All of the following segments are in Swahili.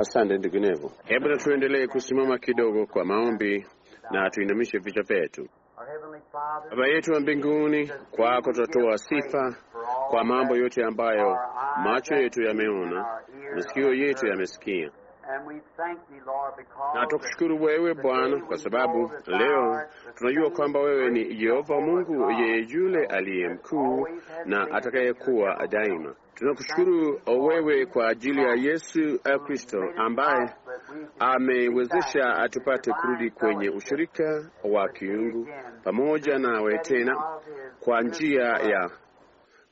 Asante Nevo. Hebu na tuendelee kusimama kidogo kwa maombi na tuinamishe vichwa vyetu. Baba yetu wa mbinguni, kwako tutatoa sifa kwa mambo yote ambayo macho yetu yameona, masikio yetu yamesikia, na tukushukuru wewe Bwana kwa sababu leo tunajua kwamba wewe ni Yehova Mungu, yeye yule aliye mkuu na atakayekuwa daima. Tunakushukuru oh, wewe kwa ajili ya Yesu eh, Kristo ambaye amewezesha atupate kurudi kwenye ushirika wa kiungu pamoja nawe tena kwa njia ya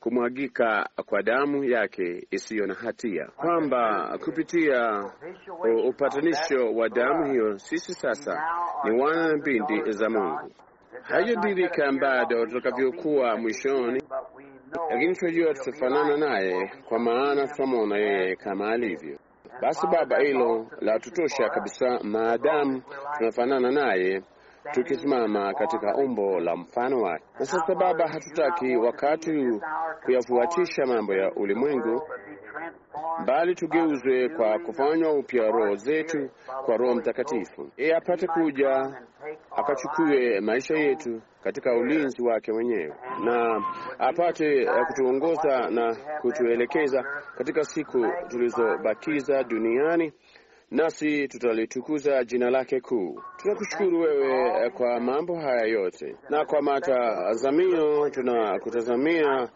kumwagika kwa damu yake isiyo na hatia, kwamba kupitia oh, upatanisho wa damu hiyo sisi sasa ni wana na binti za Mungu. Haijadhihirika bado tutakavyokuwa mwishoni, lakini tunajua tutafanana naye kwa maana tutamwona yeye kama alivyo. Basi Baba, hilo la tutosha kabisa, maadamu tunafanana naye tukisimama katika umbo la mfano wake. Na sasa Baba, hatutaki wakati huu kuyafuatisha mambo ya ulimwengu, bali tugeuzwe kwa kufanywa upya roho zetu kwa Roho Mtakatifu, yeye apate kuja akachukue maisha yetu katika ulinzi wake mwenyewe, na apate eh, kutuongoza na kutuelekeza katika siku tulizobakiza duniani, nasi tutalitukuza jina lake kuu. Tunakushukuru wewe eh, kwa mambo haya yote, na kwa matazamio tunakutazamia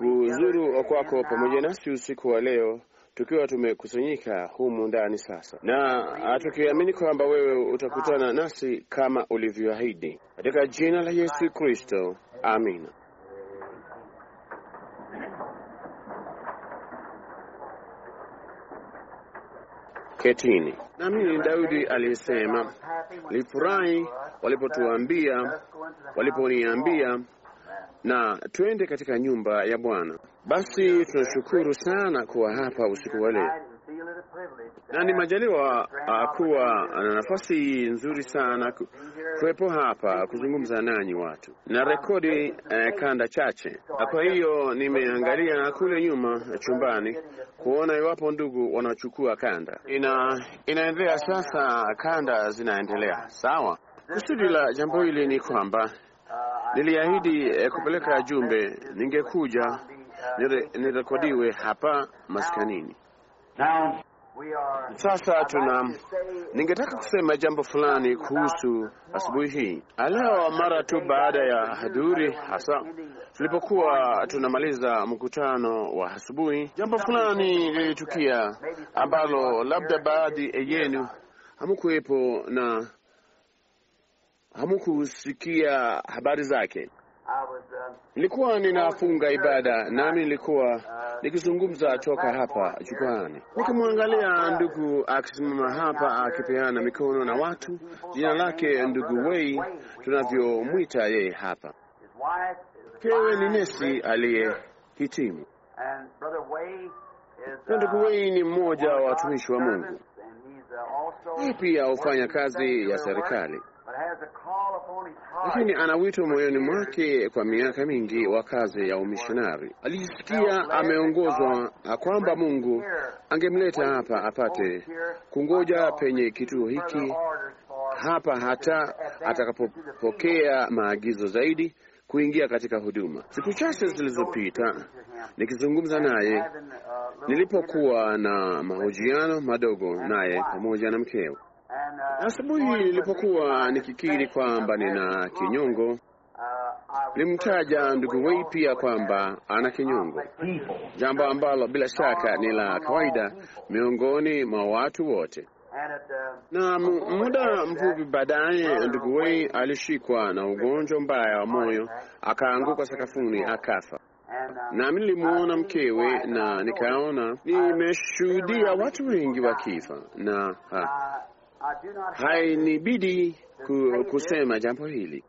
kuzuru kwako pamoja nasi usiku wa leo tukiwa tumekusanyika humu ndani sasa, na ah, tukiamini kwamba wewe utakutana nasi kama ulivyoahidi, katika jina la Yesu Kristo, amina. Ketini. Naamini Daudi aliyesema, lifurahi walipotuambia, waliponiambia na twende katika nyumba ya Bwana. Basi tunashukuru sana kuwa hapa usiku wa leo, na ni majaliwa ah, kuwa na nafasi nzuri sana kuwepo hapa kuzungumza nanyi watu na rekodi eh, kanda chache. Ah, kwa hiyo nimeangalia kule nyuma eh, chumbani kuona iwapo ndugu wanachukua kanda. Ina inaendelea sasa, kanda zinaendelea sawa. Kusudi la jambo hili ni kwamba Niliahidi eh, kupeleka jumbe, ningekuja nirekodiwe hapa maskanini. Sasa tuna, ningetaka kusema jambo fulani kuhusu asubuhi hii leo. Mara tu baada ya hadhuri, hasa tulipokuwa tunamaliza mkutano wa asubuhi, jambo fulani lilitukia ambalo labda baadhi yenu hamkuwepo na hamukusikia habari zake. Um, nilikuwa ninafunga ibada nami nilikuwa uh, nikizungumza toka hapa jukwani nikimwangalia ndugu akisimama hapa akipeana mikono na watu. Jina lake ndugu Wei, tunavyomwita yeye hapa. kewe ni nesi hitimu, na ndugu uh, Wei ni mmoja wa watumishi wa Mungu. Hii uh, pia hufanya kazi ya serikali. Lakini ana wito moyoni mwake kwa miaka mingi wa kazi ya umishonari. Alijisikia ameongozwa kwamba Mungu angemleta hapa apate kungoja penye kituo hiki hapa hata atakapopokea maagizo zaidi kuingia katika huduma. Siku chache zilizopita nikizungumza naye uh, nilipokuwa na mahojiano madogo naye pamoja na mkeo Asubuhi nilipokuwa nikikiri kwamba nina kinyongo, nilimtaja ndugu Wei pia kwamba ana kinyongo, jambo ambalo bila shaka ni la kawaida miongoni mwa watu wote. Na muda mfupi baadaye, ndugu Wei alishikwa na ugonjwa mbaya wa moyo, akaanguka sakafuni, akafa. Nami nilimwona mkewe na nikaona, nimeshuhudia watu wengi wakifa na ha, hainibidi ku, kusema jambo hili.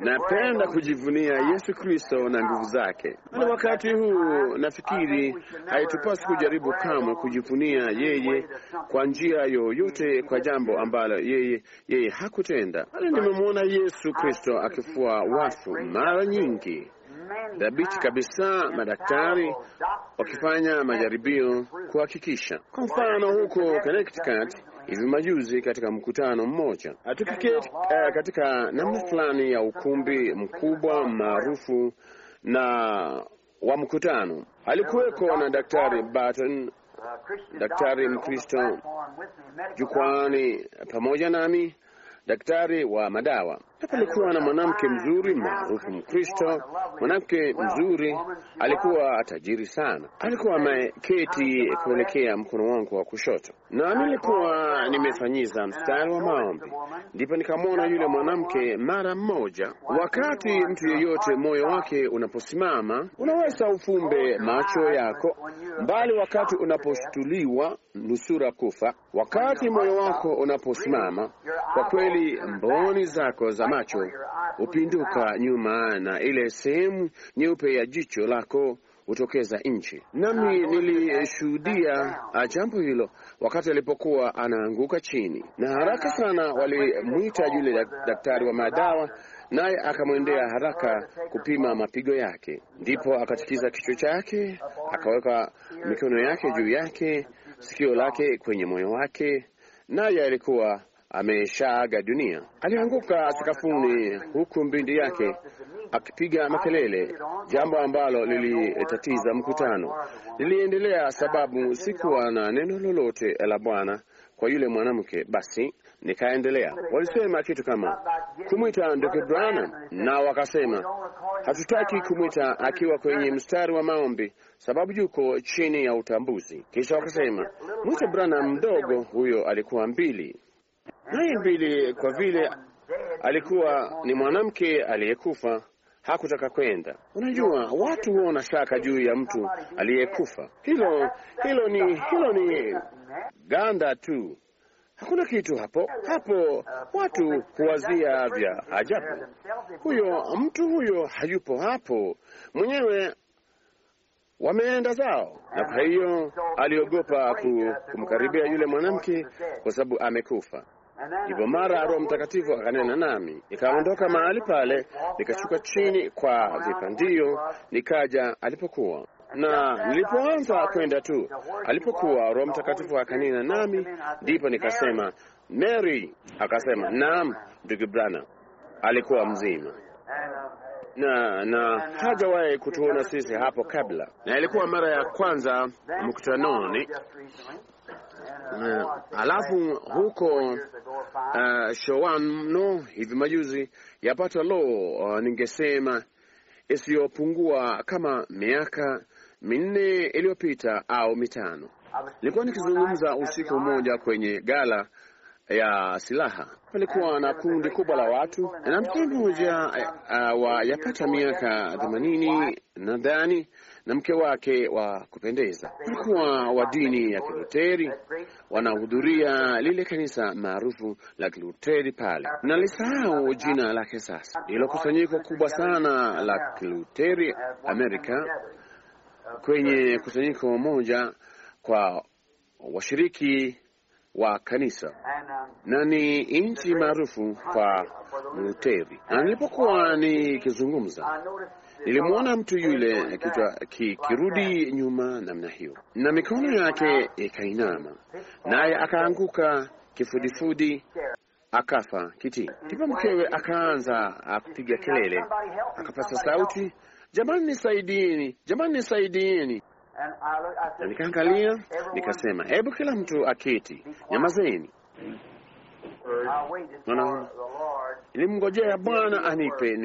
Napenda kujivunia Yesu Kristo na nguvu zake, na wakati huu nafikiri haitupasi kujaribu kamwe kujivunia yeye kwa njia yoyote kwa jambo ambalo yeye yeye hakutenda. Bali nimemwona Yesu Kristo akifua wafu mara nyingi dhabiti kabisa, madaktari wakifanya majaribio kuhakikisha. Kwa mfano, huko Connecticut hivi majuzi katika mkutano mmoja. Tukiketi uh, eh, katika namna fulani ya ukumbi mkubwa maarufu na wa mkutano, alikuweko na Daktari Barton, daktari Mkristo jukwaani pamoja nami, daktari wa madawa alikuwa na mwanamke mzuri maarufu Mkristo, mwanamke mzuri, alikuwa tajiri sana. Alikuwa ameketi kuelekea mkono wangu wa kushoto, na nilikuwa nimefanyiza mstari wa maombi, ndipo nikamwona yule mwanamke mara mmoja. Wakati mtu yeyote moyo wake unaposimama, unaweza ufumbe macho yako mbali, wakati unaposhutuliwa nusura kufa, wakati moyo wako unaposimama, kwa kweli mboni zako za la macho hupinduka nyuma na ile sehemu nyeupe ya jicho lako hutokeza nchi. Nami nilishuhudia jambo hilo wakati alipokuwa anaanguka chini, na haraka sana walimwita yule daktari wa madawa, naye akamwendea haraka kupima mapigo yake. Ndipo akatikiza kichwa chake, akaweka mikono yake juu yake, sikio lake kwenye moyo wake, naye alikuwa ameshaaga dunia. Alianguka sakafuni huku mbindi yake akipiga makelele, jambo ambalo lilitatiza mkutano. Niliendelea sababu sikuwa na neno lolote la Bwana kwa yule mwanamke. Basi nikaendelea, walisema kitu kama kumwita ndugu Brana, na wakasema hatutaki kumwita akiwa kwenye mstari wa maombi, sababu yuko chini ya utambuzi. Kisha wakasema mwite Brana mdogo. Huyo alikuwa mbili naye mbili kwa vile alikuwa ni mwanamke aliyekufa hakutaka kwenda. Unajua, watu huona shaka juu ya mtu aliyekufa. Hilo hilo ni hilo ni ganda tu, hakuna kitu hapo. Hapo watu huwazia vya ajabu. Huyo mtu huyo hayupo hapo mwenyewe, wameenda zao, na kwa hiyo aliogopa kumkaribia yule mwanamke kwa sababu amekufa. Ndipo mara Roho Mtakatifu akanena nami, nikaondoka mahali pale, nikashuka chini kwa vipandio, nikaja alipokuwa na nilipoanza kwenda tu alipokuwa Roho Mtakatifu akanena nami, ndipo nikasema Mary. Akasema naam, ndugu Brana alikuwa mzima na na hajawahi kutuona sisi hapo kabla, na ilikuwa mara ya kwanza mkutanoni alafu huko uh, Showan hivi majuzi yapata lo uh, ningesema isiyopungua kama miaka minne iliyopita au mitano, nilikuwa nikizungumza usiku mmoja kwenye gala ya silaha. Palikuwa na kundi kubwa la watu na mtu mmoja uh, wa yapata miaka themanini nadhani na mke wake wa kupendeza, mkuu wa dini ya Kiluteri, wanahudhuria lile kanisa maarufu la Kiluteri pale. Nalisahau jina lake sasa, lilo kusanyiko kubwa sana la Kiluteri Amerika, kwenye kusanyiko moja kwa washiriki wa kanisa na ni nchi maarufu kwa Luteri. Na nilipokuwa nikizungumza, Nilimwona mtu yule kichwa kikirudi nyuma namna hiyo, na mikono yake ikainama, naye akaanguka kifudifudi akafa kiti. Ndipo mkewe akaanza kupiga kelele, akapasa sauti, jamani nisaidieni, jamani nisaidieni. Na nikaangalia nikasema, hebu kila mtu aketi, nyamazeni. ilimngojea Bwana anipe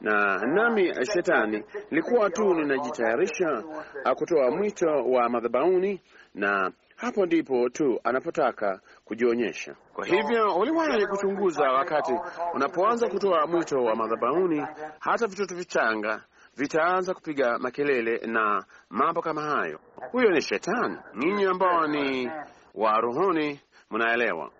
na nami shetani nilikuwa tu ninajitayarisha kutoa mwito wa madhabauni, na hapo ndipo tu anapotaka kujionyesha. Kwa hivyo uliwahi kuchunguza, wakati unapoanza kutoa mwito wa madhabauni, hata vitoto vichanga vitaanza kupiga makelele na mambo kama hayo. Huyo ni shetani. Ninyi ambao ni wa rohoni mnaelewa.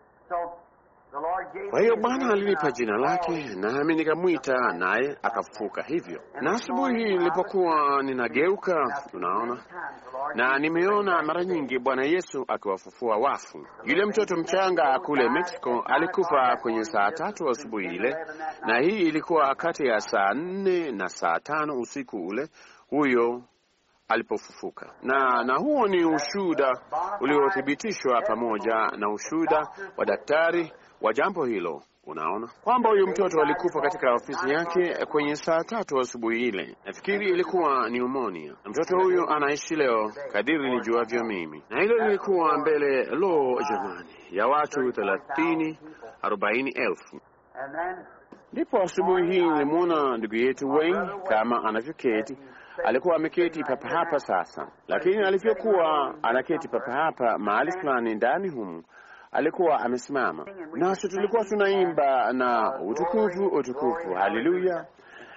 Kwa hiyo Bwana alinipa jina lake, nami nikamwita, naye akafufuka. Hivyo na asubuhi hii nilipokuwa ninageuka, unaona, na nimeona mara nyingi Bwana Yesu akiwafufua wafu. Yule mtoto mchanga kule Mexico alikufa kwenye saa tatu asubuhi ile, na hii ilikuwa kati ya saa nne na saa tano usiku ule huyo alipofufuka na na huo ni ushuhuda uliothibitishwa pamoja na ushuhuda wa daktari wa jambo hilo. Unaona kwamba huyu mtoto alikufa katika ofisi yake kwenye saa tatu asubuhi ile, nafikiri ilikuwa pneumonia. Mtoto huyu anaishi leo kadiri nijuavyo mimi, na hilo lilikuwa mbele, lo jamani, ya watu thelathini arobaini elfu. Ndipo asubuhi hii nilimwona ndugu yetu Wayne kama anavyoketi. Alikuwa ameketi papa hapa sasa, lakini alivyokuwa anaketi papa hapa mahali fulani ndani humu alikuwa amesimama nasi, tulikuwa tunaimba na utukufu, utukufu, haleluya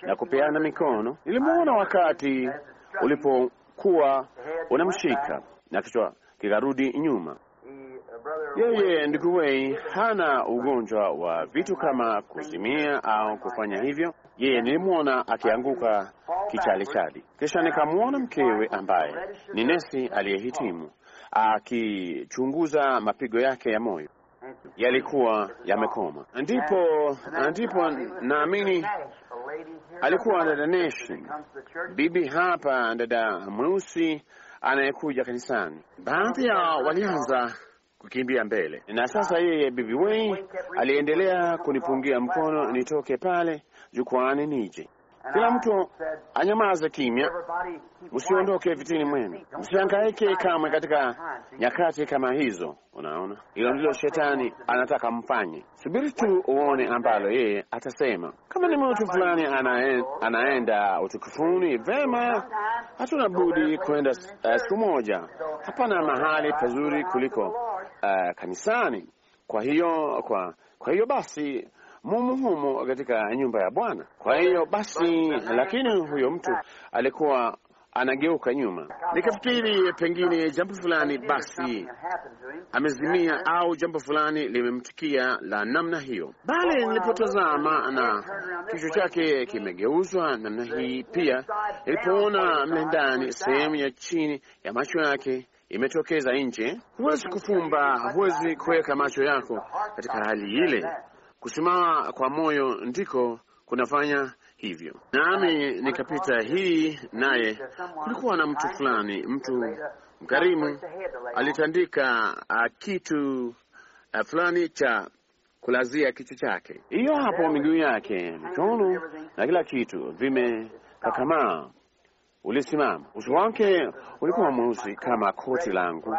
na kupeana mikono. Nilimuona wakati ulipokuwa unamshika na kichwa kikarudi nyuma. Yeye nduguwei hana ugonjwa wa vitu kama kuzimia au kufanya hivyo. Yeye nilimwona akianguka kichalichali kisha nikamwona mkewe ambaye ni nesi aliyehitimu akichunguza mapigo yake ya moyo yalikuwa yamekoma. Ndipo ndipo naamini alikuwa dada Nation, bibi hapa, dada mweusi anayekuja kanisani. Baadhi ya walianza kukimbia mbele, na sasa yeye bibi Wei aliendelea kunipungia mkono nitoke pale jukwani nije. Kila mtu anyamaze kimya, msiondoke vitini mwenu, msihangaike kamwe katika nyakati kama hizo. Unaona, hilo ndilo shetani anataka mfanye. Subiri tu uone ambalo yeye atasema. Kama ni mtu fulani anaenda, anaenda utukufuni, vema, hatuna budi kwenda uh, siku moja. Hapana mahali pazuri kuliko uh, kanisani. Kwa hiyo kwa kwa hiyo basi mumu humo katika nyumba ya Bwana. Kwa hiyo basi, lakini huyo mtu alikuwa anageuka nyuma. Nikafikiri pengine jambo fulani basi amezimia au jambo fulani limemtukia la namna hiyo, bali nilipotazama na kichwa chake kimegeuzwa namna hii, pia nilipoona mlendani sehemu ya chini ya macho yake imetokeza nje. Huwezi kufumba, huwezi kuweka macho yako katika hali ile. Kusimama kwa moyo ndiko kunafanya hivyo. Nami nikapita hii, naye kulikuwa na mtu fulani, mtu mkarimu, alitandika ah, kitu ah, fulani cha kulazia kichwa chake. Hiyo hapo, miguu yake, mikono na kila kitu vimekakamaa. Ulisimama, uso wake ulikuwa mweusi kama koti langu,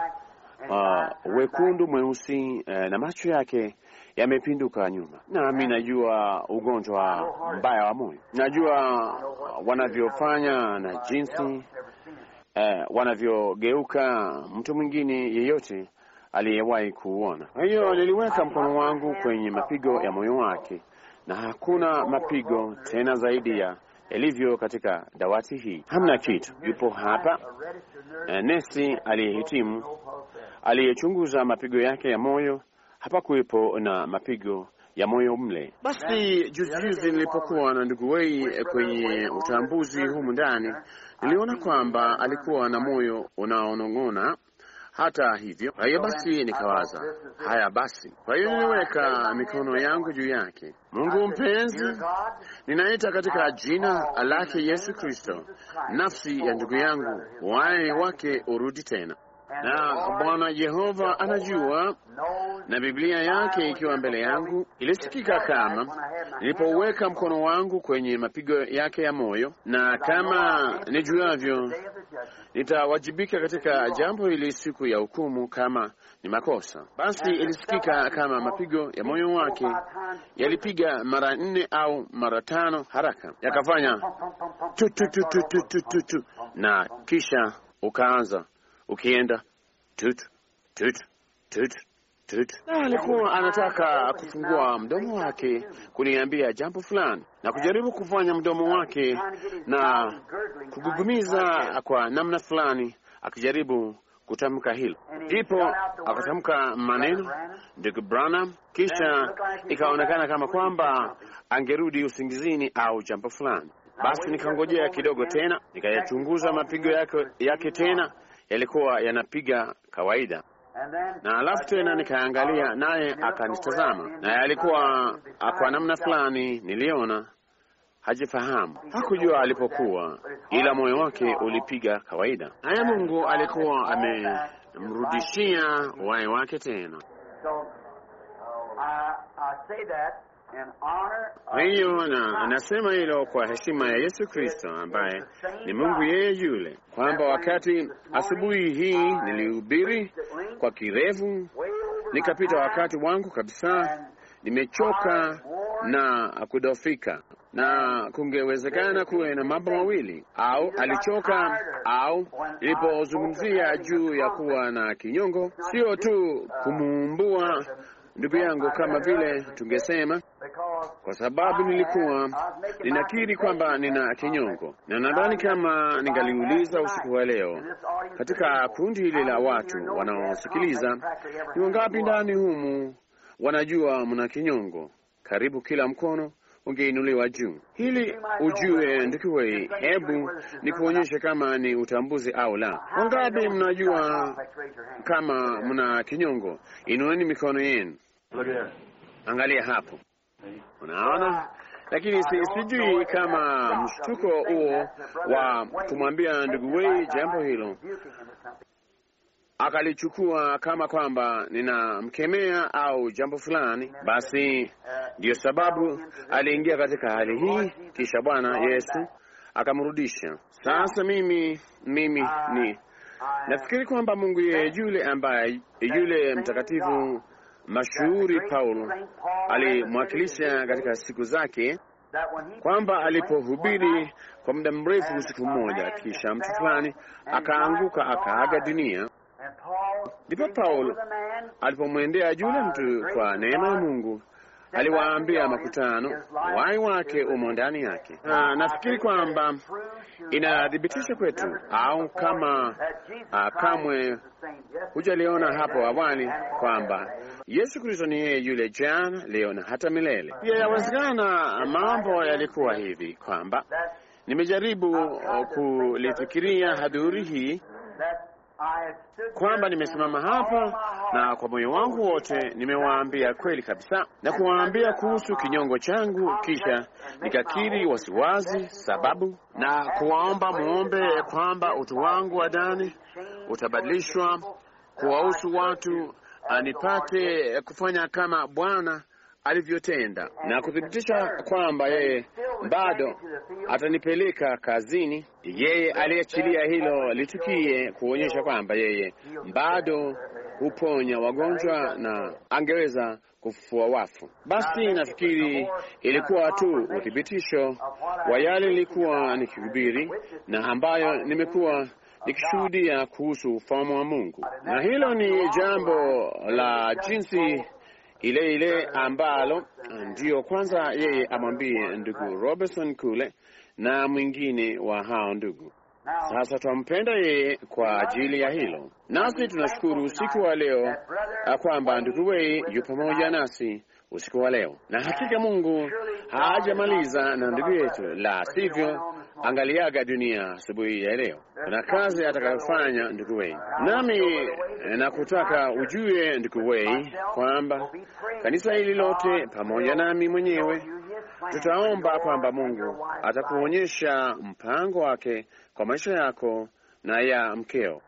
uh, wekundu mweusi, uh, na macho yake yamepinduka nyuma, nami eh. najua ugonjwa mbaya wa moyo, najua wanavyofanya na jinsi eh, wanavyogeuka mtu mwingine yeyote aliyewahi kuuona. Kwa hiyo niliweka mkono wangu kwenye mapigo ya moyo wake, na hakuna mapigo tena zaidi ya yalivyo katika dawati hii. Hamna kitu. Yupo hapa eh, nesi aliyehitimu, aliyechunguza mapigo yake ya moyo hapakuwepo na mapigo ya moyo mle. Basi juzijuzi yaani nilipokuwa na ndugu Wei eh, kwenye utambuzi humu ndani, niliona kwamba alikuwa na moyo unaonong'ona. Hata hivyo, kwa hiyo basi nikawaza haya basi, kwa hiyo niliweka mikono yangu juu yake. Mungu mpenzi, ninaita katika jina lake Yesu Kristo, nafsi ya ndugu yangu, uhai wake urudi tena na Bwana Yehova anajua, na Biblia yake ikiwa mbele yangu, ilisikika kama nilipouweka mkono wangu kwenye mapigo yake ya moyo, na kama nijuavyo, nitawajibika katika jambo hili siku ya hukumu, kama ni makosa. Basi ilisikika kama mapigo ya moyo wake yalipiga mara nne au mara tano, haraka yakafanya tu tu tu tu tu tu tu, na kisha ukaanza ukienda tut tut tut tut. Na alikuwa anataka kufungua mdomo wake kuniambia jambo fulani, na kujaribu kufanya mdomo wake na kugugumiza kwa namna fulani, akijaribu kutamka hilo, ndipo akatamka maneno ndugu Branham, kisha ikaonekana kama kwamba angerudi usingizini au jambo fulani. Basi nikangojea kidogo tena, nikayachunguza mapigo yake yake tena, yalikuwa yanapiga kawaida na alafu tena nikaangalia uh, naye akanitazama, na alikuwa kwa namna fulani, niliona hajifahamu, hakujua alipokuwa, ila moyo wake ulipiga kawaida. Naye Mungu alikuwa amemrudishia uhai wake tena. Uh, na anasema hilo kwa heshima ya Yesu Kristo ambaye ni Mungu yeye yule, kwamba wakati asubuhi hii nilihubiri kwa kirefu, nikapita wakati wangu kabisa, nimechoka na kudofika, na kungewezekana kuwe na mambo mawili, au alichoka au nilipozungumzia juu ya kuwa na kinyongo, sio tu uh, kumuumbua ndugu yangu, kama vile tungesema, kwa sababu nilikuwa ninakiri kwamba nina kinyongo, na nadhani kama ningaliuliza usiku wa leo katika kundi hili la watu wanaosikiliza, ni wangapi ndani humu wanajua mna kinyongo? Karibu kila mkono ungeinuliwa juu. Hili ujue, ndukuwe, hebu nikuonyeshe kama ni utambuzi au la. Wangapi mnajua kama mna kinyongo? Inueni mikono yenu. Angalia hapo, unaona. Lakini si, sijui kama mshtuko huo wa kumwambia ndugu Wei jambo hilo akalichukua kama kwamba ninamkemea au jambo fulani, basi ndiyo sababu aliingia katika hali hii. Kisha Bwana Yesu akamrudisha. Sasa mimi mimi ni nafikiri kwamba Mungu yeye yule ambaye yule mtakatifu mashuhuri Paulo alimwakilisha katika siku zake kwamba alipohubiri kwa muda mrefu usiku mmoja, kisha mtu fulani akaanguka akaaga dunia. Ndipo Paulo alipomwendea yule mtu kwa neno la Mungu aliwaambia makutano wai wake umo ndani yake. Na nafikiri kwamba inathibitisha kwetu, au kama ah, kamwe hujaliona hapo awali kwamba Yesu Kristo ni yeye yule jana, leo na hata milele. Pia yawezekana mambo yalikuwa hivi kwamba nimejaribu oh, kulifikiria hadhuri hii kwamba nimesimama hapa na kwa moyo wangu wote nimewaambia kweli kabisa, na kuwaambia kuhusu kinyongo changu, kisha nikakiri wasiwazi sababu, na kuwaomba muombe kwamba utu wangu wa ndani utabadilishwa kuwahusu watu anipate kufanya kama Bwana alivyotenda ah, na kuthibitisha kwamba yeye bado atanipeleka kazini. Yeye aliachilia hilo litukie kuonyesha kwamba yeye bado huponya wagonjwa na angeweza kufufua wafu. Basi nafikiri ilikuwa uh, tu uthibitisho wa yale nilikuwa nikihubiri na ambayo nimekuwa nikishuhudia kuhusu ufalme wa Mungu, na hilo ni jambo la jinsi ile ile ah, ah. ambalo ndiyo kwanza yeye amwambie ndugu Robertson kule na mwingine wa hao ndugu. Sasa twampenda yeye kwa ajili ya hilo, nasi tunashukuru usiku wa leo ah, kwamba ndugu Wei yu pamoja nasi usiku wa leo, na hakika Mungu hajamaliza na ndugu yetu, la sivyo Angaliaga dunia asubuhi ya leo, kuna kazi atakayofanya ndugu Wei, nami eh, nakutaka ujue ndugu Wei kwamba kanisa hili lote pamoja nami mwenyewe tutaomba kwamba Mungu atakuonyesha mpango wake kwa maisha yako na ya mkeo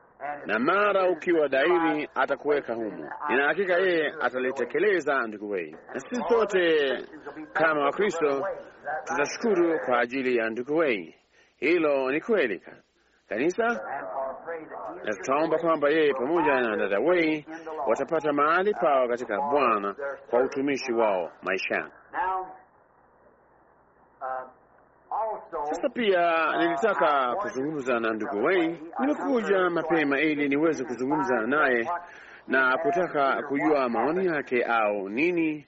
na mara ukiwa dairi atakuweka humo. Nina hakika yeye atalitekeleza. Ndugu wei, na sisi sote kama Wakristo tutashukuru kwa ajili ya ndugu wei. Hilo ni kweli kanisa, na tutaomba kwamba yeye pamoja na dada wei watapata mahali pao katika Bwana kwa utumishi wao maishani. Uh, sasa pia nilitaka kuzungumza na ndugu Wayne. Nimekuja mapema ili niweze kuzungumza naye na kutaka kujua maoni yake au nini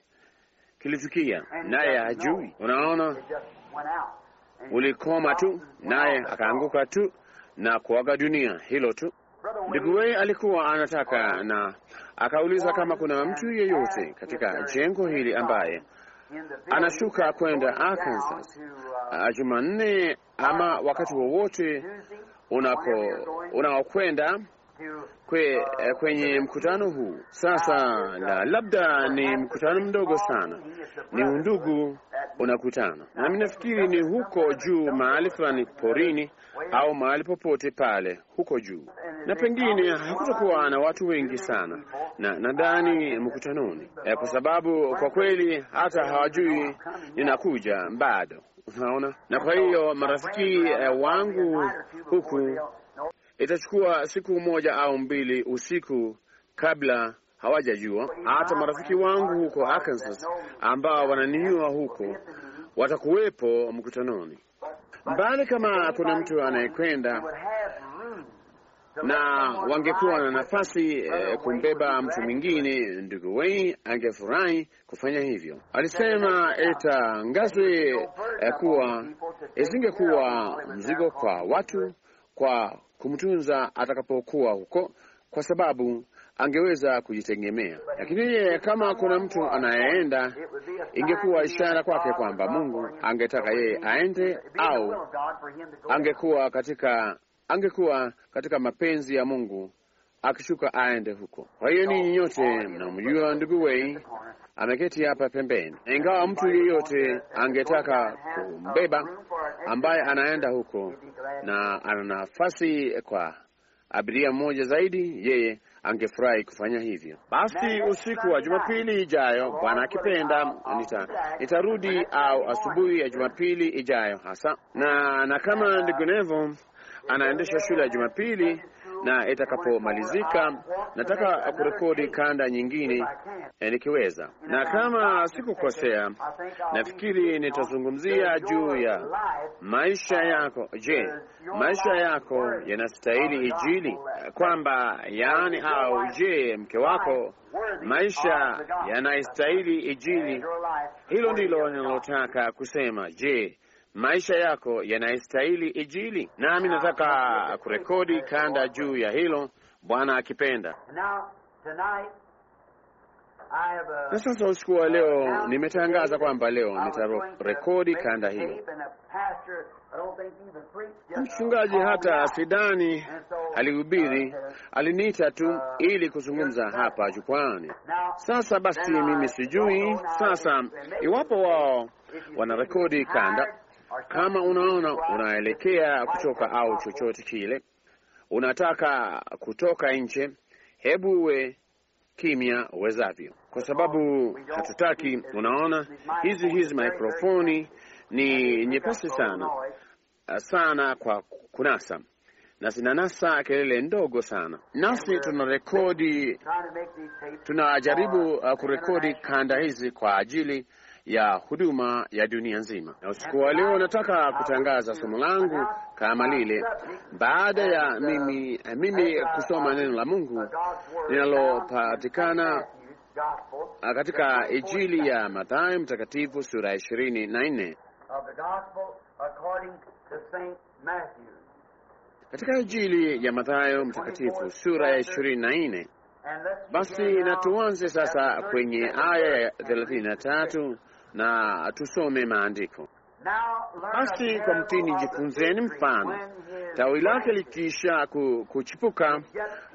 kilitukia, naye hajui. Unaona, ulikoma tu, naye akaanguka tu na kuaga dunia, hilo tu. Ndugu Wayne alikuwa anataka na akauliza kama kuna mtu yeyote katika jengo hili ambaye anashuka kwenda Arkansas uh, Jumanne ama wakati wowote unaokwenda kwe, eh, kwenye mkutano huu sasa, la, labda ni mkutano mdogo sana, ni undugu unakutana, nami nafikiri ni huko juu mahali fulani porini au mahali popote pale huko juu, na pengine hakutakuwa na watu wengi sana, na nadhani mkutanoni, eh, kwa sababu kwa kweli hata hawajui ninakuja bado. Unaona, na kwa hiyo marafiki eh, wangu huku Itachukua siku moja au mbili usiku kabla hawajajua. Hata marafiki wangu huko Arkansas ambao wananiua huko watakuwepo mkutanoni, mbali kama kuna mtu anayekwenda na wangekuwa na nafasi eh, kumbeba mtu mwingine, ndugu wei angefurahi kufanya hivyo. Alisema ngazi eh, kuwa isingekuwa mzigo kwa watu kwa kumtunza atakapokuwa huko, kwa sababu angeweza kujitegemea. Lakini yeye, kama kuna mtu anayeenda, ingekuwa ishara kwake kwamba Mungu angetaka yeye aende, au angekuwa katika angekuwa katika mapenzi ya Mungu akishuka aende huko. Kwa hiyo ninyi nyote mnamjua ndugu Wei ameketi hapa pembeni. Ingawa mtu yeyote angetaka kumbeba, ambaye anaenda huko na ana nafasi kwa abiria mmoja zaidi, yeye angefurahi kufanya hivyo. Basi usiku wa Jumapili ijayo, Bwana akipenda, nita, nitarudi au asubuhi ya Jumapili ijayo hasa, na na kama ndugu Nevo anaendesha shule ya Jumapili na itakapomalizika nataka kurekodi kanda nyingine e, nikiweza, na kama sikukosea, nafikiri nitazungumzia juu ya maisha yako. Je, maisha yako yanastahili Injili? Kwamba yaani, au je, mke wako maisha yanastahili Injili? Hilo ndilo ninalotaka kusema. Je, maisha yako yanayestahili ijili Nami ah, nataka kurekodi kanda juu ya hilo, Bwana akipenda. Na sasa usiku wa leo uh, nimetangaza kwamba leo nitarekodi kanda hiyo. Mchungaji oh, hata sidani uh, alihubiri, aliniita tu uh, ili kuzungumza hapa jukwani. Sasa basi, mimi sijui sasa iwapo wao wanarekodi kanda kama unaona unaelekea kutoka au chochote kile, unataka kutoka nje, hebu uwe kimya uwezavyo, kwa sababu hatutaki. Unaona, hizi hizi mikrofoni ni nyepesi sana sana kwa kunasa na zinanasa kelele ndogo sana, nasi tunarekodi, tunajaribu uh, kurekodi kanda hizi kwa ajili ya huduma ya dunia nzima. Na usiku wa leo nataka kutangaza somo langu kama lile, baada ya mimi eh, mimi kusoma neno la Mungu linalopatikana eh, katika Injili ya Mathayo mtakatifu sura ya ishirini na nne katika Injili ya Mathayo mtakatifu sura ya ishirini na nne. Basi natuanze sasa kwenye aya ya thelathini na tatu na tusome maandiko. Basi kwa mtini jifunzeni mfano, tawi lake likiisha kuchipuka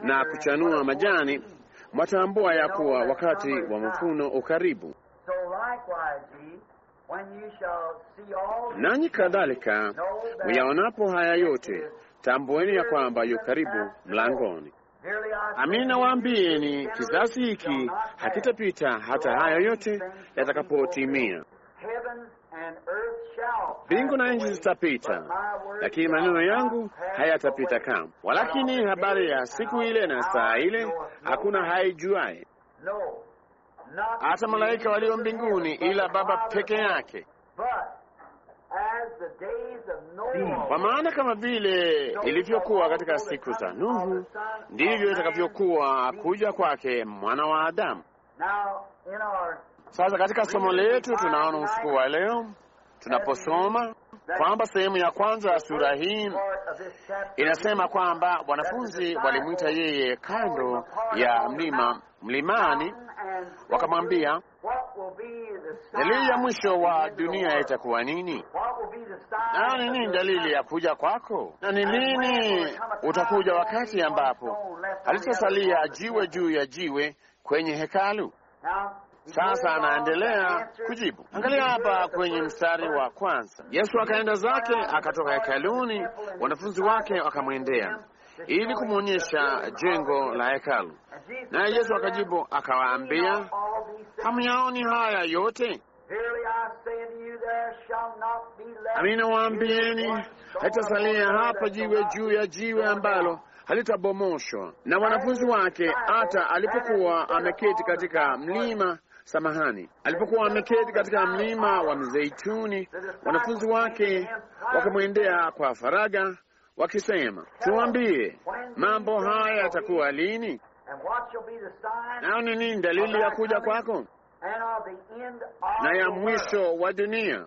na kuchanua majani, mwatambua ya kuwa wakati wa mavuno ukaribu. Nanyi kadhalika, muyaonapo haya yote, tambueni ya kwamba yu karibu mlangoni. Amina waambieni, kizazi hiki hakitapita hata hayo yote yatakapotimia. Mbingu na nchi zitapita, lakini maneno yangu hayatapita kamwe. Walakini habari ya siku ile na saa ile hakuna haijuaye, hata malaika walio mbinguni, ila Baba peke yake. Hmm, kwa maana kama vile ilivyokuwa katika siku za Nuhu, ndivyo itakavyokuwa kuja kwake mwana wa Adamu. Sasa katika somo letu tunaona usiku wa leo tunaposoma kwamba sehemu ya kwanza ya sura hii inasema kwamba wanafunzi walimwita yeye kando ya mlima mlimani, wakamwambia Dalili ya mwisho wa dunia itakuwa nini? Na ni nini dalili ya kuja kwako? Na ni lini utakuja, wakati ambapo halitasalia jiwe juu ya jiwe kwenye hekalu? Sasa anaendelea kujibu. Angalia hapa kwenye mstari wa kwanza. Yesu akaenda zake akatoka hekaluni, wanafunzi wake wakamwendea ili kumwonyesha jengo la hekalu. Naye Yesu akajibu akawaambia, hamyaoni haya yote? Amina waambieni, haitasalia hapa jiwe juu ya jiwe ambalo halitabomoshwa. Na wanafunzi wake, hata alipokuwa ameketi katika mlima samahani, alipokuwa ameketi katika mlima wa Mzeituni, wanafunzi wake wakamwendea kwa faraga wakisema, tuambie mambo haya yatakuwa lini, nao ni nini dalili ya kuja kwako na ya mwisho wa dunia.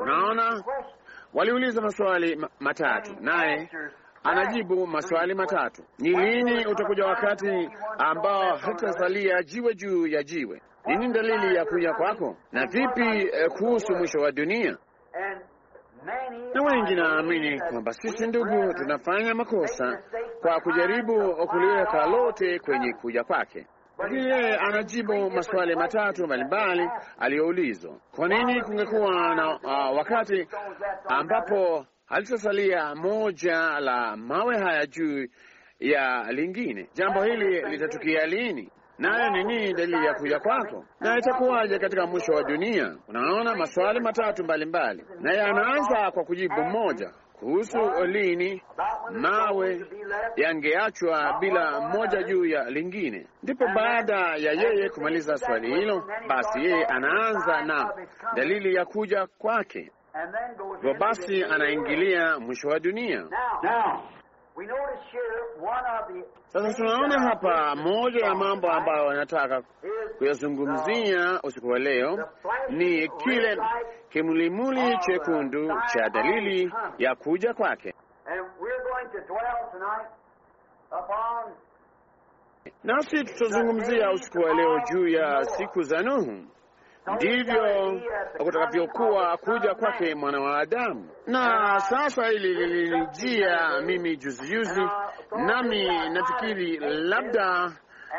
Unaona, waliuliza maswali matatu, naye anajibu maswali matatu. Ni lini utakuja wakati ambao hatasalia jiwe juu ya jiwe? Nini dalili ya kuja kwako? Na vipi eh, kuhusu mwisho wa dunia? na wengi naamini kwamba sisi ndugu tunafanya makosa kwa kujaribu kuliweka lote kwenye kuja kwake, lakini yeye anajibu maswali matatu mbalimbali aliyoulizwa. Kwa nini kungekuwa na uh, wakati ambapo halitasalia moja la mawe haya juu ya lingine? Jambo hili litatukia lini? nayo ni nini dalili ya kuja kwako, na itakuwaje katika mwisho wa dunia? Unaona, maswali matatu mbalimbali, na yanaanza kwa kujibu mmoja kuhusu lini mawe yangeachwa bila mmoja juu ya lingine. Ndipo baada ya yeye kumaliza swali hilo, basi yeye anaanza na dalili ya kuja kwake, hivyo basi anaingilia mwisho wa dunia. Now, sasa tunaona hapa moja ya mambo ambayo wanataka kuyazungumzia usiku wa leo ni kile kimulimuli chekundu cha dalili ya kuja kwake, nasi tutazungumzia usiku wa leo juu ya siku za Nuhu ndivyo kutakavyokuwa kuja kwake mwana wa Adamu. Na sasa hili lilinijia mimi juzi juzi, nami nafikiri labda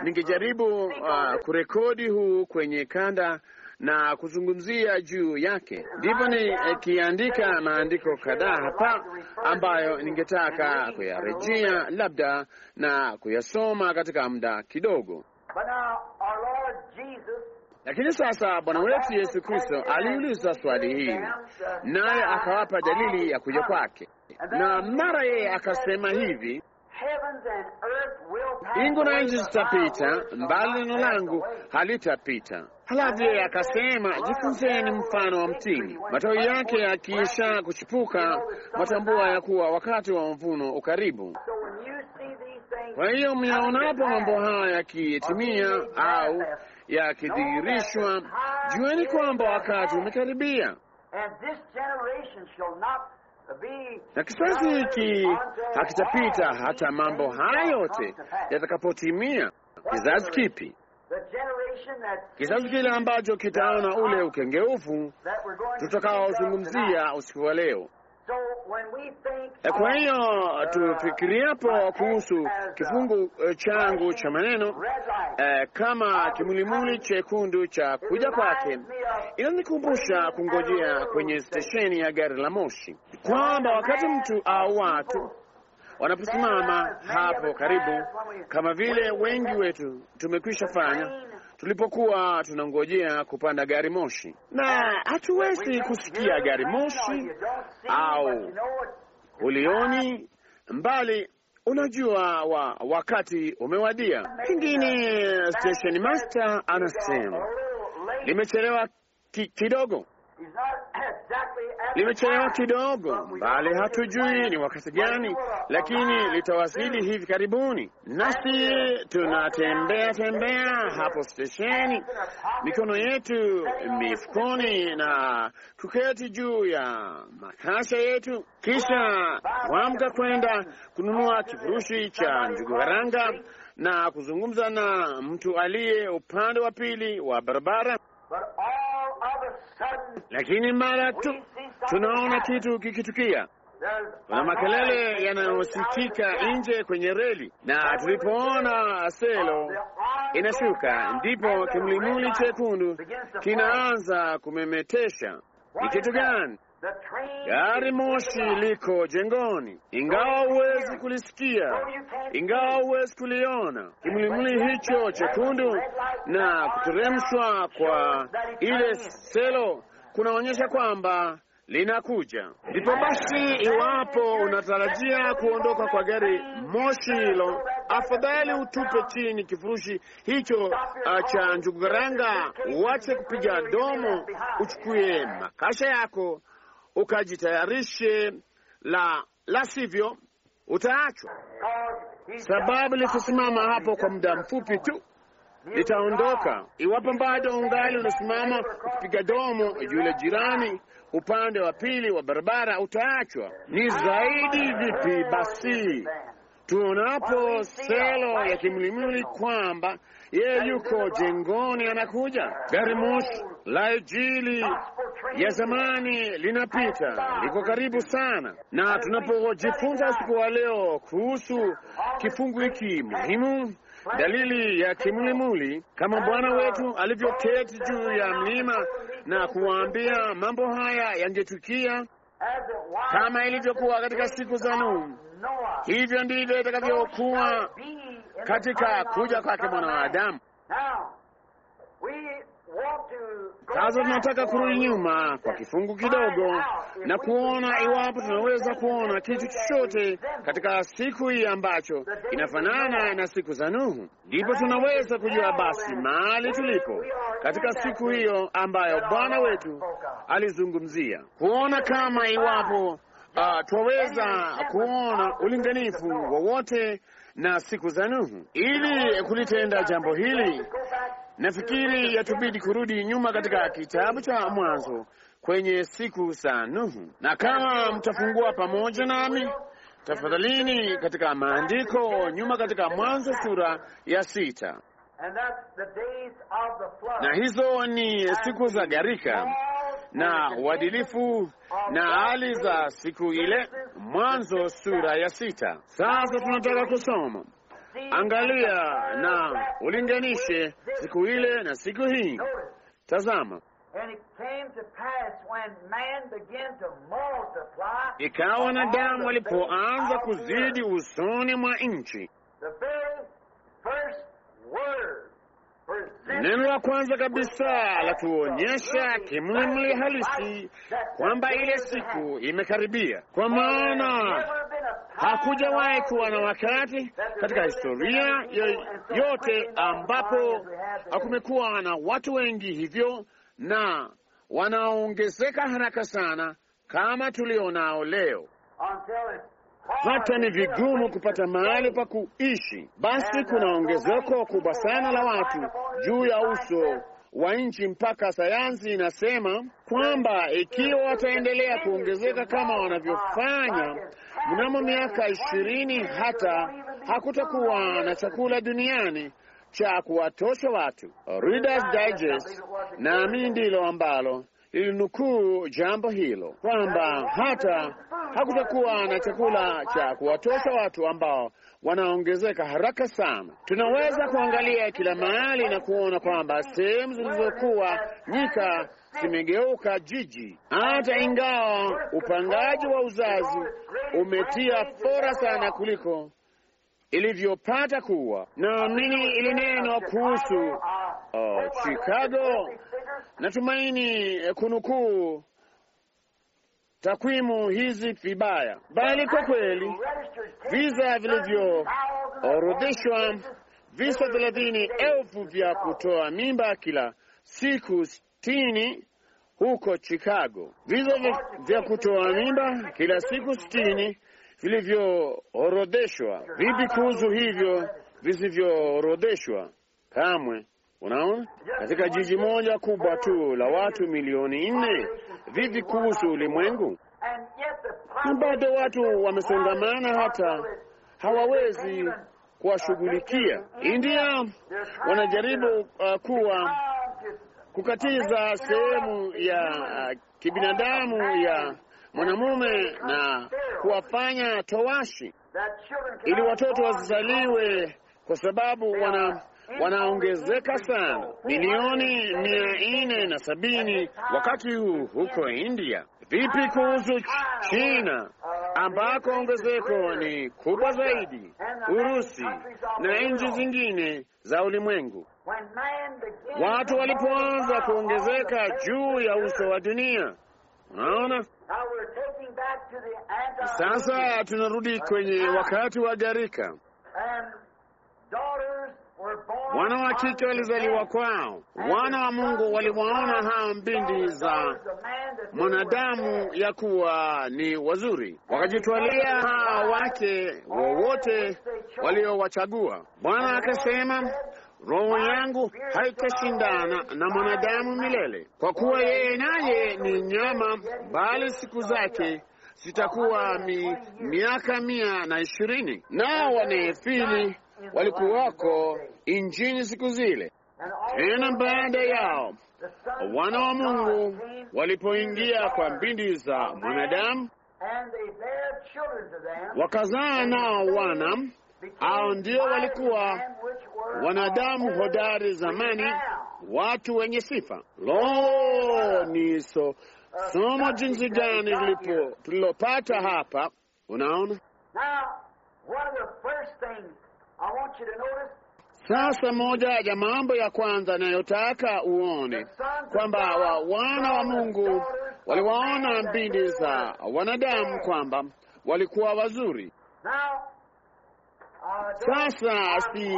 ningejaribu uh, kurekodi huu kwenye kanda na kuzungumzia juu yake. Ndivyo nikiandika eh, maandiko kadhaa hapa ambayo ningetaka kuyarejea labda na kuyasoma katika muda kidogo. But now, our Lord Jesus lakini sasa Bwana wetu Yesu Kristo aliuliza swali hili, naye akawapa dalili ya kuja kwake, na mara yeye akasema hivi Mbingu na nchi zitapita, mbali neno langu halitapita. Halafu yeye akasema, jifunzeni mfano wa mtini, matawi yake yakiisha kuchipuka, matambua ya kuwa wakati wa mvuno ukaribu. Kwa hiyo myaonapo mambo haya yakitimia, au yakidhihirishwa, jueni kwamba wakati umekaribia na kizazi hiki hakitapita hata mambo haya yote yatakapotimia. Kizazi kipi? Kizazi kile ambacho kitaona ule ukengeufu tutakaozungumzia usiku wa leo. Eh, kwa hiyo uh, tufikiriapo kuhusu kifungu eh, changu cha maneno eh, kama kimulimuli chekundu cha kuja kwake, inanikumbusha kungojea kwenye stesheni ya gari la moshi, kwamba wakati mtu au watu wanaposimama hapo karibu, kama vile wengi wetu tumekwisha fanya tulipokuwa tunangojea kupanda gari moshi, na hatuwezi kusikia gari moshi au ulioni mbali Unajua wa wakati umewadia. Pengine station master anasema limechelewa kidogo limechelewa kidogo, bali hatujui ni wakati gani, lakini litawasili hivi karibuni. Nasi tunatembea tembea hapo stesheni, mikono yetu mifukoni, na tuketi juu ya makasha yetu, kisha kuamka kwenda kununua kifurushi cha njugu karanga na kuzungumza na mtu aliye upande wa pili wa barabara lakini mara tu tunaona kitu kikitukia kuna makelele yanayosikika nje kwenye reli, na tulipoona selo inashuka, ndipo kimulimuli chekundu kinaanza kumemetesha. Ni kitu gani? Gari moshi liko jengoni, ingawa huwezi kulisikia, ingawa huwezi kuliona. Kimlimli hicho chekundu na kuteremshwa kwa ile selo kunaonyesha kwamba linakuja. Ndipo basi, iwapo unatarajia kuondoka kwa gari moshi hilo, afadhali utupe chini kifurushi hicho ah, cha njugaranga, uache kupiga domo, uchukue makasha yako ukajitayarishe, la la sivyo utaachwa. Sababu litasimama hapo kwa muda mfupi tu, litaondoka. Iwapo bado ungali unasimama kupiga domo yule jirani upande wa pili wa barabara, utaachwa. Ni zaidi vipi basi tuonapo selo ya kimulimuli kwamba ye yuko jengoni, anakuja. Gari moshi la ajili ya zamani linapita, liko karibu sana. Na tunapojifunza siku wa leo kuhusu kifungu hiki muhimu, dalili ya kimulimuli, kama Bwana wetu alivyoketi juu ya mlima na kuwaambia mambo haya yangetukia kama ilivyokuwa katika siku za Nuhu, hivyo ndivyo itakavyokuwa katika kuja kwake Adamu. Sasa tunataka kurudi nyuma kwa kifungu kidogo na kuona iwapo tunaweza kuona kitu chochote katika siku hii ambacho inafanana na siku za Nuhu. Ndipo tunaweza kujua basi mahali tulipo katika siku hiyo ambayo Bwana wetu alizungumzia, kuona kama iwapo uh, twaweza kuona ulinganifu wowote na siku za Nuhu. Ili kulitenda jambo hili, nafikiri yatubidi kurudi nyuma katika kitabu cha Mwanzo kwenye siku za Nuhu, na kama mtafungua pamoja nami tafadhalini, katika maandiko nyuma katika Mwanzo sura ya sita na hizo ni siku za gharika na uadilifu na hali za siku ile. Mwanzo sura ya sita. Sasa tunataka kusoma, angalia na ulinganishe siku ile na siku hii. Tazama, ikawa wanadamu walipoanza kuzidi usoni mwa nchi, the very first word Neno la kwanza kabisa la tuonyesha kimwili halisi kwamba ile siku imekaribia, kwa maana hakujawahi kuwa na wakati katika historia yote ambapo kumekuwa na watu wengi hivyo na wanaongezeka haraka sana kama tulionao leo hata ni vigumu kupata mahali pa kuishi. Basi uh, kuna ongezeko kubwa sana la watu juu ya uso wa nchi, mpaka sayansi inasema kwamba ikiwa wataendelea kuongezeka kama wanavyofanya uh, mnamo miaka ishirini, hata hakutakuwa na chakula duniani cha kuwatosha watu. Reader's Digest naamini ndilo ambalo lilinukuu jambo hilo kwamba hata hakutakuwa na chakula cha kuwatosha watu ambao wanaongezeka haraka sana. Tunaweza kuangalia kila mahali na kuona kwamba sehemu zilizokuwa nyika zimegeuka jiji, hata ingawa upangaji wa uzazi umetia fora sana kuliko ilivyopata kuwa naamini ilinenwa kuhusu ah, oh, Chicago. Natumaini eh, kunukuu takwimu hizi vibaya, bali kwa kweli visa vilivyoorodheshwa, visa thelathini elfu vya kutoa mimba kila siku sitini huko Chicago, visa vya kutoa mimba kila siku sitini vilivyoorodheshwa vipi kuhusu hivyo visivyoorodheshwa? Kamwe. Unaona, katika jiji moja kubwa tu la watu milioni nne, vipi kuhusu ulimwengu? Na bado watu wamesongamana, hata hawawezi kuwashughulikia. India wanajaribu uh, kuwa kukatiza sehemu ya uh, kibinadamu ya mwanamume na kuwafanya towashi ili watoto wasizaliwe kwa sababu wana wanaongezeka sana, milioni mia nne na sabini wakati huu huko India. Vipi kuhusu China ambako ongezeko ni kubwa zaidi, Urusi na nchi zingine za ulimwengu? Watu walipoanza kuongezeka juu ya uso wa dunia, unaona sasa tunarudi kwenye wakati wa gharika. Wana wa kike walizaliwa kwao, wana wa Mungu waliwaona hao mbindi za mwanadamu ya kuwa ni wazuri, wakajitwalia hao wake wowote waliowachagua. Bwana akasema Roho yangu haitashindana na mwanadamu milele, kwa kuwa yeye naye ni nyama, bali siku zake zitakuwa mi, miaka mia na ishirini. Nao wanefili walikuwako injini siku zile. Tena baada yao wana wa Mungu walipoingia kwa mbindi za mwanadamu, wakazaa nao wana, hao ndio walikuwa wanadamu hodari zamani, watu wenye sifa. Lo, ni so somo jinsi gani lipo tulilopata hapa. Unaona sasa, moja ya mambo ya kwanza nayotaka uone kwamba wa wana wa Mungu waliwaona mbindi za wanadamu kwamba walikuwa wazuri. Now, sasa si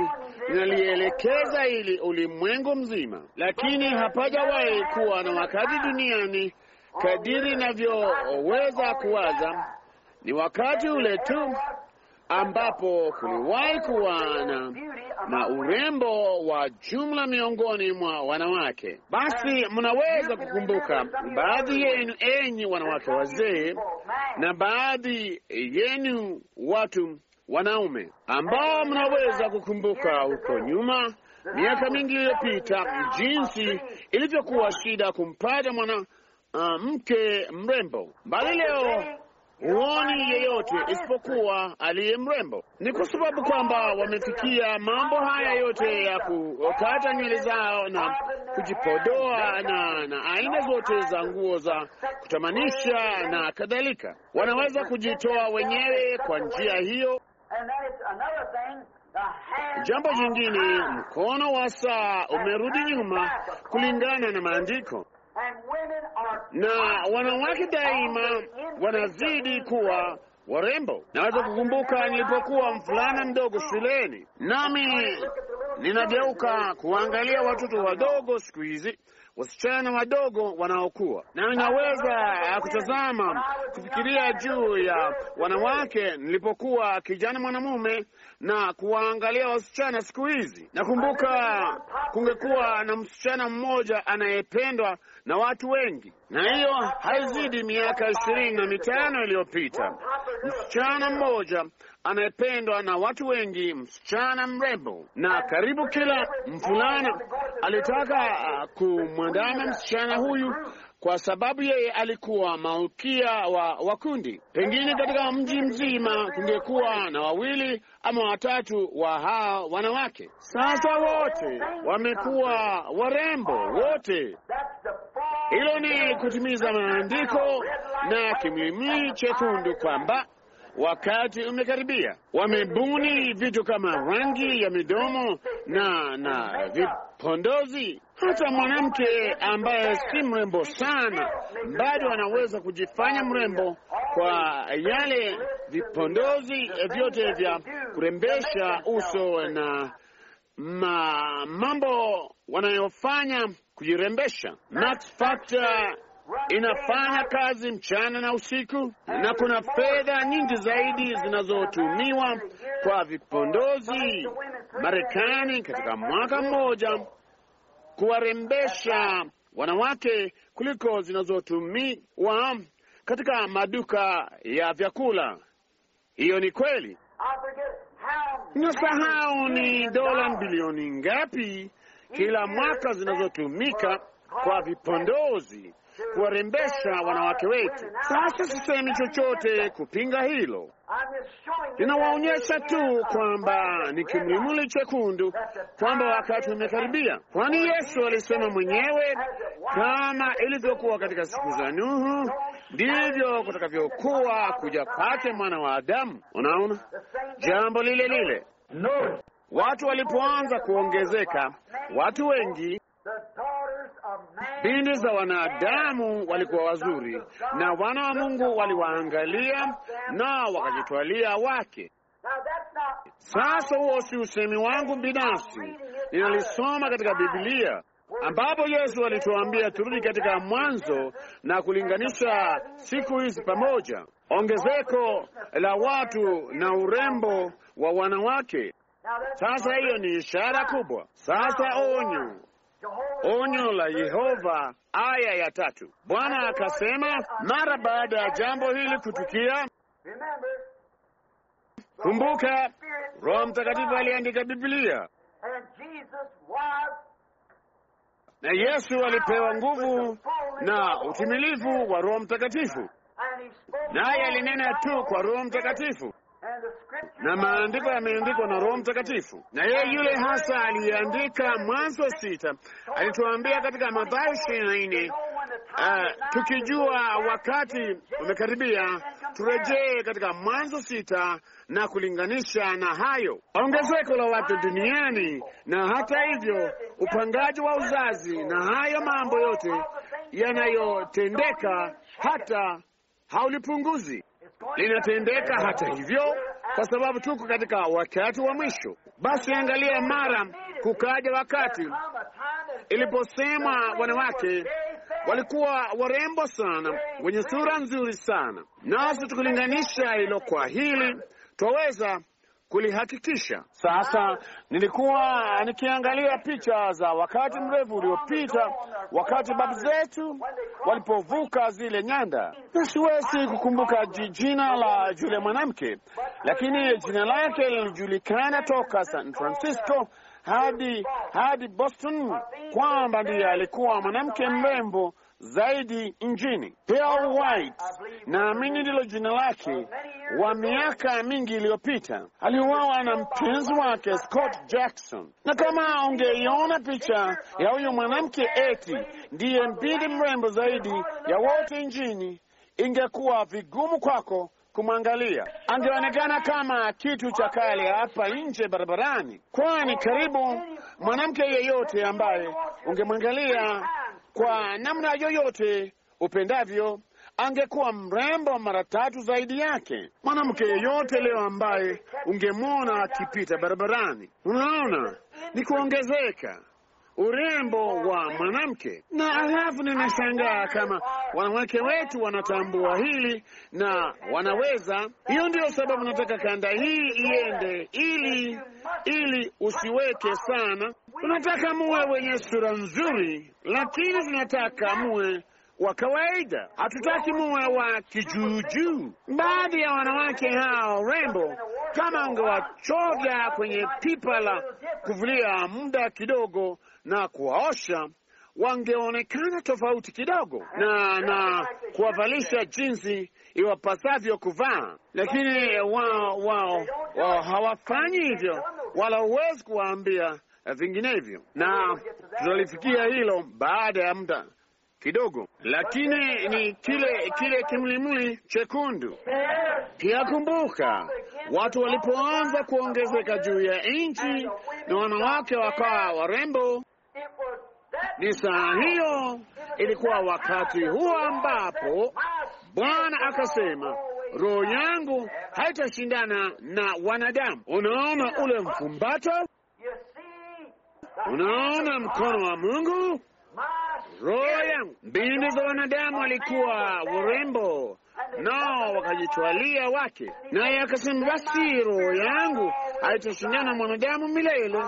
nalielekeza ili ulimwengu mzima, lakini hapajawahi kuwa na wakati duniani kadiri inavyoweza kuwaza. Ni wakati ule tu ambapo kuliwahi kuwa na, na urembo wa jumla miongoni mwa wanawake. Basi mnaweza kukumbuka baadhi yenu, enyi wanawake wazee, na baadhi yenu watu wanaume ambao mnaweza kukumbuka huko nyuma miaka mingi iliyopita jinsi ilivyokuwa shida kumpata mwana uh, mke mrembo, bali leo huoni yeyote isipokuwa aliye mrembo. Ni kwa sababu kwamba wamefikia mambo haya yote ya kukata nywele zao na kujipodoa na, na aina zote za nguo za kutamanisha na kadhalika. Wanaweza kujitoa wenyewe kwa njia hiyo Jambo jingine, mkono wa saa umerudi nyuma kulingana na maandiko, na wanawake daima wanazidi kuwa warembo. Naweza kukumbuka nilipokuwa mfulana mdogo shuleni, nami ninageuka kuangalia watoto wadogo siku hizi wasichana wadogo wanaokuwa na ninaweza kutazama kufikiria juu ya wanawake nilipokuwa kijana mwanamume na kuwaangalia wasichana siku hizi. Nakumbuka kungekuwa na msichana mmoja anayependwa na watu wengi, na hiyo haizidi miaka ishirini na mitano iliyopita msichana mmoja anayependwa na watu wengi, msichana mrembo, na karibu kila mvulana alitaka ah, kumwandama msichana huyu kwa sababu yeye alikuwa malkia wa wakundi. Pengine katika mji mzima kungekuwa na wawili ama watatu wa hao wanawake. Sasa wote wamekuwa warembo wote. Hilo ni kutimiza maandiko na kimwimwi chekundu kwamba wakati umekaribia. Wamebuni vitu kama rangi ya midomo na na vipondozi. Hata mwanamke ambaye si mrembo sana bado anaweza kujifanya mrembo kwa yale vipondozi vyote vya kurembesha uso na ma mambo wanayofanya kujirembesha. Max Factor inafanya kazi mchana na usiku, na kuna fedha nyingi zaidi zinazotumiwa kwa vipondozi Marekani katika mwaka mmoja kuwarembesha wanawake kuliko zinazotumiwa katika maduka ya vyakula. Hiyo ni kweli. Nasahau ni dola bilioni ngapi kila mwaka zinazotumika kwa vipondozi kuwarembesha wanawake wetu. Sasa sisemi chochote kupinga hilo, ninawaonyesha tu kwamba ni kimulimuli chekundu, kwamba wakati umekaribia, kwani Yesu alisema mwenyewe, kama ilivyokuwa katika siku za Nuhu, ndivyo kutakavyokuwa kuja kwake mwana wa Adamu. Unaona jambo lile lile, watu walipoanza kuongezeka, watu wengi Binti za wanadamu walikuwa wazuri na wana wa Mungu waliwaangalia na wakajitwalia wake. Sasa huo si usemi wangu binafsi, ninalisoma katika Biblia ambapo Yesu alituambia turudi katika mwanzo na kulinganisha siku hizi pamoja, ongezeko la watu na urembo wa wanawake. Sasa hiyo ni ishara kubwa. Sasa onyo, Onyo la Yehova, aya ya tatu. Bwana akasema, mara baada ya jambo hili kutukia, kumbuka, Roho Mtakatifu aliandika Biblia na Yesu alipewa nguvu na utimilifu wa Roho Mtakatifu, naye alinena tu kwa Roho Mtakatifu na maandiko yameandikwa na Roho Mtakatifu, na yeye yule hasa aliyeandika Mwanzo sita alituambia katika Mathayo ishirini na nne uh, tukijua wakati umekaribia turejee katika Mwanzo sita na kulinganisha na hayo ongezeko la watu duniani, na hata hivyo upangaji wa uzazi na hayo mambo yote yanayotendeka, hata haulipunguzi linatendeka hata hivyo, kwa sababu tuko katika wakati wa mwisho. Basi angalia, mara kukaja wakati iliposemwa wanawake walikuwa warembo sana, wenye sura nzuri sana, nasi tukilinganisha hilo kwa hili twaweza kulihakikisha. Sasa nilikuwa nikiangalia picha za wakati mrefu uliopita, wakati babu zetu walipovuka zile nyanda, na siwezi kukumbuka jina la yule mwanamke, lakini jina lake lilijulikana toka San Francisco hadi hadi Boston kwamba ndiye alikuwa mwanamke mrembo zaidi nchini. Pearl White, naamini ndilo jina lake, wa miaka mingi iliyopita aliuawa na mpenzi wake Scott Jackson, na kama ungeiona picha ya huyo mwanamke eti ndiye mbindi mrembo zaidi ya wote nchini, ingekuwa vigumu kwako kumwangalia. Angeonekana kama kitu cha kale hapa nje barabarani, kwani karibu mwanamke yeyote ambaye ungemwangalia kwa namna yoyote upendavyo, angekuwa mrembo mara tatu zaidi yake. Mwanamke yeyote leo ambaye ungemwona akipita barabarani, unaona ni kuongezeka urembo wa mwanamke. Na alafu ninashangaa kama wanawake wetu wanatambua hili na wanaweza. Hiyo ndiyo sababu nataka kanda hii iende, ili ili usiweke sana. Tunataka muwe wenye sura nzuri, lakini tunataka muwe wa kawaida. Hatutaki muwe wa kijuujuu. Baadhi ya wanawake hao rembo, kama ungewachoja kwenye pipa la kuvulia muda kidogo, na kuwaosha wangeonekana tofauti kidogo na na kuwavalisha jinsi iwapasavyo kuvaa, lakini wao wao wa, hawafanyi hivyo, wala huwezi kuwaambia vinginevyo, na tutalifikia hilo baada ya muda kidogo, lakini ni kile kile kimlimli chekundu. Pia kumbuka, watu walipoanza kuongezeka juu ya nchi na wanawake wakawa warembo ni saa hiyo, ilikuwa wakati huo ambapo Bwana akasema roho yangu haitashindana na wanadamu. Unaona ule mfumbato, unaona mkono wa Mungu. Roho yangu, mbindi za wanadamu walikuwa urembo nao wakajitwalia wake. Naye akasema, basi roho yangu haitashindana mwanadamu milele,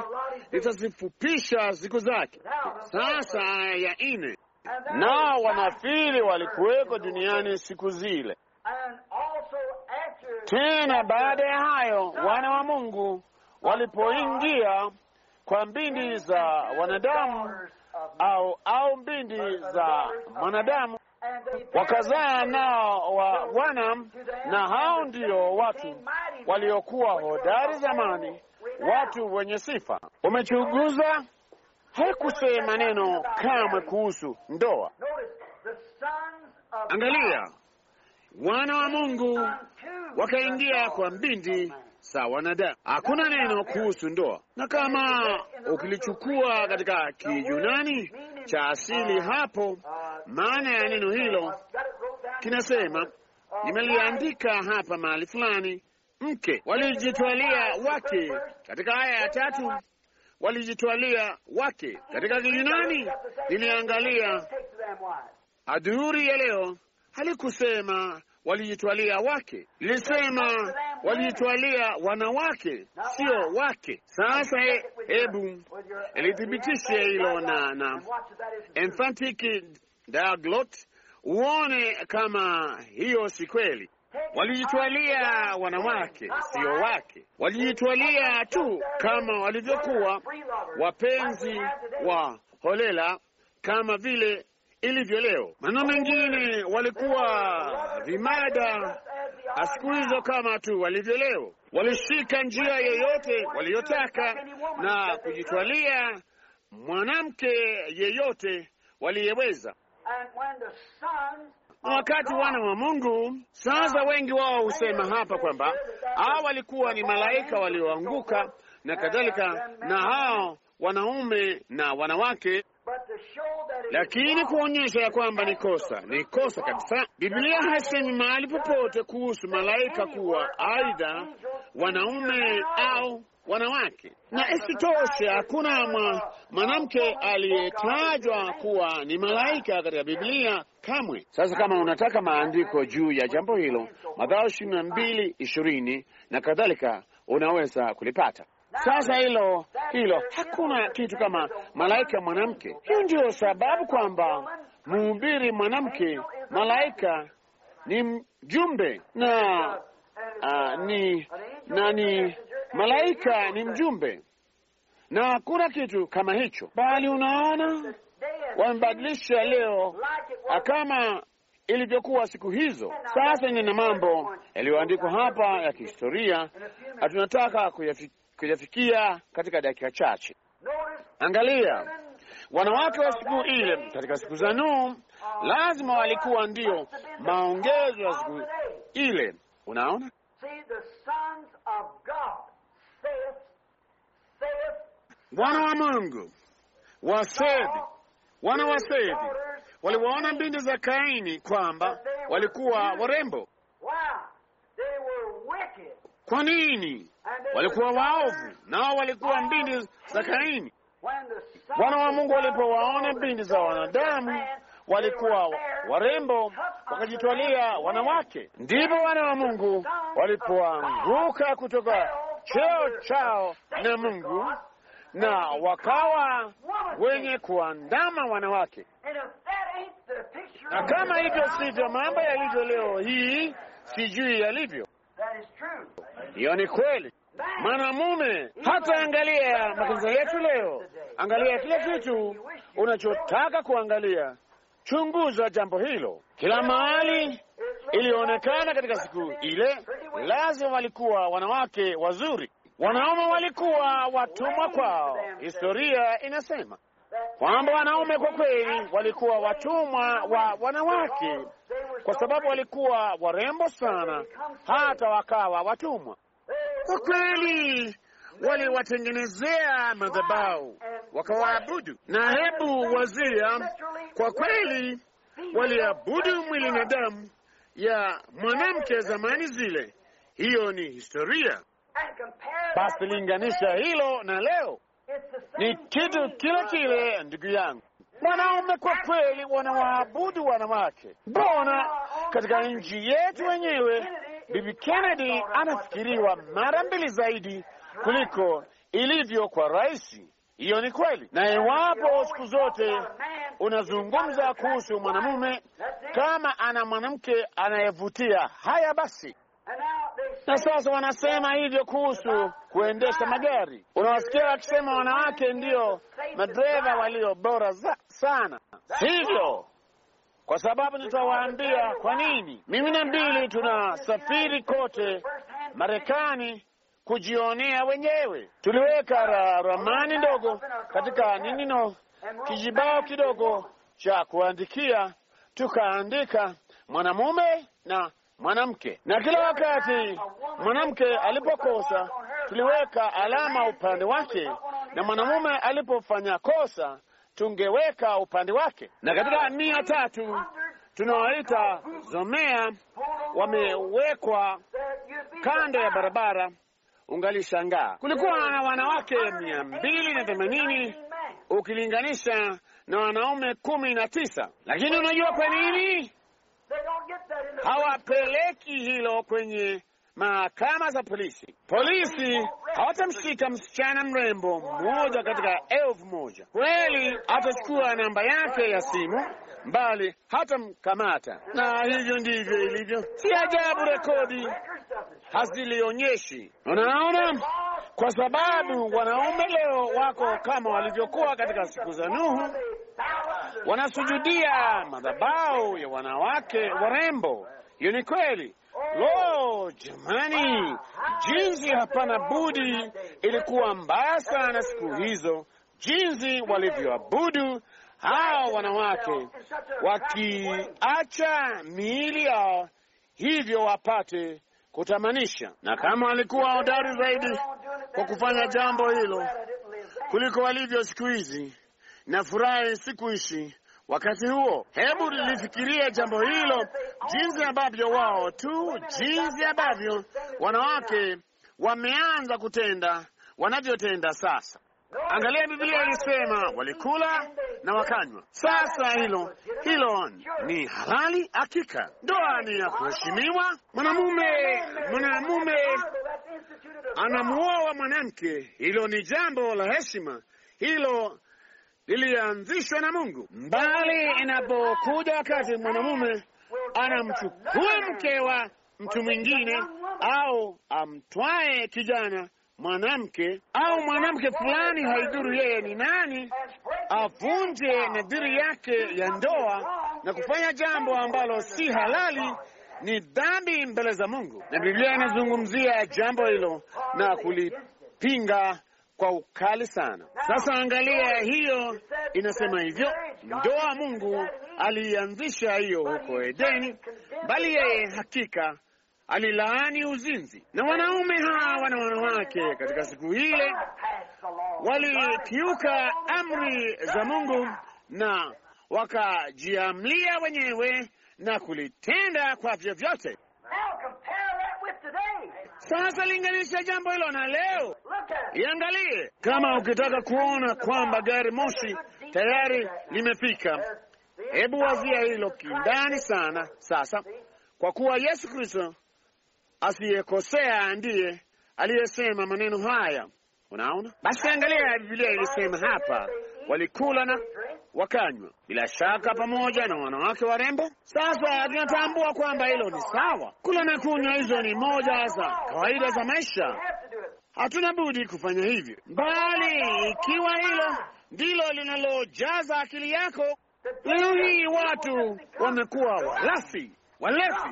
itazifupisha siku zake. Sasa aya ya nne, nao wanafili walikuweko duniani siku zile. Tena baada ya hayo wana wa Mungu walipoingia kwa mbindi za wanadamu au au mbindi za mwanadamu wakazaa nao wa bwana na hao ndio watu waliokuwa hodari zamani, watu wenye sifa. Umechunguza, haikusema neno kamwe kuhusu ndoa. Angalia, wana wa Mungu wakaingia kwa mbindi sawa na Hakuna neno kuhusu ndoa, na kama ukilichukua katika Kiyunani cha asili hapo maana ya neno hilo kinasema, nimeliandika hapa mahali fulani, mke walijitwalia wake. Katika aya ya tatu walijitwalia wake. Katika Kiyunani niliangalia adhuhuri ya leo, halikusema walijitwalia wake, lilisema walijitwalia wanawake, sio wake. Sasa hebu ilithibitishe hilo na na emphatic Daglot uone kama hiyo si kweli. Walijitwalia wanawake sio wake, walijitwalia tu kama walivyokuwa wapenzi wa holela, kama vile ilivyo leo. Maneno mengine, walikuwa vimada siku hizo kama tu walivyo leo. Walishika njia yoyote waliyotaka na kujitwalia mwanamke yeyote waliyeweza na wakati wana wa Mungu sasa, wengi wao husema hapa kwamba hao walikuwa ni malaika walioanguka na kadhalika, na hao wanaume na wanawake lakini kuonyesha ya kwamba ni kosa, ni kosa kabisa. Biblia haisemi mahali popote kuhusu malaika kuwa aidha wanaume au wanawake na isitoshe, hakuna mwanamke aliyetajwa kuwa ni malaika katika Biblia kamwe. Sasa kama unataka maandiko juu ya jambo hilo, Mathayo ishirini na mbili ishirini na kadhalika, unaweza kulipata. Sasa hilo hilo, hakuna kitu kama malaika mwanamke. Hiyo ndio sababu kwamba mhubiri mwanamke, malaika ni mjumbe na uh, ni na ni Malaika ni mjumbe, na hakuna kitu kama hicho, bali unaona wamebadilisha leo kama ilivyokuwa siku hizo. Sasa nina mambo yaliyoandikwa hapa ya kihistoria, hatunataka kuyafikia katika dakika chache. Angalia, wanawake wa siku ile katika siku za Nuhu lazima walikuwa ndio maongezo ya siku ile. Unaona wana wa Mungu, Wasethi, wana Wasethi waliwaona binti za Kaini kwamba walikuwa warembo. Kwa nini? Walikuwa waovu, nao walikuwa binti za Kaini. Wana wa Mungu walipowaona binti za wanadamu walikuwa warembo, wakajitwalia wanawake, ndipo wana wa Mungu walipoanguka kutoka cheo chao na Mungu, na wakawa wenye kuandama wanawake. Na kama hivyo sivyo mambo yalivyo leo hii, sijui yalivyo. Hiyo ni kweli. Mwanamume hata angalia makanisa yetu leo, angalia kile kitu unachotaka kuangalia chunguza jambo hilo. Kila mahali ilionekana katika siku ile, lazima walikuwa wanawake wazuri, wanaume walikuwa watumwa kwao. Historia inasema kwamba wanaume kwa kweli walikuwa watumwa wa wanawake, kwa sababu walikuwa warembo sana, hata wakawa watumwa kwa kweli waliwatengenezea madhabahu wakawaabudu. Na hebu wazia, kwa kweli waliabudu mwili na damu ya mwanamke zamani zile. Hiyo ni historia. Basi linganisha hilo na leo, ni kitu kile kile, ndugu yangu. Wanaume kwa kweli wanawaabudu wanawake. Mbona katika nchi yetu wenyewe Bibi Kennedy anafikiriwa mara mbili zaidi kuliko ilivyo kwa rais. Hiyo ni kweli, na iwapo siku zote unazungumza kuhusu mwanamume kama ana mwanamke anayevutia, haya basi. Na sasa wanasema hivyo kuhusu kuendesha magari. Unawasikia wakisema wanawake ndio madereva walio bora za, sana hivyo kwa sababu nitawaambia kwa nini. Mimi na mbili tunasafiri kote Marekani kujionea wenyewe. Tuliweka ramani ndogo katika nini no kijibao kidogo cha kuandikia, tukaandika mwanamume na mwanamke, na kila wakati mwanamke alipokosa tuliweka alama upande wake, na mwanamume alipofanya kosa tungeweka upande wake. Na katika mia tatu tunawaita zomea wamewekwa kando ya barabara ungalishangaa. Kulikuwa na wanawake mia mbili na themanini ukilinganisha na wanaume kumi na tisa. Lakini unajua kwa nini hawapeleki hilo kwenye mahakama za polisi? Polisi hawatamshika msichana mrembo mmoja katika elfu moja. Kweli atachukua namba yake ya simu bali hatamkamata, na hivyo ndivyo ilivyo. Si ajabu rekodi hazilionyeshi. Unaona, kwa sababu wanaume leo wako kama walivyokuwa katika siku za Nuhu, wanasujudia madhabahu ya wanawake warembo. Hiyo ni kweli. Lo, jamani, jinsi hapana budi ilikuwa mbaya sana siku hizo, jinsi walivyoabudu hao wanawake, wakiacha miili yao hivyo wapate kutamanisha, na kama walikuwa hodari zaidi kwa kufanya jambo hilo kuliko walivyo siku hizi, na furahi sikuishi wakati huo. Hebu lilifikiria jambo hilo, jinsi ambavyo wao tu, jinsi ambavyo wanawake wameanza kutenda wanavyotenda sasa. Angalia, Biblia ilisema walikula na wakanywa. Sasa hilo hilo ni halali. Hakika ndoa ni ya kuheshimiwa. Mwanamume mwanamume anamuoa mwanamke, hilo ni jambo la heshima. Hilo lilianzishwa na Mungu. Mbali inapokuja wakati mwanamume anamchukua mke wa mtu mwingine au amtwae kijana mwanamke au mwanamke fulani, haidhuru yeye ni nani, avunje nadhiri yake ya ndoa na kufanya jambo ambalo si halali ni dhambi mbele za Mungu, na Biblia inazungumzia jambo hilo na kulipinga kwa ukali sana. Sasa angalia, hiyo inasema hivyo, ndoa Mungu aliianzisha hiyo huko Edeni, bali yeye hakika alilaani uzinzi. Na wanaume hawa na wanawake katika siku ile walikiuka amri za Mungu na wakajiamlia wenyewe na kulitenda kwa vyovyote. Sasa linganisha jambo hilo na leo, iangalie. Kama ukitaka kuona kwamba gari moshi tayari limefika, hebu wazia hilo kindani sana. Sasa, kwa kuwa Yesu Kristo asiyekosea ndiye aliyesema maneno haya. Unaona, basi angalia, Biblia ilisema hapa, walikula na wakanywa, bila shaka pamoja na wanawake warembo. Sasa tunatambua kwamba hilo ni sawa. Kula na kunywa, hizo ni moja za kawaida za maisha, hatuna budi kufanya hivyo, bali ikiwa hilo ndilo linalojaza akili yako, leo hii watu wamekuwa walafi, walefi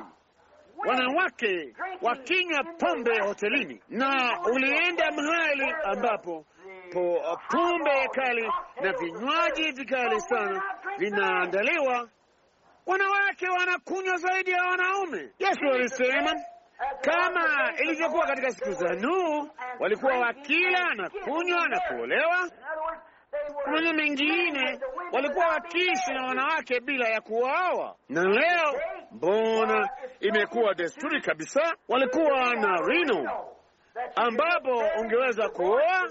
wanawake wakinywa pombe hotelini, na ulienda mahali ambapo po pombe kali na vinywaji vikali sana vinaandaliwa. Wanawake wanakunywa zaidi ya wanaume. Yesu alisema kama ilivyokuwa katika siku za Nuhu, walikuwa wakila na kunywa na kuolewa kwa maneno mengine, walikuwa wakiishi na wanawake bila ya kuoawa, na leo mbona imekuwa desturi kabisa. Walikuwa na rino ambapo ungeweza kuoa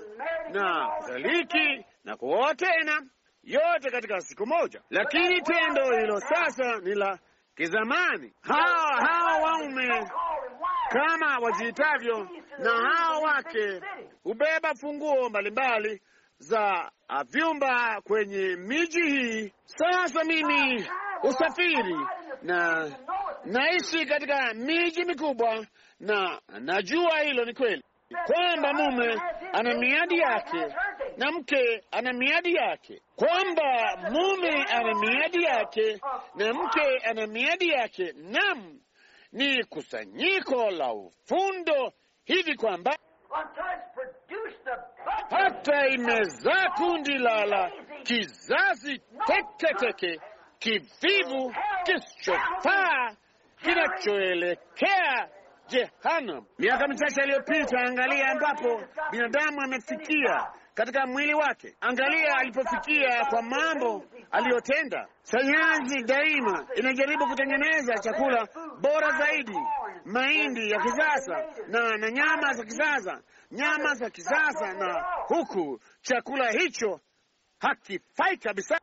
na zaliki na kuoa tena, yote katika siku moja. Lakini tendo hilo sasa ni la kizamani. Hawa hawa waume kama wajiitavyo na hawa wake hubeba funguo mbalimbali za ah, vyumba kwenye miji hii. Sasa mimi usafiri na naishi katika miji mikubwa, na najua hilo ni kweli kwamba mume ana miadi yake na mke ana miadi yake, kwamba mume ana miadi yake na mke ana miadi yake. Naam, ni kusanyiko la ufundo hivi kwamba hata imezaa kundi la la kizazi teke teke kivivu kisichofaa kinachoelekea jehanam. Miaka michache iliyopita, angalia ambapo binadamu amefikia katika mwili wake. Angalia alipofikia kwa mambo aliyotenda. Sayansi daima inajaribu kutengeneza chakula bora zaidi, mahindi ya kisasa na, na nyama za kisasa, nyama za kisasa, na huku chakula hicho hakifai kabisa,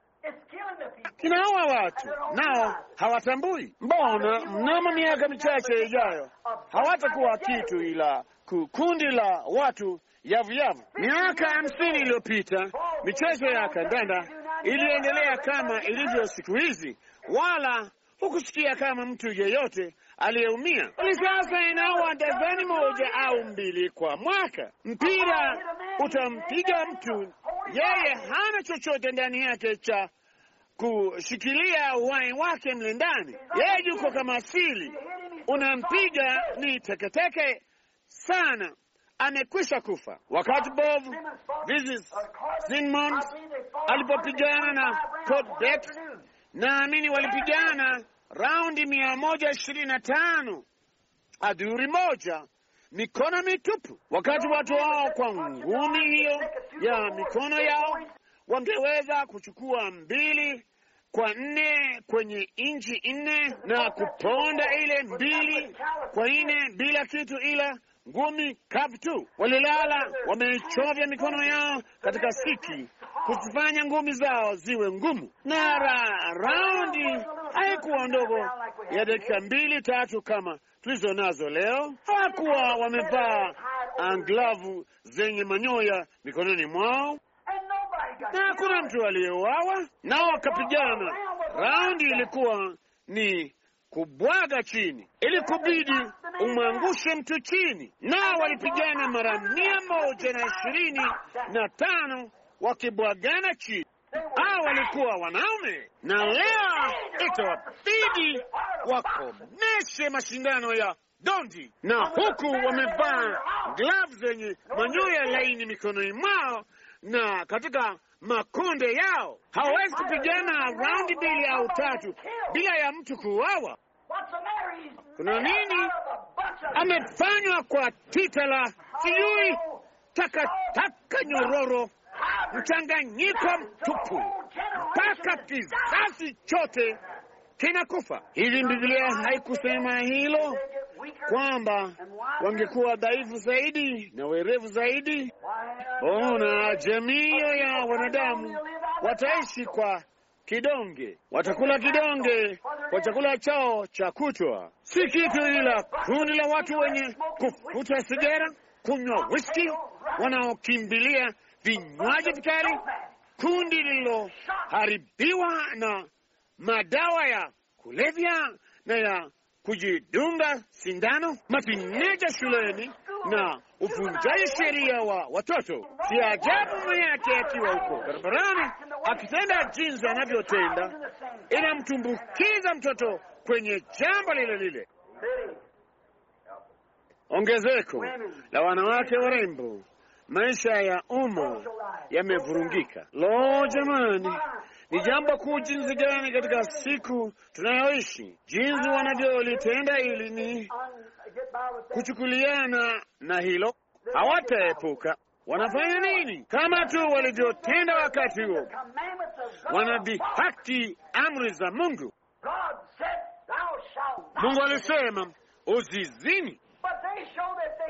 kinaua watu nao hawatambui. Mbona mnamo miaka michache ijayo hawatakuwa kitu ila kundi la watu yavu yavu. Miaka hamsini iliyopita michezo ya kandanda iliendelea kama ilivyo siku hizi, wala hukusikia kama mtu yeyote aliyeumia. Hali sasa inaua dazeni moja au mbili kwa mwaka. Mpira utampiga mtu, yeye hana chochote ndani yake cha kushikilia uhai wake mle ndani, yeye yuko kama asili. Unampiga ni teketeke sana amekwisha kufa. Wakati Bob Visis Simmons alipopigana na Cort naamini walipigana raundi mia moja ishirini na tano adhuri moja mikono mitupu. Wakati watu wao kwa ngumi hiyo ya mikono yao wangeweza kuchukua mbili kwa nne kwenye inchi nne na kuponda ile mbili kwa nne bila kitu, ila ngumi kapu walilala, wamechovya mikono yao katika siki kuzifanya ngumi zao ziwe ngumu, na raundi haikuwa ndogo ya dakika mbili tatu kama tulizo nazo leo. Hawakuwa wamevaa anglavu zenye manyoya mikononi mwao, na hakuna mtu aliyeuawa, nao wakapigana. Raundi ilikuwa ni kubwaga chini, ili kubidi umwangushe mtu chini. Nao walipigana mara mia moja na ishirini na tano wakibwagana chini. Hao walikuwa wanaume, na leo itawabidi wakomeshe mashindano ya dondi, na huku wamevaa glavu zenye manyoya laini mikononi mwao na katika makonde yao. Hawawezi kupigana raundi mbili au tatu bila ya mtu kuuawa. Kuna nini amefanywa kwa tita la sijui takataka nyororo, mchanganyiko mtupu, mpaka kizazi chote kinakufa. Hivi Biblia haikusema hilo kwamba wangekuwa dhaifu zaidi na werevu zaidi? Ona jamii ya wanadamu wataishi kwa kidonge, watakula kidonge kwa chakula chao cha kutwa, si kitu, ila kundi la watu wenye kufuta sigara, kunywa whisky, wanaokimbilia vinywaji vikali, kundi lililoharibiwa na madawa ya kulevya na ya kujidunga sindano, mapineja shuleni na uvunjaji sheria wa watoto. Si ajabu yake akiwa huko barabarani akitenda jinsi anavyotenda, inamtumbukiza mtoto kwenye jambo lile lile. Ongezeko la wanawake warembo, maisha ya umma yamevurungika. Lo, jamani, ni jambo kuu jinsi gani katika siku tunayoishi, jinsi wanavyolitenda hili ni kuchukuliana na hilo, hawataepuka. Wanafanya nini? Kama tu walivyotenda wakati huo, wanadhihaki amri za Mungu. Mungu alisema usizini,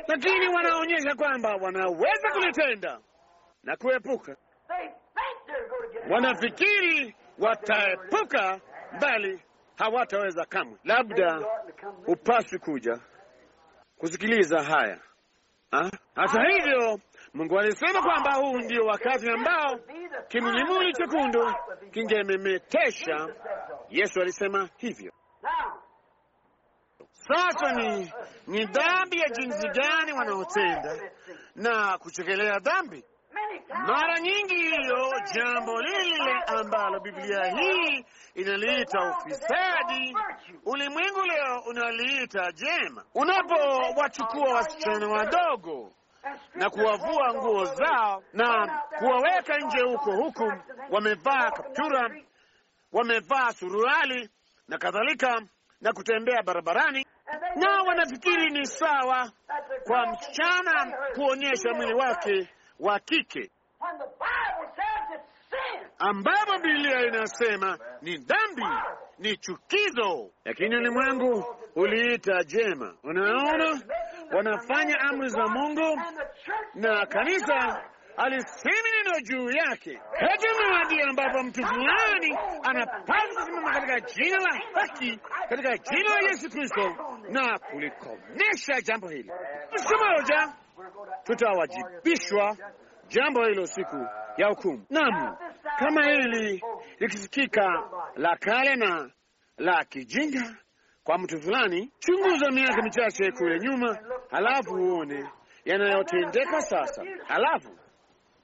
lakini wanaonyesha kwamba wanaweza kulitenda na kuepuka. Wanafikiri wataepuka, bali hawataweza kamwe. Labda upaswi kuja kusikiliza haya ha? Ah, hata hivyo Mungu alisema kwamba huu ndio wakati ambao kimungimuli chekundu kingememetesha. Yesu alisema hivyo. Sasa ni ni dhambi ya jinsi gani wanaotenda na kuchekelea dhambi mara nyingi hiyo jambo lile ambalo Biblia hii inaliita ufisadi, ulimwengu leo unaliita jema. Unapowachukua wasichana wadogo na kuwavua nguo zao na kuwaweka nje huko huku, wamevaa kaptura, wamevaa suruali na kadhalika, na kutembea barabarani, na wanafikiri ni sawa kwa msichana kuonyesha mwili wake wa kike ambapo Biblia inasema ni dhambi, ni chukizo, lakini ulimwengu uliita jema. Unaona, wanafanya amri za Mungu na kanisa alisemi neno juu yake. maadi ambapo mtu fulani anapaswa kusimama katika jina la haki, katika jina la Yesu Kristo na kulikomesha jambo hili. Msiku moja tutawajibishwa jambo hilo siku ya hukumu. Naam, kama hili likisikika la kale na la kijinga kwa mtu fulani, chunguza miaka michache kule nyuma, halafu uone yanayotendeka sasa, halafu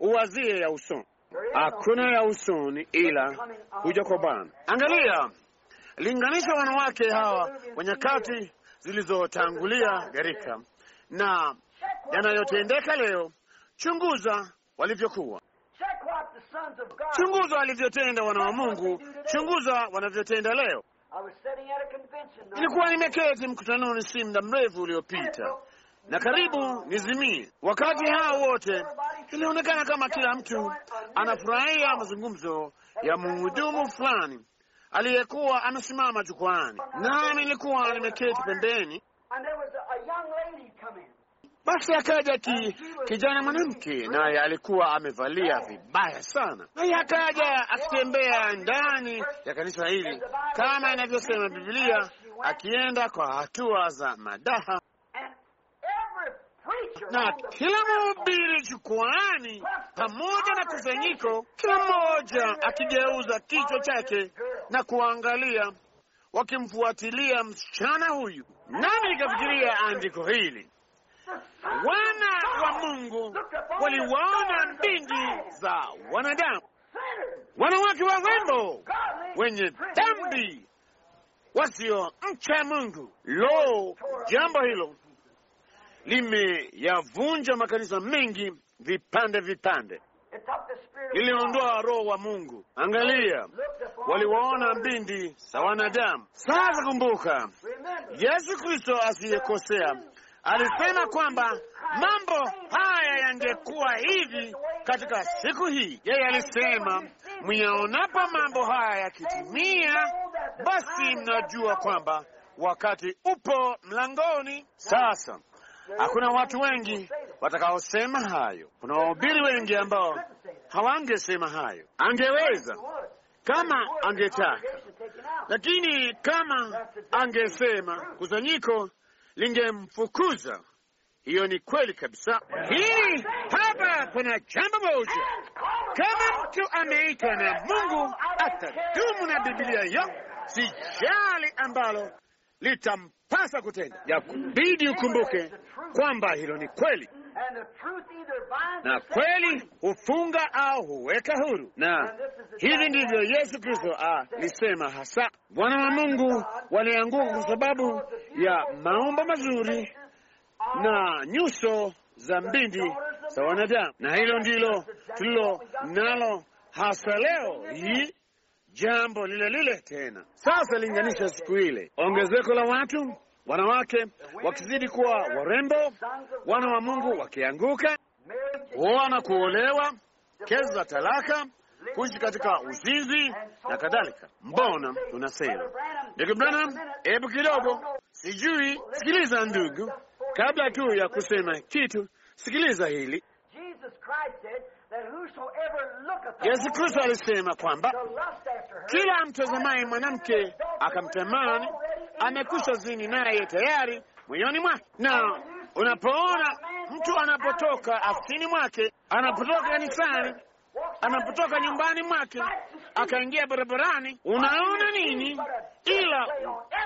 uwazie ya usoni. Hakuna ya usoni ila kuja kwa Bwana. Angalia, linganisha wanawake hawa wa nyakati zilizotangulia gharika na yanayotendeka leo. Chunguza walivyokuwa, chunguza walivyotenda wana wa Mungu, chunguza wanavyotenda leo. Nilikuwa nimeketi mkutanoni si muda mrefu uliopita na karibu nizimie. Wakati hao wote ilionekana kama kila mtu anafurahia mazungumzo ya mhudumu fulani aliyekuwa amesimama jukwaani, nami nilikuwa nimeketi pembeni, basi akaja ki, kijana mwanamke naye alikuwa amevalia vibaya sana, naye akaja akitembea ndani ya kanisa hili kama inavyosema Biblia, akienda kwa hatua za madaha na kila mhubiri jukwani pamoja na kusanyiko, kila mmoja akigeuza kichwa chake na kuangalia, wakimfuatilia msichana huyu. Nami nikafikiria andiko hili Wana wa Mungu waliwaona mbingi za wanadamu, wanawake wa wembo wenye dhambi, wasiomcha Mungu. Lo, jambo hilo limeyavunja makanisa mengi vipande vipande, liliondoa roho wa Mungu. Angalia, waliwaona mbindi za wanadamu. Sasa kumbuka, Yesu Kristo asiyekosea alisema kwamba mambo haya yangekuwa hivi katika siku hii. Yeye alisema myaonapo mambo haya yakitimia, basi mnajua kwamba wakati upo mlangoni. Sasa hakuna watu wengi watakaosema hayo. Kuna wahubiri wengi ambao hawangesema hayo. Angeweza kama angetaka, lakini kama angesema kusanyiko lingemfukuza. Hiyo ni kweli kabisa. Hili hapa kuna jambo moja, kama mtu ameitwa na Mungu atadumu na Biblia hiyo, sijali ambalo litampasa kutenda, ya kubidi ukumbuke kwamba hilo ni kweli na kweli hufunga au huweka huru, na hivi ndivyo Yesu Kristo ah, alisema hasa. Bwana wa Mungu walianguka kwa sababu ya maumbo mazuri na nyuso za mbindi za wanadamu, na hilo ndilo tulilo nalo hasa leo hii, jambo lile lile tena. Sasa linganisha siku ile, ongezeko la watu wanawake wakizidi kuwa warembo, wana wa Mungu wakianguka kuoa na kuolewa, kesi za talaka, kuishi katika uzinzi na kadhalika. Mbona tunasema, ndugu Branham, hebu kidogo, sijui. Sikiliza ndugu, kabla tu ya kusema kitu, sikiliza hili. Yesu Kristo alisema kwamba kila amtazamaye mwanamke akamtamani amekwisha zini naye tayari moyoni mwake. Na unapoona mtu anapotoka afsini mwake, anapotoka kanisani, anapotoka nyumbani mwake, akaingia barabarani, unaona nini? Ila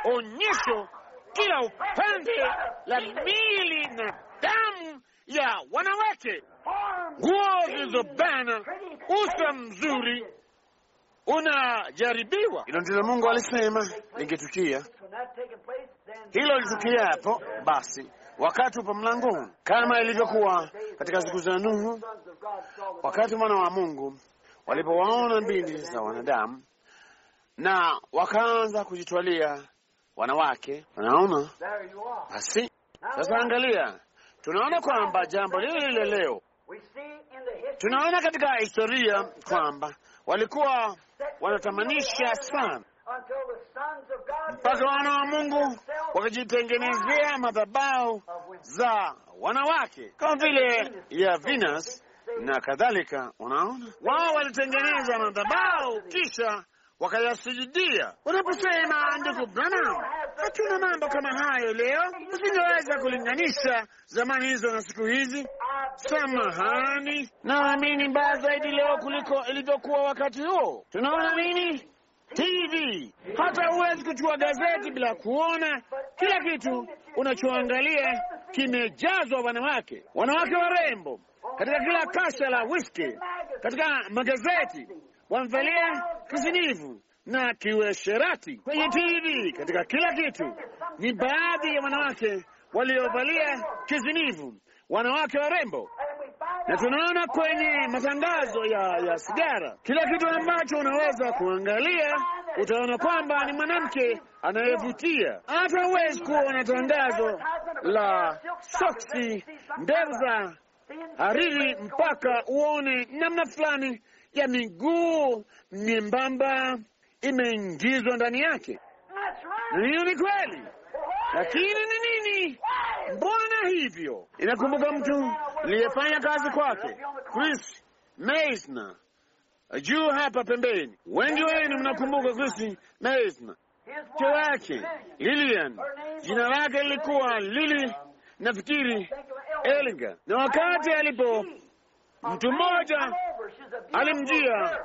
onyesho kila upande la mili na damu ya wanawake, nguo zilizobana, uso mzuri unajaribiwa. Hilo ndilo Mungu alisema lingetukia, hilo litukia hapo basi wakati upo mlangoni, kama ilivyokuwa katika siku za Nuhu, wakati mwana wa Mungu walipowaona mbindi za wanadamu na wakaanza kujitwalia wanawake. Unaona, basi sasa angalia, tunaona kwamba jambo lile lile leo tunaona katika historia kwamba walikuwa wanatamanisha sana mpaka wana wa Mungu wakajitengenezea madhabahu za wanawake kama vile ya Venus na kadhalika. Unaona, wao walitengeneza madhabahu kisha wakayasujudia. Unaposema ndugu Branham, hatuna mambo kama hayo leo, usingeweza kulinganisha zamani hizo na siku hizi samahani, naamini mbaya zaidi leo kuliko ilivyokuwa wakati huo. Tunaona nini? TV. Hata huwezi kuchukua gazeti bila kuona. Kila kitu unachoangalia kimejazwa wanawake, wanawake warembo, katika kila kasha la whisky, katika magazeti wamvalia kizinivu na kiwesherati kwenye TV, katika kila kitu. Ni baadhi ya wanawake waliovalia kizinivu wanawake warembo, na tunaona kwenye matangazo ya, ya sigara, kila kitu ambacho unaweza kuangalia utaona kwamba ni mwanamke anayevutia. Hata huwezi kuona tangazo la soksi, ndevu za hariri mpaka uone namna fulani ya miguu nyembamba imeingizwa ndani yake. Hiyo ni kweli lakini ni nini? Mbona hivyo? Inakumbuka mtu niliyefanya kazi kwake Chris Meisner juu hapa pembeni. Wengi wenu mnakumbuka Chris Meisner, mke wake Lilian, jina lake lilikuwa Lili nafikiri Elinga. Na wakati alipo mtu mmoja alimjia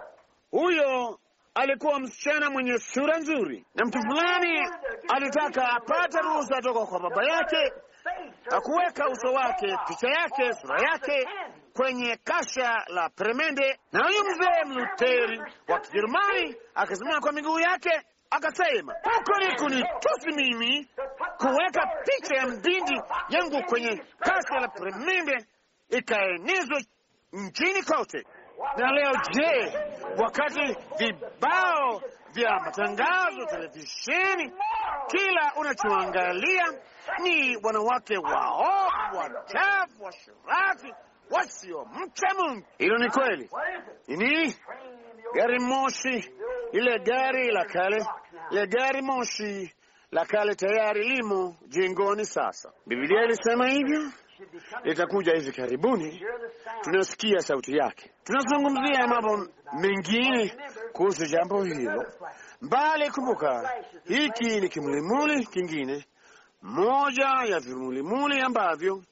huyo alikuwa msichana mwenye sura nzuri, na mtu fulani alitaka apate ruhusa toka kwa baba yake akuweka uso wake, picha yake, sura yake kwenye kasha la peremende. Na huyu mzee mluteri wa Kijerumani akasimama kwa miguu yake akasema, huko ni kunitusi mimi kuweka picha ya mbindi yangu kwenye kasha la peremende ikaenezwe nchini kote. Na leo je, wakati vibao vya matangazo televisheni, kila unachoangalia ni wanawake waovu, wachafu, washirati, wasiomcha Mungu. Hilo ni kweli. nini gari moshi, ile gari la kale, ile gari moshi la kale tayari limo jengoni sasa. Biblia ilisema hivyo litakuja hivi karibuni. Tunasikia sauti yake. Tunazungumzia mambo mengine kuhusu jambo hilo mbali. Kumbuka, hiki ni kimulimuli kingine, moja ya vimulimuli ambavyo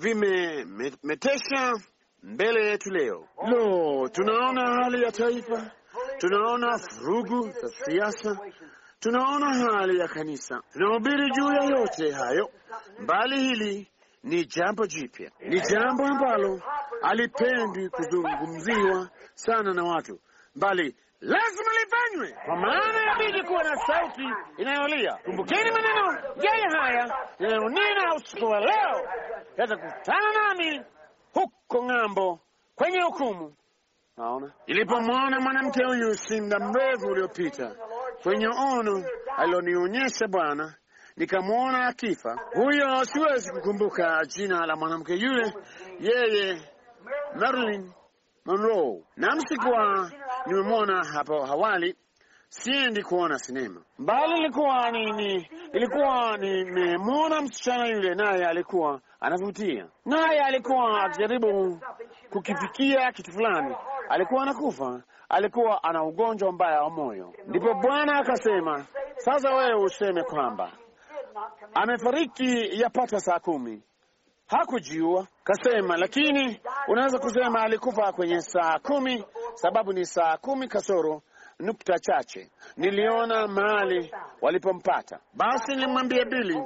vimemetesha mbele yetu leo. Lo, tunaona hali ya taifa, tunaona furugu za siasa, tunaona hali ya kanisa. Tunahubiri juu ya yote hayo mbali, hili ni jambo jipya, ni jambo ambalo halipendwi kuzungumziwa sana na watu, bali lazima lifanywe, kwa maana yabidi kuwa na sauti inayolia. Kumbukeni maneno yeye haya inayonena usiku wa leo, yatakutana nami huko ng'ambo kwenye hukumu. Naona ilipomwona mwanamke huyu si muda mrefu uliopita kwenye ono alilonionyesha Bwana nikamwona akifa. Huyo siwezi kukumbuka jina la mwanamke yule, yeye Marilyn Monroe, nami sikuwa nimemwona hapo awali. Siendi kuona sinema, bali ilikuwa ni Ilikuwa nimemwona msichana yule, naye alikuwa anavutia, naye alikuwa akijaribu kukifikia kitu fulani. Alikuwa anakufa, alikuwa ana ugonjwa mbaya wa moyo. Ndipo Bwana akasema, sasa wewe useme kwamba amefariki yapata saa kumi. Hakujiua kasema, lakini unaweza kusema alikufa kwenye saa kumi, sababu ni saa kumi kasoro nukta chache. Niliona mahali walipompata, basi nilimwambia Bili,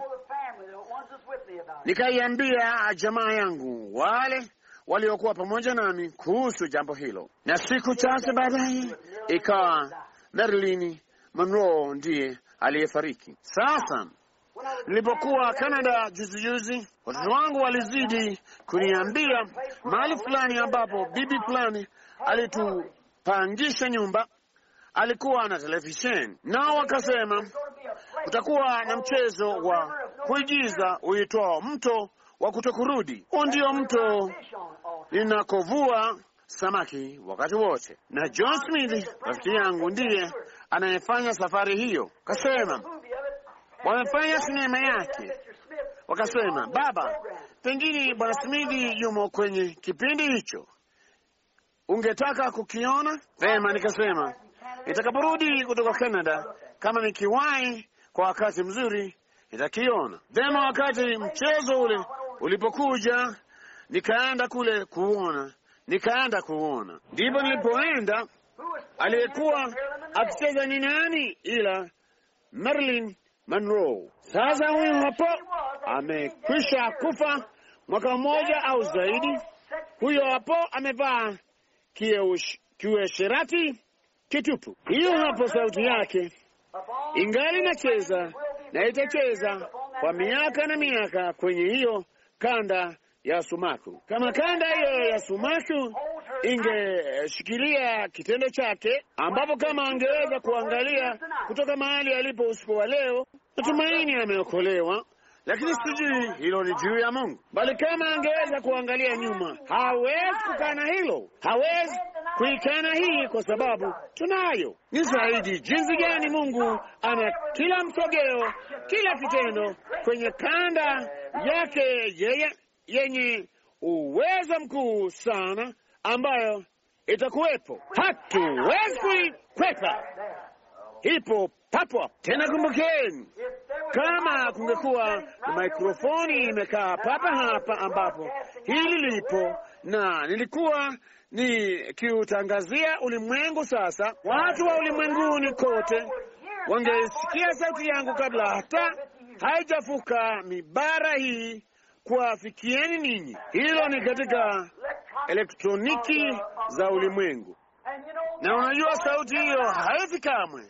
nikaiambia jamaa yangu wale waliokuwa pamoja nami kuhusu jambo hilo, na siku chache baadaye ikawa Marilyn Monroe ndiye aliyefariki. Sasa Nilipokuwa Canada juzi juzi, watoto wangu walizidi kuniambia mahali fulani ambapo bibi fulani alitupangisha nyumba, alikuwa na televisheni, nao wakasema utakuwa na mchezo wa kuigiza uitwao mto wa kutokurudi. Huu ndio mto ninakovua samaki wakati wote, na John Smith rafiki yangu ndiye anayefanya safari hiyo. Kasema wamefanya sinema yake, wakasema, Baba, pengine Bwana Smithi yumo kwenye kipindi hicho, ungetaka kukiona? Vema, nikasema nitakaporudi kutoka Canada, kama nikiwahi kwa wakati mzuri nitakiona. Vema, wakati mchezo ule ulipokuja, nikaenda kule kuona, nikaenda kuona. Ndipo nilipoenda, aliyekuwa akicheza ni nani ila Merlin Monroe. Sasa huyu hapo amekwisha kufa mwaka mmoja au zaidi. Huyo hapo amevaa kiuesherati kitupu. Hiyo hapo sauti yake ingali inacheza na itacheza kwa miaka na miaka kwenye hiyo kanda ya sumaku. Kama kanda hiyo ya sumaku ingeshikilia kitendo chake, ambapo kama angeweza kuangalia kutoka mahali alipo usiku wa leo, natumaini ameokolewa lakini sijui hilo ni juu ya Mungu, bali kama angeweza kuangalia nyuma, hawezi kukana hilo, hawezi kuikana hii, kwa sababu tunayo. Ni zaidi jinsi gani Mungu ana kila msogeo, kila kitendo kwenye kanda yake yeye yenye uwezo mkuu sana ambayo itakuwepo, hatuwezi kuikwepa ipo papo. Tena kumbukeni, kama kungekuwa mikrofoni imekaa papa hapa ambapo hili lipo, na nilikuwa nikiutangazia ulimwengu, sasa watu wa ulimwenguni kote wangesikia sauti yangu kabla hata haijafuka mibara hii kuwafikieni ninyi. Hilo ni katika elektroniki za ulimwengu. Na unajua sauti hiyo haifi kamwe,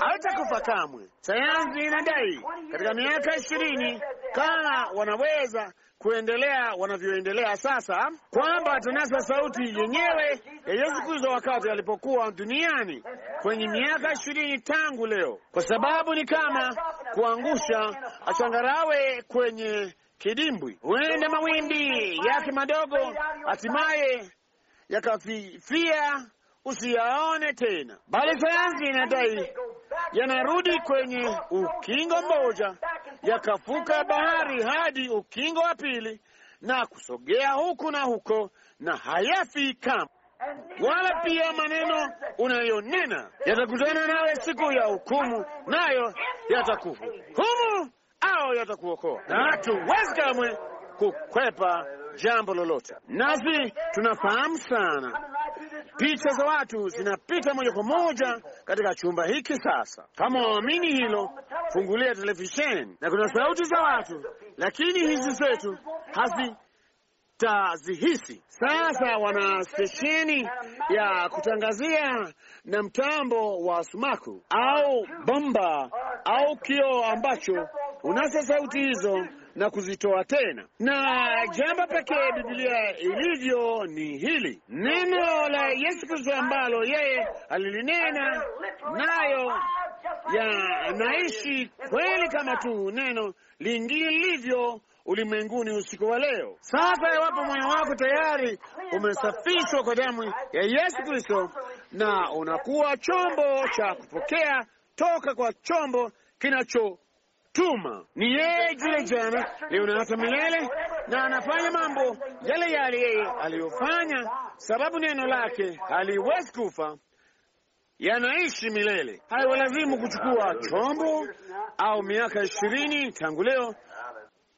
haitakufa kamwe. Sayansi inadai katika miaka ishirini kama wanaweza kuendelea wanavyoendelea sasa, kwamba tunasa sauti yenyewe ya Yesu Kristo wakati alipokuwa duniani kwenye miaka ishirini tangu leo, kwa sababu ni kama kuangusha achangarawe kwenye kidimbwi. Huenda mawimbi yake madogo hatimaye yakafifia, usiyaone tena, bali sayansi inadai yanarudi kwenye ukingo mmoja, yakavuka bahari hadi ukingo wa pili na kusogea huku na huko, na hayafi kama wala pia maneno unayonena yatakutana nawe siku ya hukumu, nayo yatakuhukumu au yatakuokoa, na hatuwezi kamwe kukwepa jambo lolote. Nasi tunafahamu sana, picha za watu zinapita moja kwa moja katika chumba hiki. Sasa kama waamini hilo, fungulia televisheni na kuna sauti za watu, lakini hizi zetu hazi tazihisi sasa. Wana stesheni ya kutangazia na mtambo wa sumaku au bomba au kioo ambacho unasa sauti hizo na kuzitoa tena. Na jambo pekee Biblia ilivyo ni hili neno la Yesu Kristo ambalo yeye alilinena, nayo yanaishi kweli kama tu neno lingine lilivyo ulimwenguni usiku wa leo. Sasa iwapo moyo wako tayari umesafishwa kwa damu ya Yesu Kristo na unakuwa chombo cha kupokea toka kwa chombo kinacho tuma ni yeye jile jana leo na hata milele, na anafanya mambo yale yale yeye aliyofanya, sababu neno lake haliwezi kufa, yanaishi milele. Haiwalazimu kuchukua chombo au miaka ishirini tangu leo.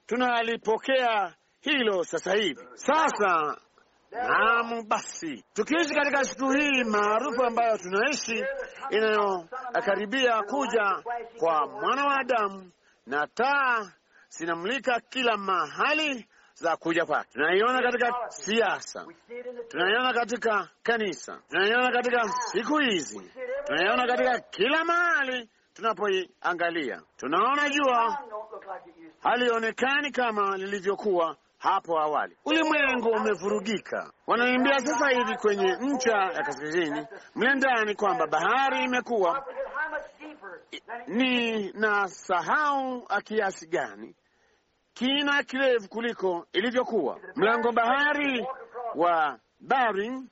Tunalipokea hilo sasa hivi. Sasa naam, basi tukiishi katika siku hii maarufu ambayo tunaishi, inayokaribia kuja kwa mwana wa Adamu na taa zinamulika kila mahali za kuja kwake. Tunaiona katika siasa, tunaiona katika kanisa, tunaiona katika siku hizi, tunaiona katika kila mahali tunapoiangalia. Tunaona jua halionekani kama lilivyokuwa hapo awali. Ulimwengu umevurugika, wanaimbia sasa hivi kwenye ncha ya kaskazini mle ndani kwamba bahari imekuwa ni na sahau kiasi gani kina kirefu kuliko ilivyokuwa. Mlango bahari wa Bering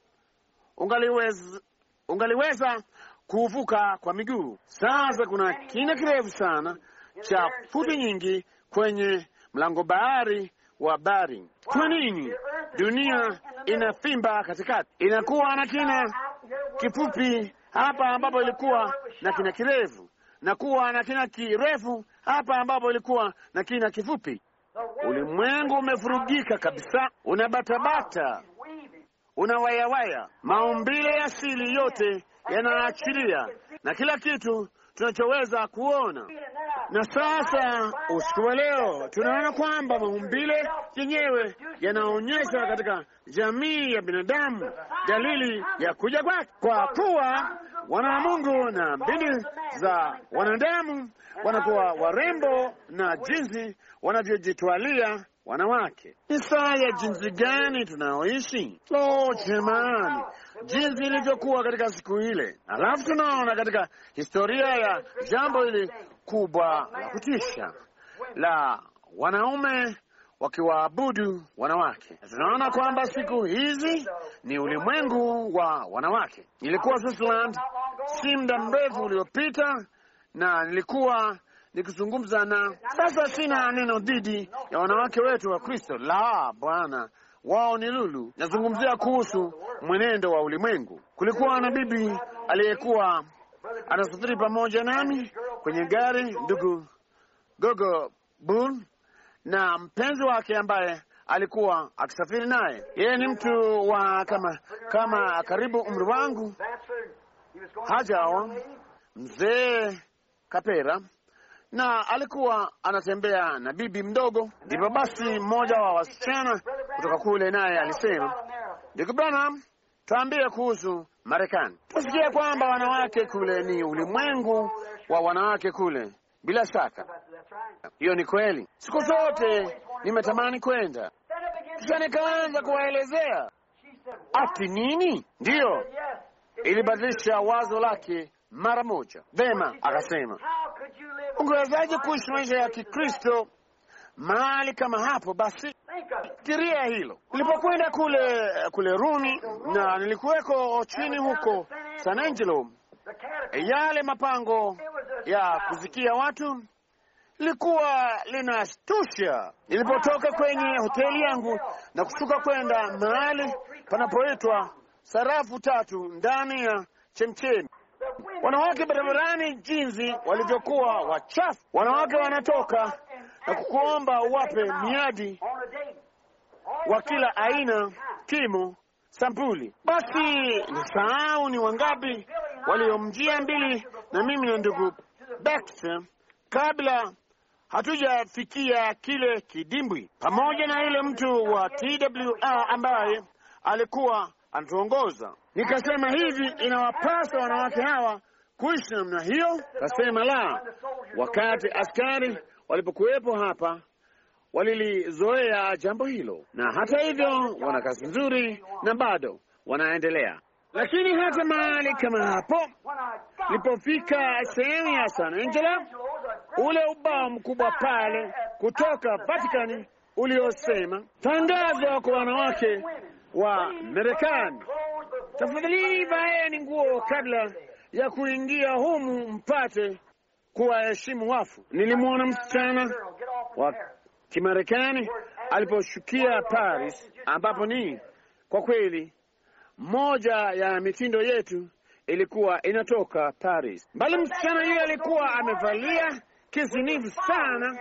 ungaliweza, ungaliweza kuvuka kwa miguu. Sasa kuna kina kirefu sana cha futi nyingi kwenye mlango bahari wa Bering. Kwa nini dunia inafimba katikati, inakuwa na kina kifupi hapa ambapo ilikuwa na kina kirefu? na kuwa na kina kirefu hapa ambapo ilikuwa na kina kifupi. Ulimwengu umevurugika kabisa, unabatabata, unawayawaya. Maumbile ya asili yote yanaachilia, na kila kitu tunachoweza kuona. Na sasa usiku wa leo tunaona kwamba maumbile yenyewe yanaonyesha katika jamii ya binadamu dalili ya kuja kwake, kwa kuwa wana wa Mungu na mbili za wanadamu wanakuwa warembo na jinsi wanavyojitwalia wanawake. Ni saa ya jinsi gani tunaoishi? Lo, jamani! jinsi ilivyokuwa katika siku ile. Alafu tunaona katika historia ya jambo hili kubwa la kutisha la wanaume wakiwaabudu wanawake. Tunaona kwamba siku hizi ni ulimwengu wa wanawake. Nilikuwa Switzerland si muda mrefu uliopita, na nilikuwa nikizungumza na, sasa sina neno dhidi ya wanawake wetu wa Kristo, la Bwana wao ni lulu. Nazungumzia kuhusu mwenendo wa ulimwengu. Kulikuwa na bibi aliyekuwa anasafiri pamoja nami kwenye gari, ndugu Gogo Bun na mpenzi wake ambaye alikuwa akisafiri naye. Yeye ni mtu wa kama kama karibu umri wangu, hajawa mzee kapera na alikuwa anatembea na bibi mdogo. Ndipo basi mmoja wa wasichana kutoka kule naye alisema, ndugu Branham, tuambie kuhusu Marekani. Tusikia kwamba wanawake kule ni ulimwengu wa wanawake kule. Bila shaka hiyo ni kweli, siku zote nimetamani kwenda. Kisha nikaanza kuwaelezea ati nini, ndiyo ilibadilisha wazo lake mara moja. Vema, akasema, ungewezaje kuishi maisha ya Kikristo mahali kama hapo? Basi fikiria hilo. Nilipokwenda kule kule Rumi na nilikuweko chini huko San Angelo, yale mapango ya kuzikia watu likuwa linashtusha. Nilipotoka kwenye hoteli yangu na kushuka kwenda mahali panapoitwa sarafu tatu ndani ya chemchemi wanawake barabarani, jinsi walivyokuwa wachafu. Wanawake wanatoka na kukuomba uwape miadi wa kila aina, kimo, sampuli. Basi nisahau ni wangapi waliomjia mbili na mimi na ndugu Baxter kabla hatujafikia kile kidimbwi, pamoja na yule mtu wa TWR ambaye alikuwa anatuongoza. Nikasema hivi, inawapasa wanawake hawa kuishi namna hiyo? Kasema la, wakati askari walipokuwepo hapa walilizoea jambo hilo, na hata hivyo wana kazi nzuri na bado wanaendelea. Lakini hata mahali kama hapo, nilipofika sehemu ya San Angelo, ule ubao mkubwa pale kutoka Vatikani uliosema tangazo kwa wanawake wa Marekani tafadhalini vaeni nguo kabla ya kuingia humu, mpate kuwaheshimu wafu. Nilimwona msichana wa Kimarekani aliposhukia Paris, ambapo ni kwa kweli moja ya mitindo yetu ilikuwa inatoka Paris. Bali msichana yule alikuwa amevalia kisinifu sana,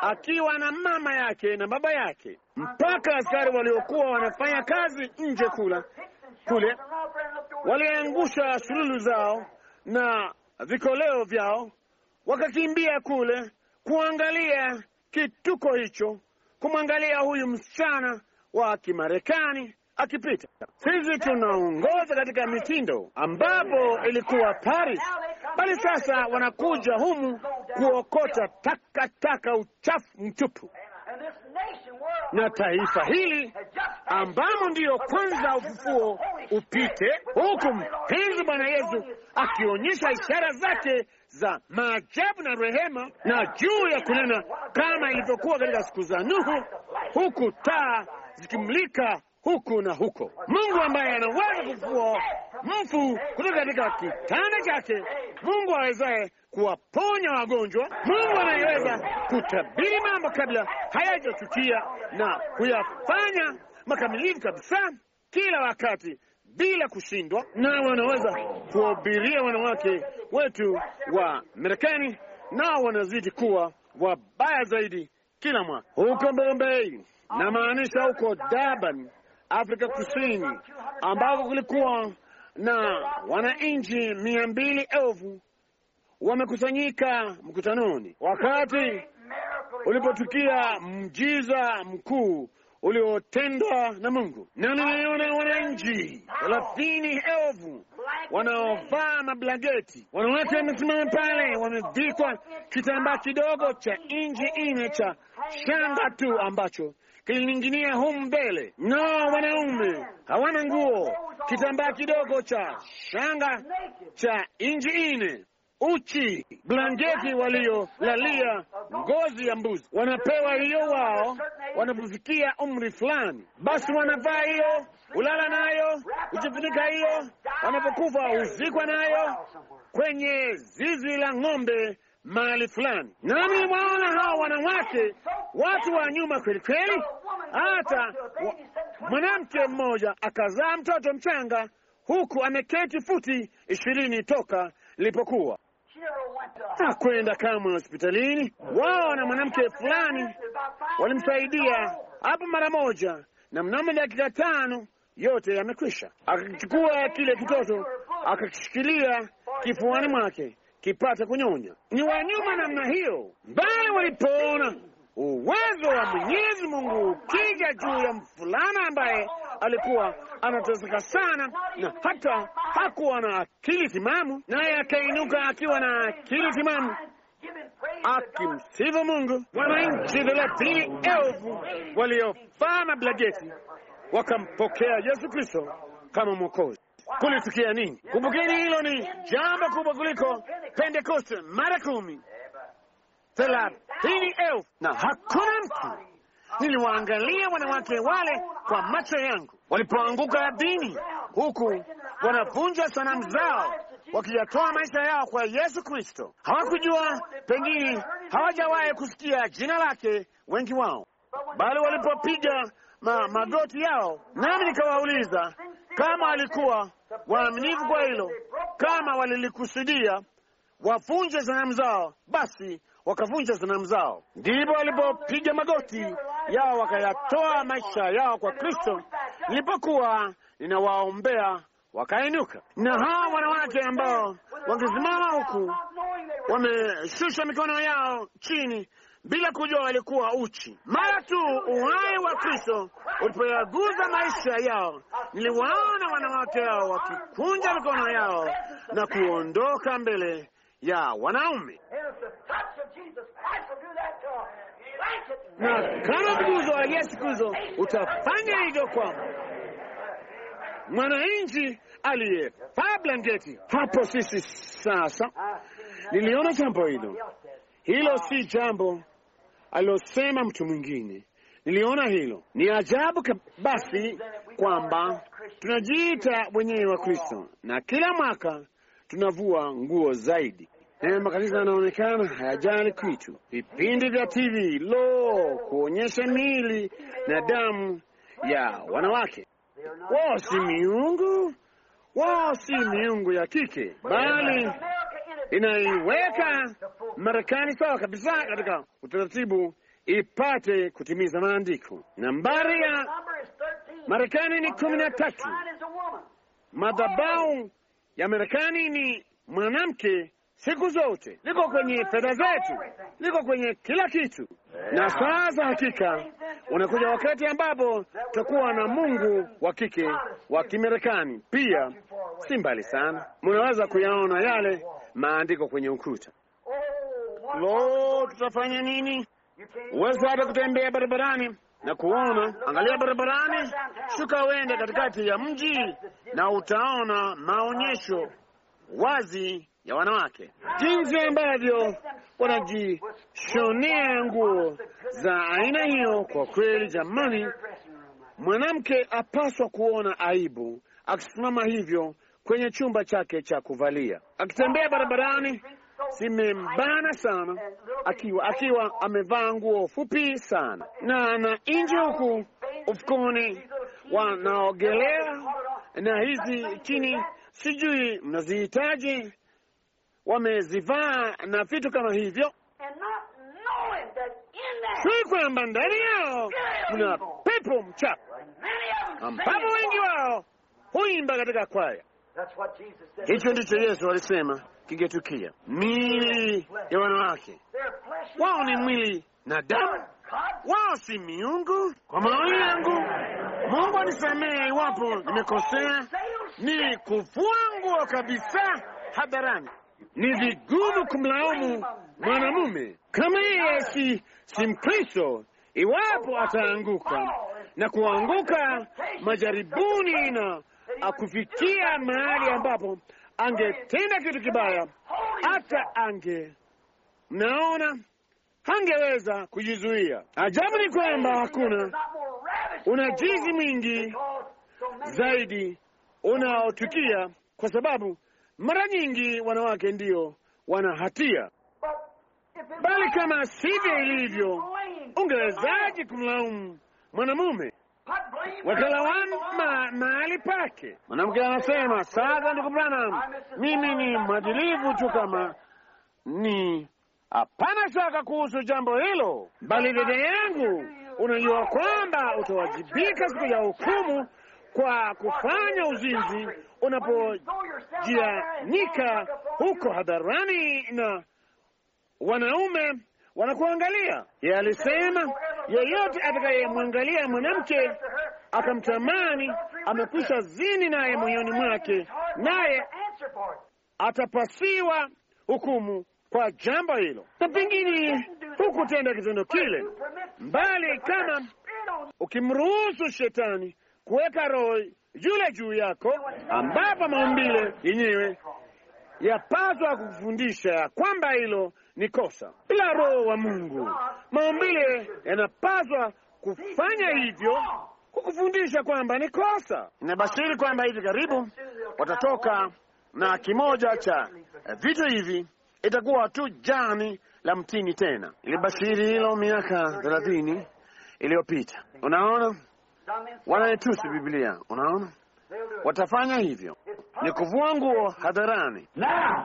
akiwa na mama yake na baba yake, mpaka askari waliokuwa wanafanya kazi nje kula kule waliangusha shululu zao na vikoleo vyao, wakakimbia kule kuangalia kituko hicho, kumwangalia huyu msichana wa Kimarekani akipita. Sisi tunaongoza katika mitindo ambapo ilikuwa Paris, bali sasa wanakuja humu kuokota takataka, uchafu mtupu na taifa hili ambamo ndiyo kwanza ufufuo upite, huku mpenzi Bwana Yesu akionyesha ishara zake za maajabu na rehema na juu ya kunena kama ilivyokuwa katika siku za Nuhu, huku taa zikimulika huku na huko. Mungu ambaye anaweza kufua mfu kutoka katika kitanda chake, Mungu awezaye kuwaponya wagonjwa, Mungu anayeweza kutabiri mambo kabla hayajatukia na kuyafanya makamilifu kabisa kila wakati bila kushindwa, na wanaweza kuwahubiria wanawake wetu wa Marekani, nao wanazidi kuwa wabaya zaidi kila mwaka. Huko Bombay, namaanisha huko Durban Afrika Kusini ambako kulikuwa na wananchi mia mbili elfu wamekusanyika mkutanoni, wakati ulipotukia mjiza mkuu uliotendwa na Mungu. Na niliona wananchi thelathini elfu wanaovaa mablageti, wanawake wamesimama pale, wamevikwa kitambaa kidogo cha inji ine cha shanga tu ambacho kilining'inia humu mbele. No, wanaume hawana nguo, kitambaa kidogo cha shanga cha inji ine uchi blanketi waliolalia ngozi ya mbuzi wanapewa hiyo wao wanapofikia umri fulani, basi wanavaa hiyo, hulala nayo, hujifunika hiyo, wanapokufa huzikwa nayo kwenye zizi la ng'ombe mahali fulani, nami niwaona hao wanawake watu wa nyuma kweli kweli. Hata mwanamke mmoja akazaa mtoto mchanga huku ameketi futi ishirini toka lipokuwa hakwenda kamwe hospitalini. Wao na mwanamke fulani walimsaidia hapo mara moja, na mnamo dakika tano yote yamekwisha. Akachukua kile kitoto akakishikilia kifuani mwake, kipata kunyonya. Ni wa nyuma namna hiyo, bali walipoona uwezo wa Mwenyezi Mungu ukija juu ya mfulana ambaye alikuwa anateseka sana na hata hakuwa na akili timamu, naye akainuka akiwa na akili timamu akimsifu Mungu. Wananchi thelathini elfu waliofaa mablajeti wakampokea Yesu Kristo kama Mwokozi kulisikia nini? Kumbukeni hilo ni jambo kubwa kuliko Pentekoste mara kumi thelathini elfu na hakuna mtu. Niliwaangalia wanawake wale kwa macho yangu walipoanguka dini huku wanavunja sanamu zao wakiyatoa maisha yao kwa Yesu Kristo. Hawakujua, pengine hawajawahi kusikia jina lake, wengi wao, bali walipopiga ma magoti yao, nami nikawauliza kama walikuwa waaminifu kwa hilo, kama walilikusudia wavunje sanamu zao, basi wakavunja sanamu zao. Ndipo walipopiga magoti yao, wakayatoa maisha yao kwa Kristo. Nilipokuwa ninawaombea wakainuka. Na hawa wanawake ambao wangesimama huku wameshusha mikono yao chini bila kujua walikuwa uchi. Mara tu uhai wa Kristo ulipoyaguza maisha yao, niliwaona wanawake hao wakikunja mikono yao na kuondoka mbele ya wanaume na kama mguzo wa Yesu Kristo utafanya hivyo kwa mwananchi aliyefaa blanketi hapo. Sisi sasa, niliona jambo hilo hilo ah. si jambo alilosema mtu mwingine, niliona hilo. Ni ajabu basi kwamba tunajiita wenyewe wa Kristo na kila mwaka tunavua nguo zaidi na eh, makanisa yanaonekana hayajali kitu. Vipindi vya TV lo, kuonyesha mili na damu ya wanawake. Wao si miungu, wao si miungu ya kike, bali inaiweka Marekani sawa kabisa katika utaratibu ipate kutimiza maandiko. Nambari ya Marekani ni kumi na tatu. madhabau ya Marekani ni mwanamke siku zote, liko kwenye fedha zetu, liko kwenye kila kitu. Na sasa hakika unakuja wakati ambapo tutakuwa na Mungu wa kike wa Kimarekani. Pia si mbali sana, munaweza kuyaona yale maandiko kwenye ukuta. Oh, Lo, tutafanya nini? uwezo hata kutembea barabarani na kuona. Angalia barabarani, shuka uende katikati ya mji na utaona maonyesho wazi ya wanawake, jinsi ambavyo wanajishonea nguo za aina hiyo. Kwa kweli, jamani, mwanamke apaswa kuona aibu akisimama hivyo kwenye chumba chake cha kuvalia, akitembea barabarani zimembana sana, akiwa akiwa amevaa nguo fupi sana, na na nje huku ufukoni wanaogelea na hizi chini, sijui mnazihitaji, wamezivaa na vitu kama hivyo, si kwamba ndani yao kuna pepo mchafu ambapo wengi wao huimba katika kwaya Hicho ndicho Yesu alisema kingetukia, miili ya wanawake. Wao ni mwili na damu, wao si miungu. Kwa maoni yangu, Mungu anisamehe iwapo nimekosea, ni kufua nguo kabisa hadharani. Ni vigumu kumlaumu mwanamume kama yeye si, si Mkristo iwapo ataanguka na kuanguka majaribuni na akufikia mahali ambapo angetenda kitu kibaya, hata ange mnaona hangeweza kujizuia. Ajabu ni kwamba hakuna unajizi mwingi zaidi unaotukia, kwa sababu mara nyingi wanawake ndio wana hatia, bali kama sivyo ilivyo, ungewezaje kumlaumu mwanamume? wakalawani ma, mahali pake. Mwanamke anasema sasa, ndugu Branham, mimi ni mwadilifu tu kama ni hapana shaka kuhusu jambo hilo, bali dede yangu, unajua kwamba utawajibika siku ya hukumu kwa kufanya uzinzi unapojianika huko hadharani na wanaume wanakuangalia. Yeye alisema Yeyote atakayemwangalia mwanamke akamtamani, amekwisha zini naye moyoni mwake, naye atapasiwa hukumu kwa jambo hilo, na pengine hukutenda kitendo kile, mbali kama ukimruhusu shetani kuweka roho yule juu yako, ambapo maumbile yenyewe yapaswa kufundisha kwamba hilo ni kosa. Bila Roho wa Mungu, maumbile yanapaswa kufanya hivyo kukufundisha kwamba ni kosa. inabashiri kwamba hivi karibu watatoka na kimoja cha eh, vitu hivi, itakuwa tu jani la mtini tena. Ilibashiri hilo miaka thelathini iliyopita. Unaona, wanaitusi Biblia, unaona watafanya hivyo, ni kuvua nguo hadharani na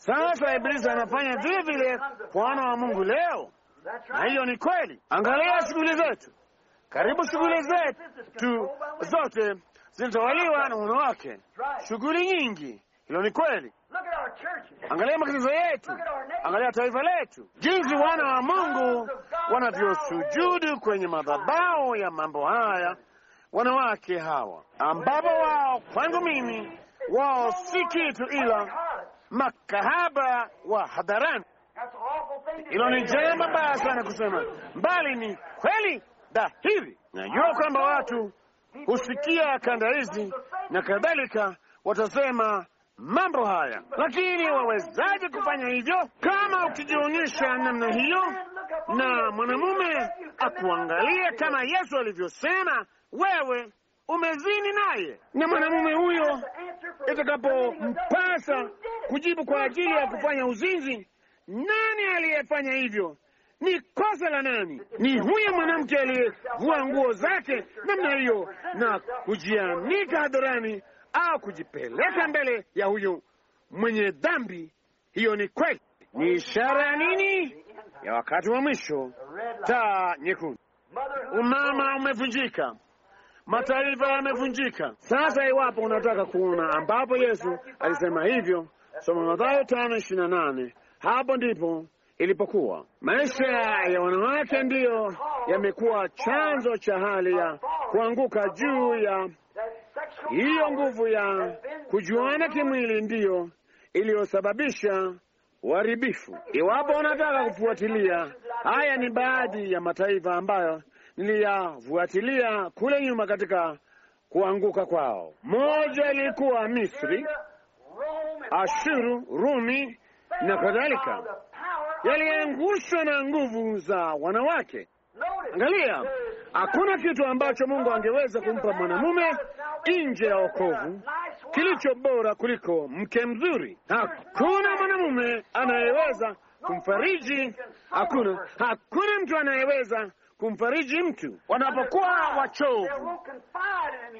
sasa Iblisi anafanya vivile kwa wana wa Mungu leo, na hiyo ni kweli. Angalia shughuli zetu, karibu shughuli zetu zote zinatawaliwa na wanawake, shughuli nyingi. Hilo ni kweli. Angalia makanisa yetu, angalia taifa letu, jinsi wana wa Mungu wanavyosujudu kwenye madhabahu ya mambo haya, wanawake hawa, ambapo wao kwangu mimi, wao si kitu ila makahaba wa hadharani. Hilo ni jema baya sana kusema, bali ni kweli dhahiri. Najua kwamba watu husikia kanda hizi na kadhalika, watasema mambo haya, lakini wawezaje kufanya hivyo kama ukijionyesha namna hiyo na mwanamume akuangalia kama Yesu alivyosema wewe umezini naye, na mwanamume huyo itakapompasa kujibu kwa ajili ya kufanya uzinzi, nani aliyefanya hivyo? Ni kosa la nani? Ni huyo mwanamke aliyevua nguo zake namna hiyo na kujianika hadharani au kujipeleka mbele ya huyo mwenye dhambi. Hiyo ni kweli, ni ishara ya nini? Ya wakati wa mwisho, taa nyekundu. Umama umevunjika mataifa yamevunjika. Sasa iwapo unataka kuona ambapo Yesu alisema hivyo, soma Mathayo tano ishirini na nane. Hapo ndipo ilipokuwa maisha ya wanawake ndiyo yamekuwa chanzo cha hali ya kuanguka juu ya hiyo nguvu ya kujuana kimwili ndiyo iliyosababisha uharibifu. Iwapo unataka kufuatilia, haya ni baadhi ya mataifa ambayo niliyafuatilia kule nyuma katika kuanguka kwao. Moja ilikuwa Misri, Ashuru, Rumi na kadhalika, yaliangushwa na nguvu za wanawake. Angalia, hakuna kitu ambacho Mungu angeweza kumpa mwanamume nje ya wokovu kilicho bora kuliko mke mzuri. Hakuna mwanamume anayeweza kumfariji, hakuna, hakuna mtu anayeweza kumfariji mtu. Wanapokuwa wachovu,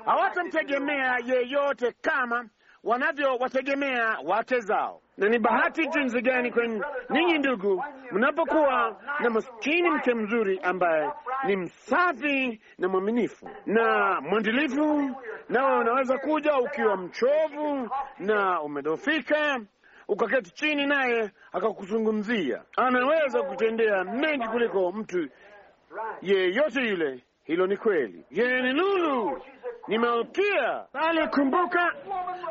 hawatamtegemea yeyote kama wanavyowategemea zao Na ni bahati jinsi gani kwenu ninyi ndugu, mnapokuwa na maskini mke mzuri ambaye ni msafi na mwaminifu na mwandilifu. Nawe unaweza kuja ukiwa mchovu na umedhofika, ukaketi chini naye akakuzungumzia. Anaweza kutendea mengi kuliko mtu yeyote yule. Hilo ni kweli. Yeye ni nuru, ni malkia. Bali kumbuka,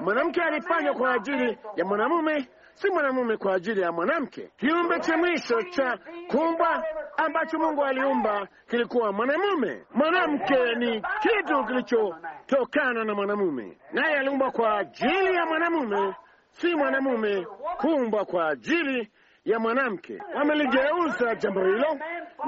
mwanamke alifanywa kwa ajili ya mwanamume, si mwanamume kwa ajili ya mwanamke. Kiumbe cha mwisho cha kuumbwa ambacho Mungu aliumba kilikuwa mwanamume. Mwanamke ni kitu kilichotokana na mwanamume, naye aliumbwa kwa ajili ya mwanamume, si mwanamume kuumbwa kwa ajili ya mwanamke. Wameligeuza jambo hilo,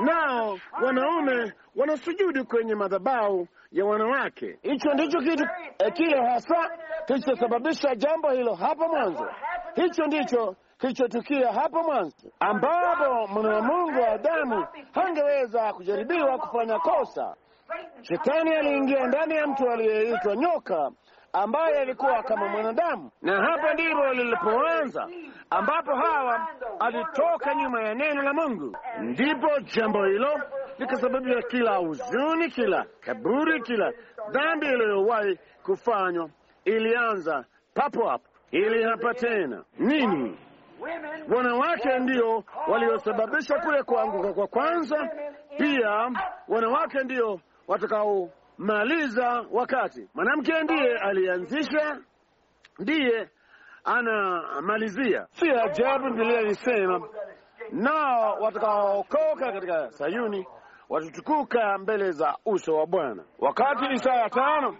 nao wanaume wanasujudu kwenye madhabahu ya wanawake. Hicho ndicho kitu eh, kile hasa kilichosababisha jambo hilo hapo mwanzo. Hicho ndicho kilichotukia hapo mwanzo, ambapo mwana wa Mungu wa Adamu hangeweza kujaribiwa kufanya kosa. Shetani aliingia ndani ya mtu aliyeitwa nyoka ambaye alikuwa kama mwanadamu, na hapa ndipo lilipoanza, ambapo Hawa alitoka nyuma ya neno la Mungu, ndipo jambo hilo likasababisha kila huzuni, kila kaburi, kila dhambi iliyowahi kufanywa ilianza papo hapo. Ili hapa tena nini? Wanawake ndio waliosababisha kule kuanguka kwa kwanza, pia wanawake ndio watakao maliza wakati. Mwanamke ndiye alianzisha, ndiye anamalizia. Si ajabu Biblia ilisema, nao watakaokoka katika Sayuni watatukuka mbele za uso wa Bwana. Wakati Isaya tano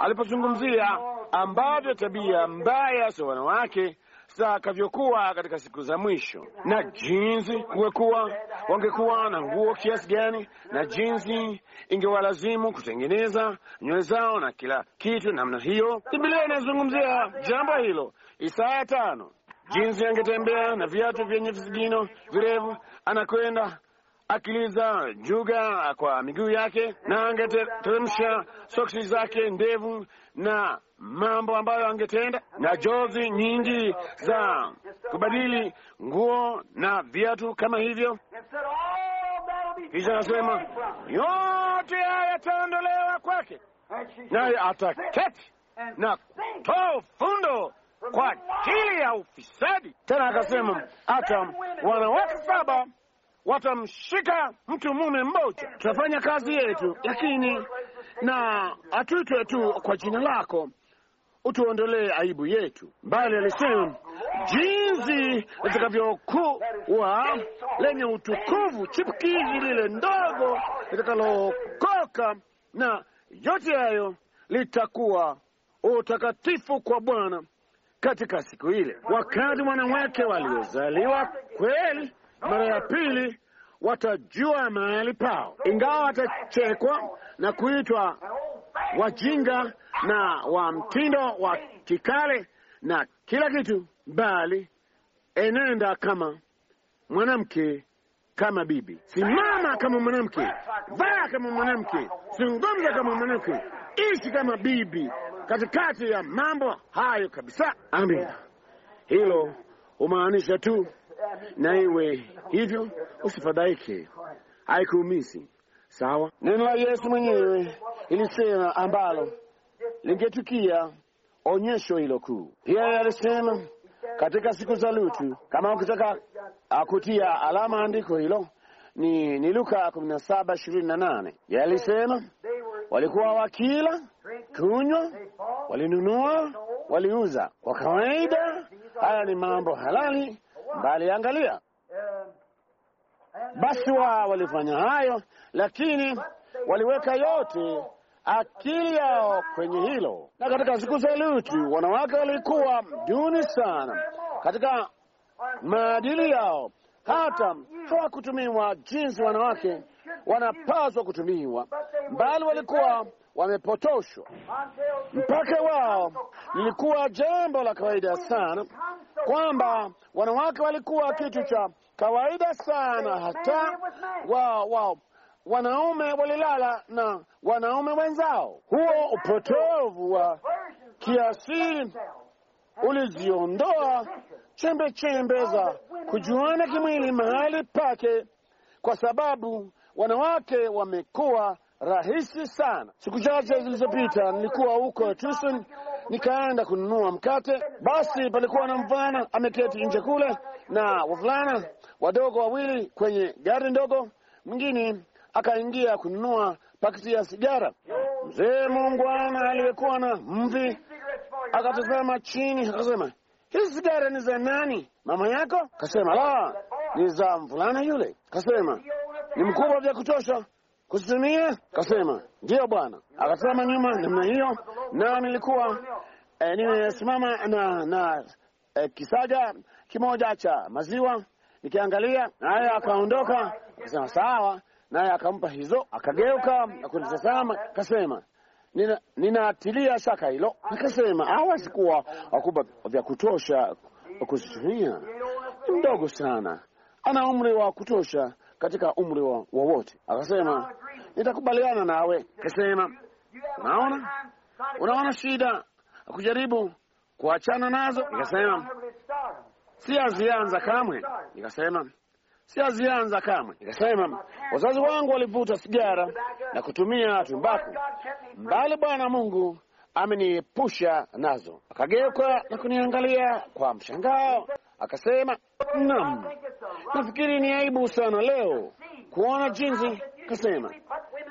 alipozungumzia ambavyo tabia mbaya za wanawake zitakavyokuwa katika siku za mwisho, na jinsi kuwekuwa wangekuwa na nguo kiasi gani, na jinsi ingewalazimu kutengeneza nywele zao na kila kitu namna hiyo. Biblia inazungumzia jambo hilo, Isaya tano, jinsi angetembea na viatu vyenye visigino virevu anakwenda akiliza juga kwa miguu yake, na angeteremsha soksi zake ndevu na mambo ambayo angetenda na jozi nyingi za kubadili nguo na viatu kama hivyo. Kisha anasema yote haya yataondolewa kwake, naye ataketi na kutoa fundo kwa ajili ya ufisadi. Tena akasema hata wanawake saba watamshika mtu mume mmoja. Tutafanya kazi yetu, lakini na atuitwe tu kwa jina lako, utuondolee aibu yetu, bali alisema jinsi litakavyokuwa lenye utukufu chipukizi lile ndogo litakalookoka, na yote hayo litakuwa utakatifu kwa Bwana katika siku ile, wakati wanawake waliozaliwa kweli mara ya pili watajua mahali pao, ingawa watachekwa na kuitwa wajinga na wa mtindo wa kikale na kila kitu, bali enenda kama mwanamke, kama bibi, simama kama mwanamke, vaa kama mwanamke, zungumza kama mwanamke, ishi kama bibi, katikati ya mambo hayo kabisa. Amina, hilo humaanisha tu na iwe hivyo, usifadhaike, haikuumizi. Sawa, neno la Yesu mwenyewe ilisema ambalo lingetukia onyesho hilo kuu. Pia alisema katika siku za Lutu, kama ukitaka akutia alama andiko hilo ni, ni Luka kumi na saba ishirini na nane. Yalisema walikuwa wakila, kunywa, walinunua, waliuza. Kwa kawaida haya ni mambo halali, mbali angalia basi wao walifanya hayo, lakini waliweka yote akili yao kwenye hilo. Na katika siku za Lutu wanawake walikuwa duni sana katika maadili yao, hata hawakutumiwa jinsi wanawake wanapaswa kutumiwa, bali walikuwa wamepotoshwa. Mpaka wao lilikuwa jambo la kawaida sana kwamba wanawake walikuwa kitu cha kawaida sana, hata wa, wa wanaume walilala na wanaume wenzao. Huo upotovu wa kiasili uliziondoa chembe chembe za kujuana kimwili mahali pake, kwa sababu wanawake wamekuwa rahisi sana. Siku chache zilizopita nilikuwa huko Tucson nikaenda kununua mkate. Basi palikuwa na mvulana ameketi nje kule na wavulana wadogo wawili kwenye gari ndogo. Mwingine akaingia kununua pakiti ya sigara. Mzee mungwana aliyekuwa na mvi akatazama chini, akasema hizi sigara ni za nani? Mama yako? Kasema la, ni za mvulana yule. Kasema ni mkubwa vya kutosha kuzitumia? Kasema ndiyo bwana. Akasema nyuma namna hiyo, na nilikuwa eh, nimesimama na na eh, kisaja kimoja cha maziwa nikiangalia, naye akaondoka, akasema sawa, naye akampa hizo, akageuka akunitazama, kasema ninatilia nina shaka hilo. Nikasema hawezi sikuwa wakubwa vya kutosha kuzitumia, mdogo sana, ana umri wa kutosha katika umri wowote. Akasema, nitakubaliana nawe. Akasema, unaona, unaona shida kujaribu kuachana nazo. Nikasema, si azianza kamwe. Nikasema, si azianza kamwe. Nikasema, wazazi wangu walivuta sigara na kutumia tumbaku mbali, Bwana Mungu ameniepusha nazo. Akageuka na kuniangalia kwa mshangao, akasema, naam, nafikiri ni aibu sana leo kuona jinsi. kasema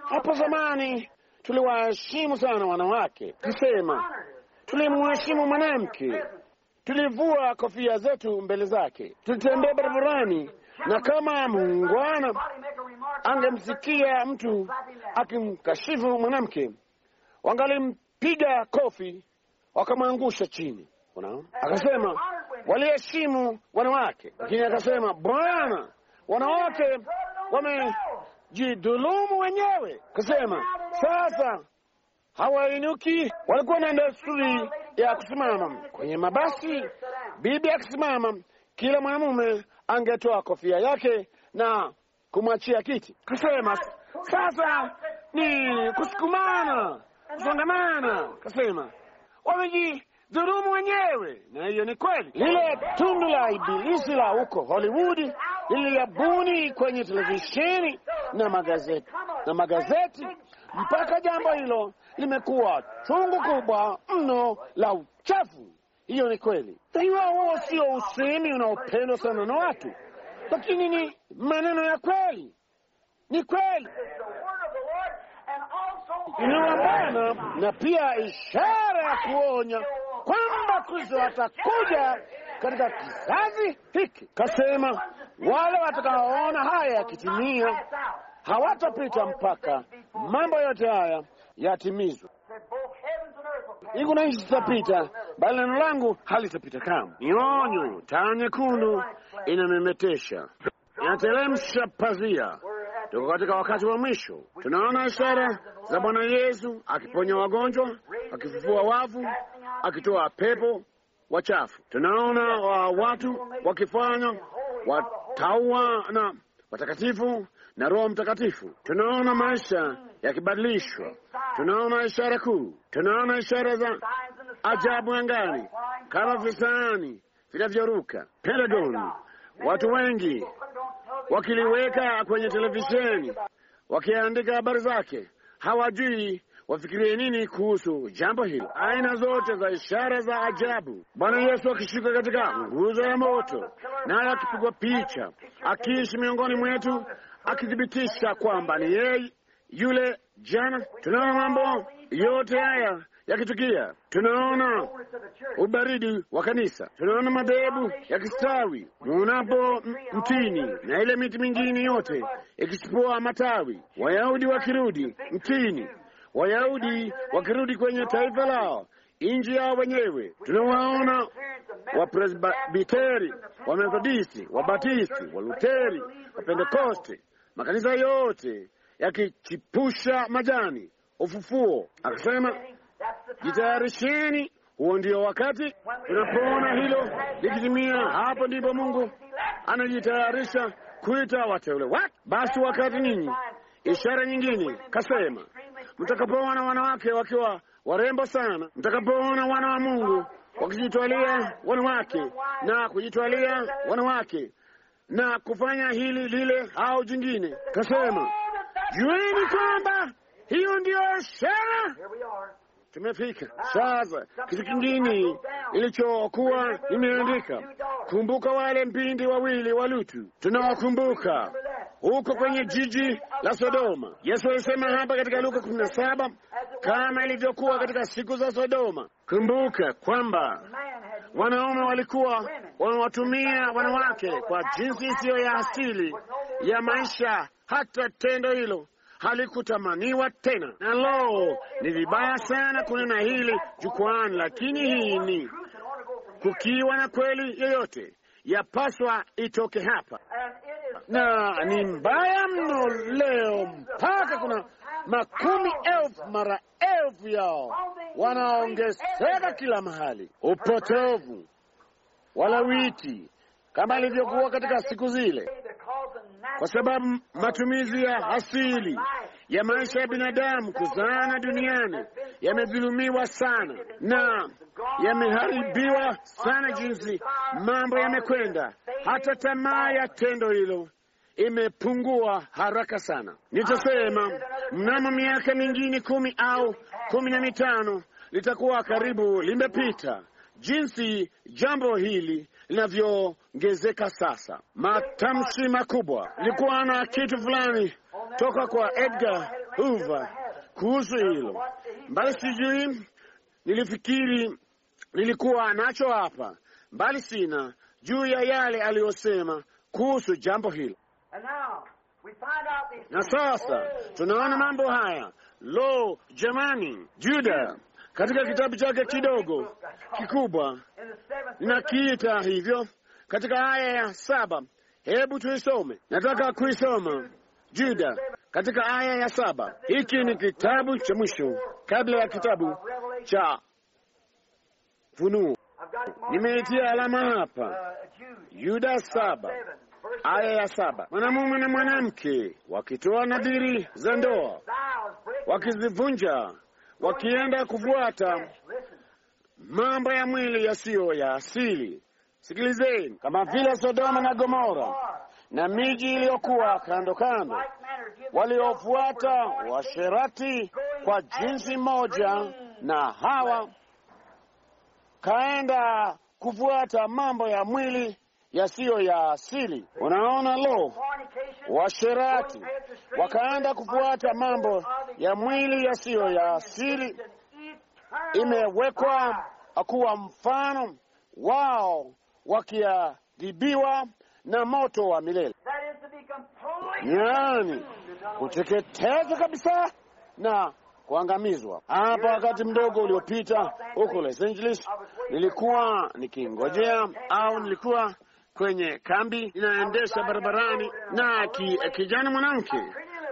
hapo zamani tuliwaheshimu sana wanawake, kisema tulimheshimu mwanamke, tulivua kofia zetu mbele zake, tulitembea barabarani na kama muungwana angemsikia mtu akimkashifu mwanamke, wangalim piga kofi, wakamwangusha chini. Unaona, akasema waliheshimu wanawake, lakini akasema bwana, wanawake wamejidhulumu wenyewe. Akasema sasa hawainuki. Walikuwa na desturi ya kusimama kwenye mabasi, bibi akisimama, kila mwanamume angetoa kofia yake na kumwachia kiti. Akasema sasa ni kusukumana zongamana, kasema wamejidhulumu wenyewe, na hiyo ni kweli. Lile tundu la ibilisi la huko Hollywood liliyabuni kwenye televisheni na magazeti na magazeti, mpaka jambo hilo limekuwa chungu kubwa mno la uchafu. Hiyo ni kweli. Iwa wao sio usemi unaopendwa sana na watu, lakini ni maneno ya kweli, ni kweli inaambana na pia ishara ya kuonya kwamba Kristo atakuja katika kizazi hiki. Kasema wale watakaoona haya yakitimia hawatapita mpaka mambo yote haya yatimizwe. Mbingu na nchi zitapita, bali neno langu halitapita kamwe. nionyo Taa nyekundu inamemetesha, inateremsha pazia Tuko katika wakati wa mwisho. Tunaona ishara za Bwana Yesu akiponya wagonjwa, akifufua wafu, akitoa pepo wachafu. Tunaona wa watu wakifanywa wataua na watakatifu na Roho Mtakatifu. Tunaona maisha yakibadilishwa. Tunaona ishara kuu. Tunaona ishara za ajabu angani kama visaani vinavyoruka, pentagoni watu wengi wakiliweka kwenye televisheni, wakiandika habari zake, hawajui wafikirie nini kuhusu jambo hilo. Aina zote za ishara za ajabu, Bwana Yesu akishuka katika nguzo ya moto, naye akipigwa picha, akiishi miongoni mwetu, akithibitisha kwamba ni yeye yule jana. Tunaona mambo yote haya yakitukia, tunaona ubaridi wa kanisa, tunaona madhehebu yakistawi. Muonapo mtini na ile miti mingine yote ikichipua matawi, Wayahudi wakirudi mtini, Wayahudi wakirudi kwenye taifa lao, nchi yao wenyewe. Tunawaona Wapresbiteri, Wamethodisti, Wabatisti, Waluteri, Wapentekoste, makanisa yote yakichipusha majani ufufuo. Akasema jitayarisheni, huo ndio wakati. unapoona hilo likitimia, hapo ndipo Mungu anajitayarisha kuita wateule wake. Basi wakati ninyi ishara nyingine kasema, mtakapoona wanawake wakiwa warembo sana, mtakapoona wana wa Mungu wakijitwalia wanawake na kujitwalia wanawake na kufanya hili lile au jingine, kasema jueni kwamba hiyo ndiyo ishara. Tumefika ah, sasa kitu kingine ilichokuwa imeandika Kumbuka wale mpindi wawili wa Lutu, tunawakumbuka huko kwenye jiji la Sodoma. Yesu alisema hapa katika Luka 17 kama ilivyokuwa katika siku za Sodoma. Kumbuka kwamba wanaume walikuwa wanawatumia wanawake kwa jinsi isiyo ya asili ya maisha. Hata tendo hilo halikutamaniwa tena. Na lo, ni vibaya sana kunena hili jukwani lakini hii ni kukiwa na kweli yoyote yapaswa itoke hapa, na ni mbaya mno leo, mpaka kuna makumi elfu mara elfu yao wanaongezeka kila mahali, upotovu, walawiti kama ilivyokuwa katika siku zile, kwa sababu matumizi ya asili ya maisha ya binadamu kuzaana duniani yamedhulumiwa sana na yameharibiwa sana, jinsi mambo yamekwenda, hata tamaa ya tendo hilo imepungua haraka sana. Nitasema mnamo miaka mingine kumi au kumi na mitano litakuwa karibu limepita jinsi jambo hili linavyoongezeka sasa. Matamshi makubwa, nilikuwa na kitu fulani toka kwa Edgar Hoover kuhusu hilo, mbali sijui, nilifikiri nilikuwa nacho hapa, mbali sina juu ya yale aliyosema kuhusu jambo hilo. Na sasa tunaona mambo haya. Lo, jamani, Juda katika kitabu chake kidogo kikubwa nakiita hivyo, katika aya ya saba. Hebu tuisome, nataka kuisoma Juda katika aya ya saba. Hiki ni kitabu cha mwisho kabla ya kitabu cha Funuo. Nimeitia alama hapa, Yuda saba aya ya saba. Mwanamume na mwanamke wakitoa nadhiri za ndoa, wakizivunja wakienda kufuata mambo ya mwili yasiyo ya asili. Sikilizeni, kama vile Sodoma na Gomora na miji iliyokuwa kando kando, waliofuata washerati kwa jinsi moja na hawa kaenda kufuata mambo ya mwili yasiyo ya asili. Unaona, lo, washerati wakaenda kufuata mambo ya mwili yasiyo ya asili, imewekwa kuwa mfano wao wakiadhibiwa na moto wa milele, yaani kuteketezwa kabisa na kuangamizwa. Hapa wakati mdogo uliopita huko Los Angeles, nilikuwa nikingojea au nilikuwa kwenye kambi, inaendesha barabarani, na ki, kijana mwanamke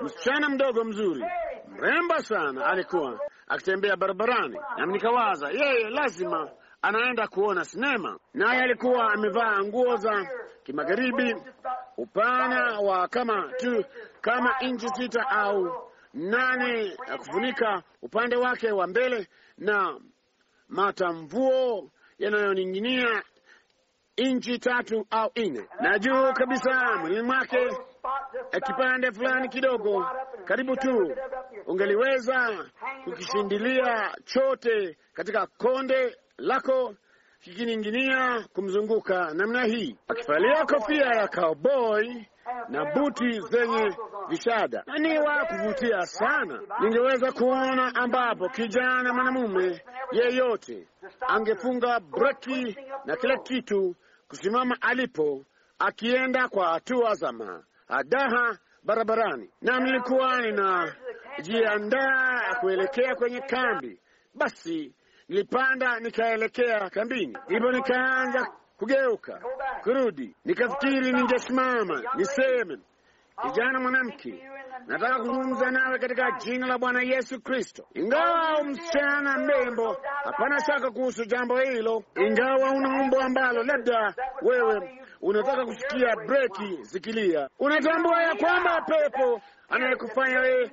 msichana mdogo mzuri mrembo sana alikuwa akitembea barabarani, nami nikawaza yeye lazima anaenda kuona sinema, naye alikuwa amevaa nguo za kimagharibi, upana wa kama tu kama inchi sita au nane, kufunika upande wake wa mbele na matamvuo yanayoning'inia inchi tatu au nne na juu kabisa mwilini mwake eh, kipande fulani kidogo, karibu tu ungeliweza kukishindilia chote katika konde lako kikining'inia kumzunguka namna hii, akivalia kofia ya cowboy na buti zenye vishada nani ni wa kuvutia sana. Ningeweza kuona ambapo kijana mwanamume yeyote angefunga breki na kila kitu kusimama alipo, akienda kwa hatua za madaha barabarani, na nilikuwa ninajiandaa kuelekea kwenye kambi. Basi nilipanda nikaelekea kambini, ndipo nikaanza kugeuka kurudi, nikafikiri ningesimama niseme Kijana mwanamke, nataka kuzungumza nawe katika jina la Bwana Yesu Kristo. Ingawa msichana mrembo, hapana shaka kuhusu jambo hilo. Ingawa una umbo ambalo labda wewe unataka kusikia breki zikilia, unatambua ya kwamba pepo anayekufanya wewe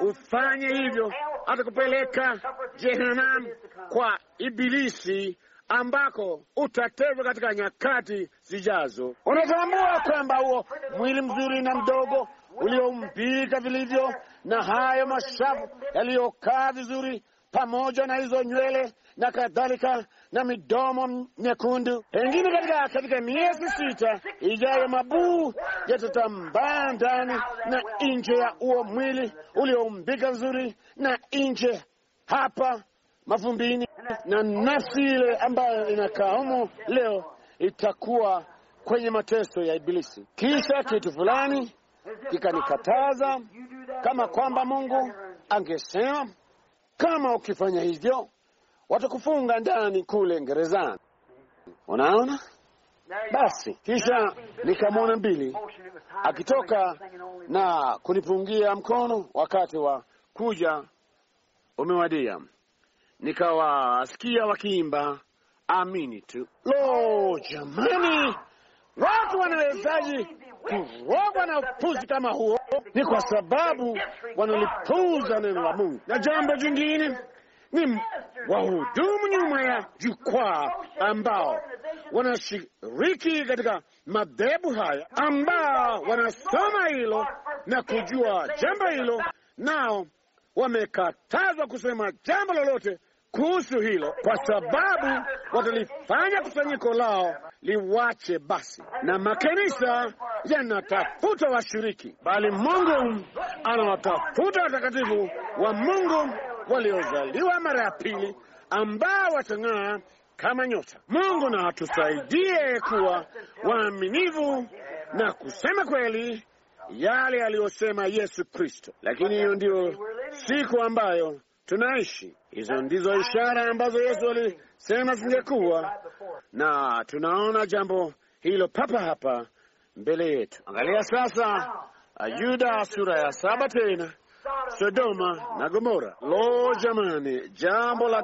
ufanye hivyo atakupeleka jehanamu kwa Ibilisi ambako utatezwa katika nyakati zijazo. Unatambua kwamba huo mwili mzuri na mdogo ulioumbika vilivyo na hayo mashavu yaliyokaa vizuri pamoja na hizo nywele na kadhalika na midomo nyekundu. Pengine katika katika miezi sita ijayo, mabuu yatatambaa ndani na nje ya uo mwili ulioumbika vizuri na nje hapa mavumbini, na nafsi ile ambayo inakaa humo leo itakuwa kwenye mateso ya Ibilisi. Kisha kitu fulani kikanikataza, kama kwamba Mungu angesema kama ukifanya hivyo watakufunga ndani kule gerezani. Unaona? Basi kisha nikamwona mbili akitoka na kunipungia mkono, wakati wa kuja umewadia nikawasikia wakiimba amini tu. Lo, jamani, watu wanawezaji kurogwa na upuzi kama huo? Ni kwa sababu wanalipuza neno la Mungu. Na jambo jingine ni wahudumu nyuma ya jukwaa ambao wanashiriki katika madhehebu haya, ambao wanasoma hilo na kujua jambo hilo, nao wamekatazwa kusema jambo lolote kuhusu hilo kwa sababu watalifanya kusanyiko lao liwache basi, na makanisa yanatafuta washiriki, bali Mungu anawatafuta watakatifu wa Mungu waliozaliwa mara ya pili ambao watang'aa kama nyota. Mungu na atusaidie kuwa waaminivu na kusema kweli yale aliyosema Yesu Kristo. Lakini hiyo ndiyo siku ambayo tunaishi. Hizo ndizo ishara ambazo Yesu alisema zingekuwa, na tunaona jambo hilo papa hapa mbele yetu. Angalia sasa Yuda sura ya saba tena Sodoma na Gomora. Lo, jamani, jambo la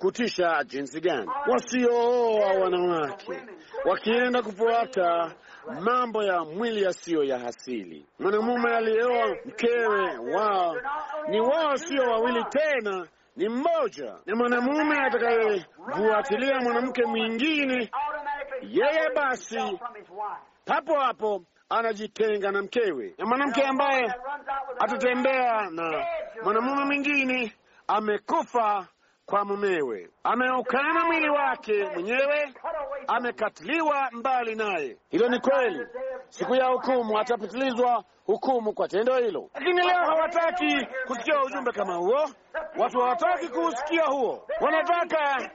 kutisha jinsi gani! Wasiooa wanawake wakienda kufuata mambo ya mwili yasiyo ya hasili. Mwanamume aliyeoa mkewe wao ni wao, sio wawili tena ni mmoja. Na mwanamume atakayevuatilia mwanamke mwingine, yeye basi papo hapo anajitenga na mkewe, na mwanamke ambaye atatembea na mwanamume mwingine amekufa kwa mumewe, ameukana mwili wake mwenyewe, amekatiliwa mbali naye. Hilo ni kweli, siku ya hukumu atapitilizwa hukumu kwa tendo hilo. Lakini leo hawataki kusikia ujumbe kama huo, watu hawataki kuusikia huo, wanataka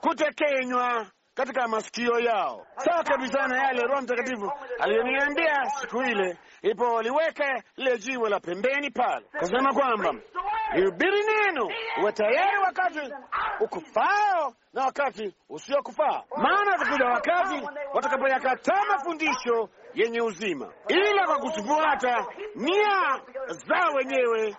kutekenywa katika masikio yao, sawa kabisa na yale Roho Mtakatifu aliyoniambia siku ile ipo liweke lile jiwe la pembeni pale, kasema kwamba ihubiri neno, uwe tayari wakati ukufao na wakati usiokufaa, maana atakuja wakati watakapoyakataa mafundisho yenye uzima, ila kwa kuzifuata nia zao wenyewe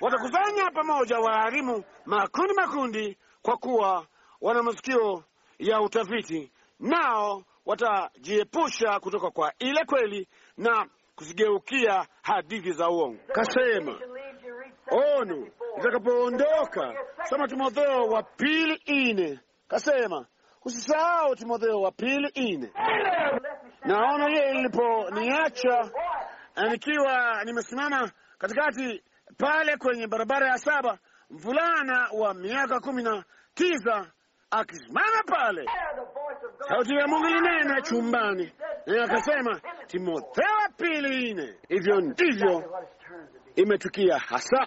watakusanya pamoja waharimu makundi makundi, kwa kuwa wana masikio ya utafiti, nao watajiepusha kutoka kwa ile kweli na kuzigeukia hadithi za uongo. Kasema ono itakapoondoka, soma Timotheo wa pili ine. Kasema usisahau Timotheo wa pili ine. Naona yeye iliponiacha eh, nikiwa nimesimama katikati pale kwenye barabara ya saba, mvulana wa miaka kumi na tisa akisimama pale, sauti ya Mungu ilinena chumbani, naye akasema, Timotheo wa pili nne. Hivyo ndivyo imetukia hasa.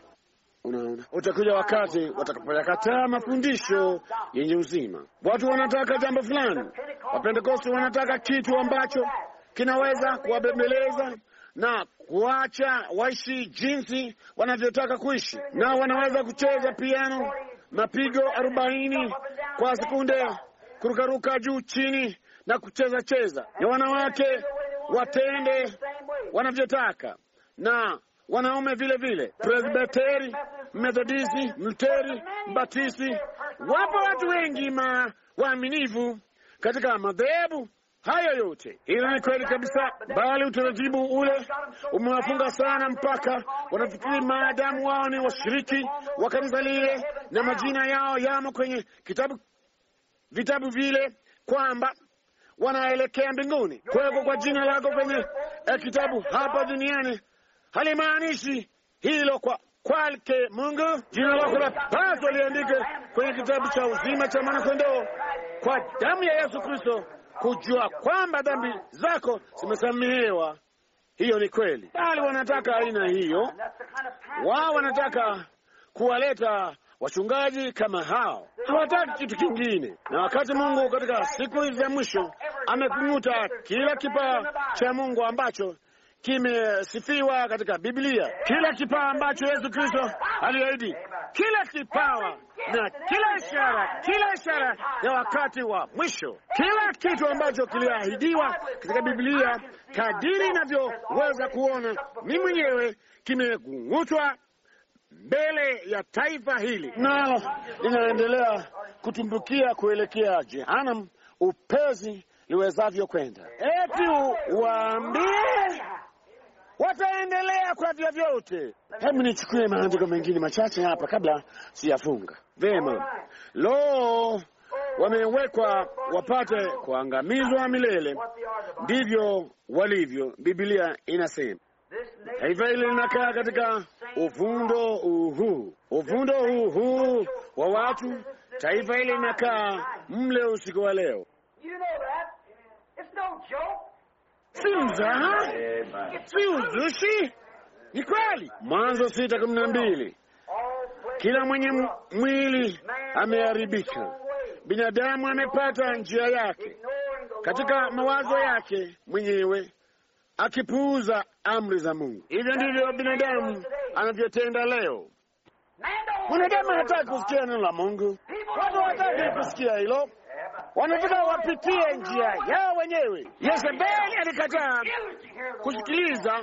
Unaona, utakuja wakati watakapoyakataa mafundisho yenye uzima. Watu wanataka jambo fulani, Wapentekosti wanataka kitu ambacho kinaweza kuwabembeleza na kuacha waishi jinsi wanavyotaka kuishi, na wanaweza kucheza piano mapigo arobaini kwa sekunde, kurukaruka juu chini na kucheza cheza. Na wanawake watende wanavyotaka na wanaume vile vile, Presbiteri, Methodisti, Mluteri, mbatisi Wapo watu wengi ma waaminivu katika madhehebu haya yote, ila ni kweli kabisa, bali utaratibu ule umewafunga sana, mpaka wanafikiri maadamu wao ni washiriki wa kanisa lile na majina yao yamo kwenye kitabu vitabu vile kwamba wanaelekea mbinguni. Kuwekwa kwa jina lako kwenye eh, kitabu hapa duniani halimaanishi hilo kwa kwake Mungu. Jina lako lapaswa liandike kwenye kitabu cha uzima cha mwanakondoo kwa damu ya Yesu Kristo kujua kwamba dhambi zako zimesamehewa. Hiyo ni kweli, bali wanataka aina hiyo. Wao wanataka kuwaleta wachungaji kama hao, hawataki kitu kingine. Na wakati Mungu katika siku hizi za mwisho amekung'uta kila kipaa cha Mungu ambacho kimesifiwa katika Biblia, kila kipawa ambacho Yesu Kristo aliahidi, kila kipawa na kila ishara, kila ishara ya wakati wa mwisho, kila kitu ambacho kiliahidiwa katika Biblia, kadiri inavyoweza kuona mimi mwenyewe, kimegungutwa mbele ya taifa hili, nalo linaendelea kutumbukia kuelekea Jehanam upezi liwezavyo kwenda. Eti waambie wataendelea kwa vyovyote. Hebu nichukue maandiko mengine machache hapa kabla siyafunga. Vema, lo, wamewekwa wapate kuangamizwa milele, ndivyo walivyo, Biblia inasema. Taifa hili linakaa katika uvundo huu, uvundo huu wa watu. Taifa hili linakaa mle usiku wa leo. Eh, si njaa, si uzushi. Ni kweli. Mwanzo sita kumi na mbili kila mwenye mwili ameharibika, binadamu amepata njia yake katika mawazo yake mwenyewe, akipuuza amri za Mungu. Hivyo ndivyo binadamu anavyotenda leo. Mwanadamu hataki kusikia neno la Mungu, watu hataki kusikia hilo wanataka wapitie njia yao wenyewe. Yezebeli alikataa kusikiliza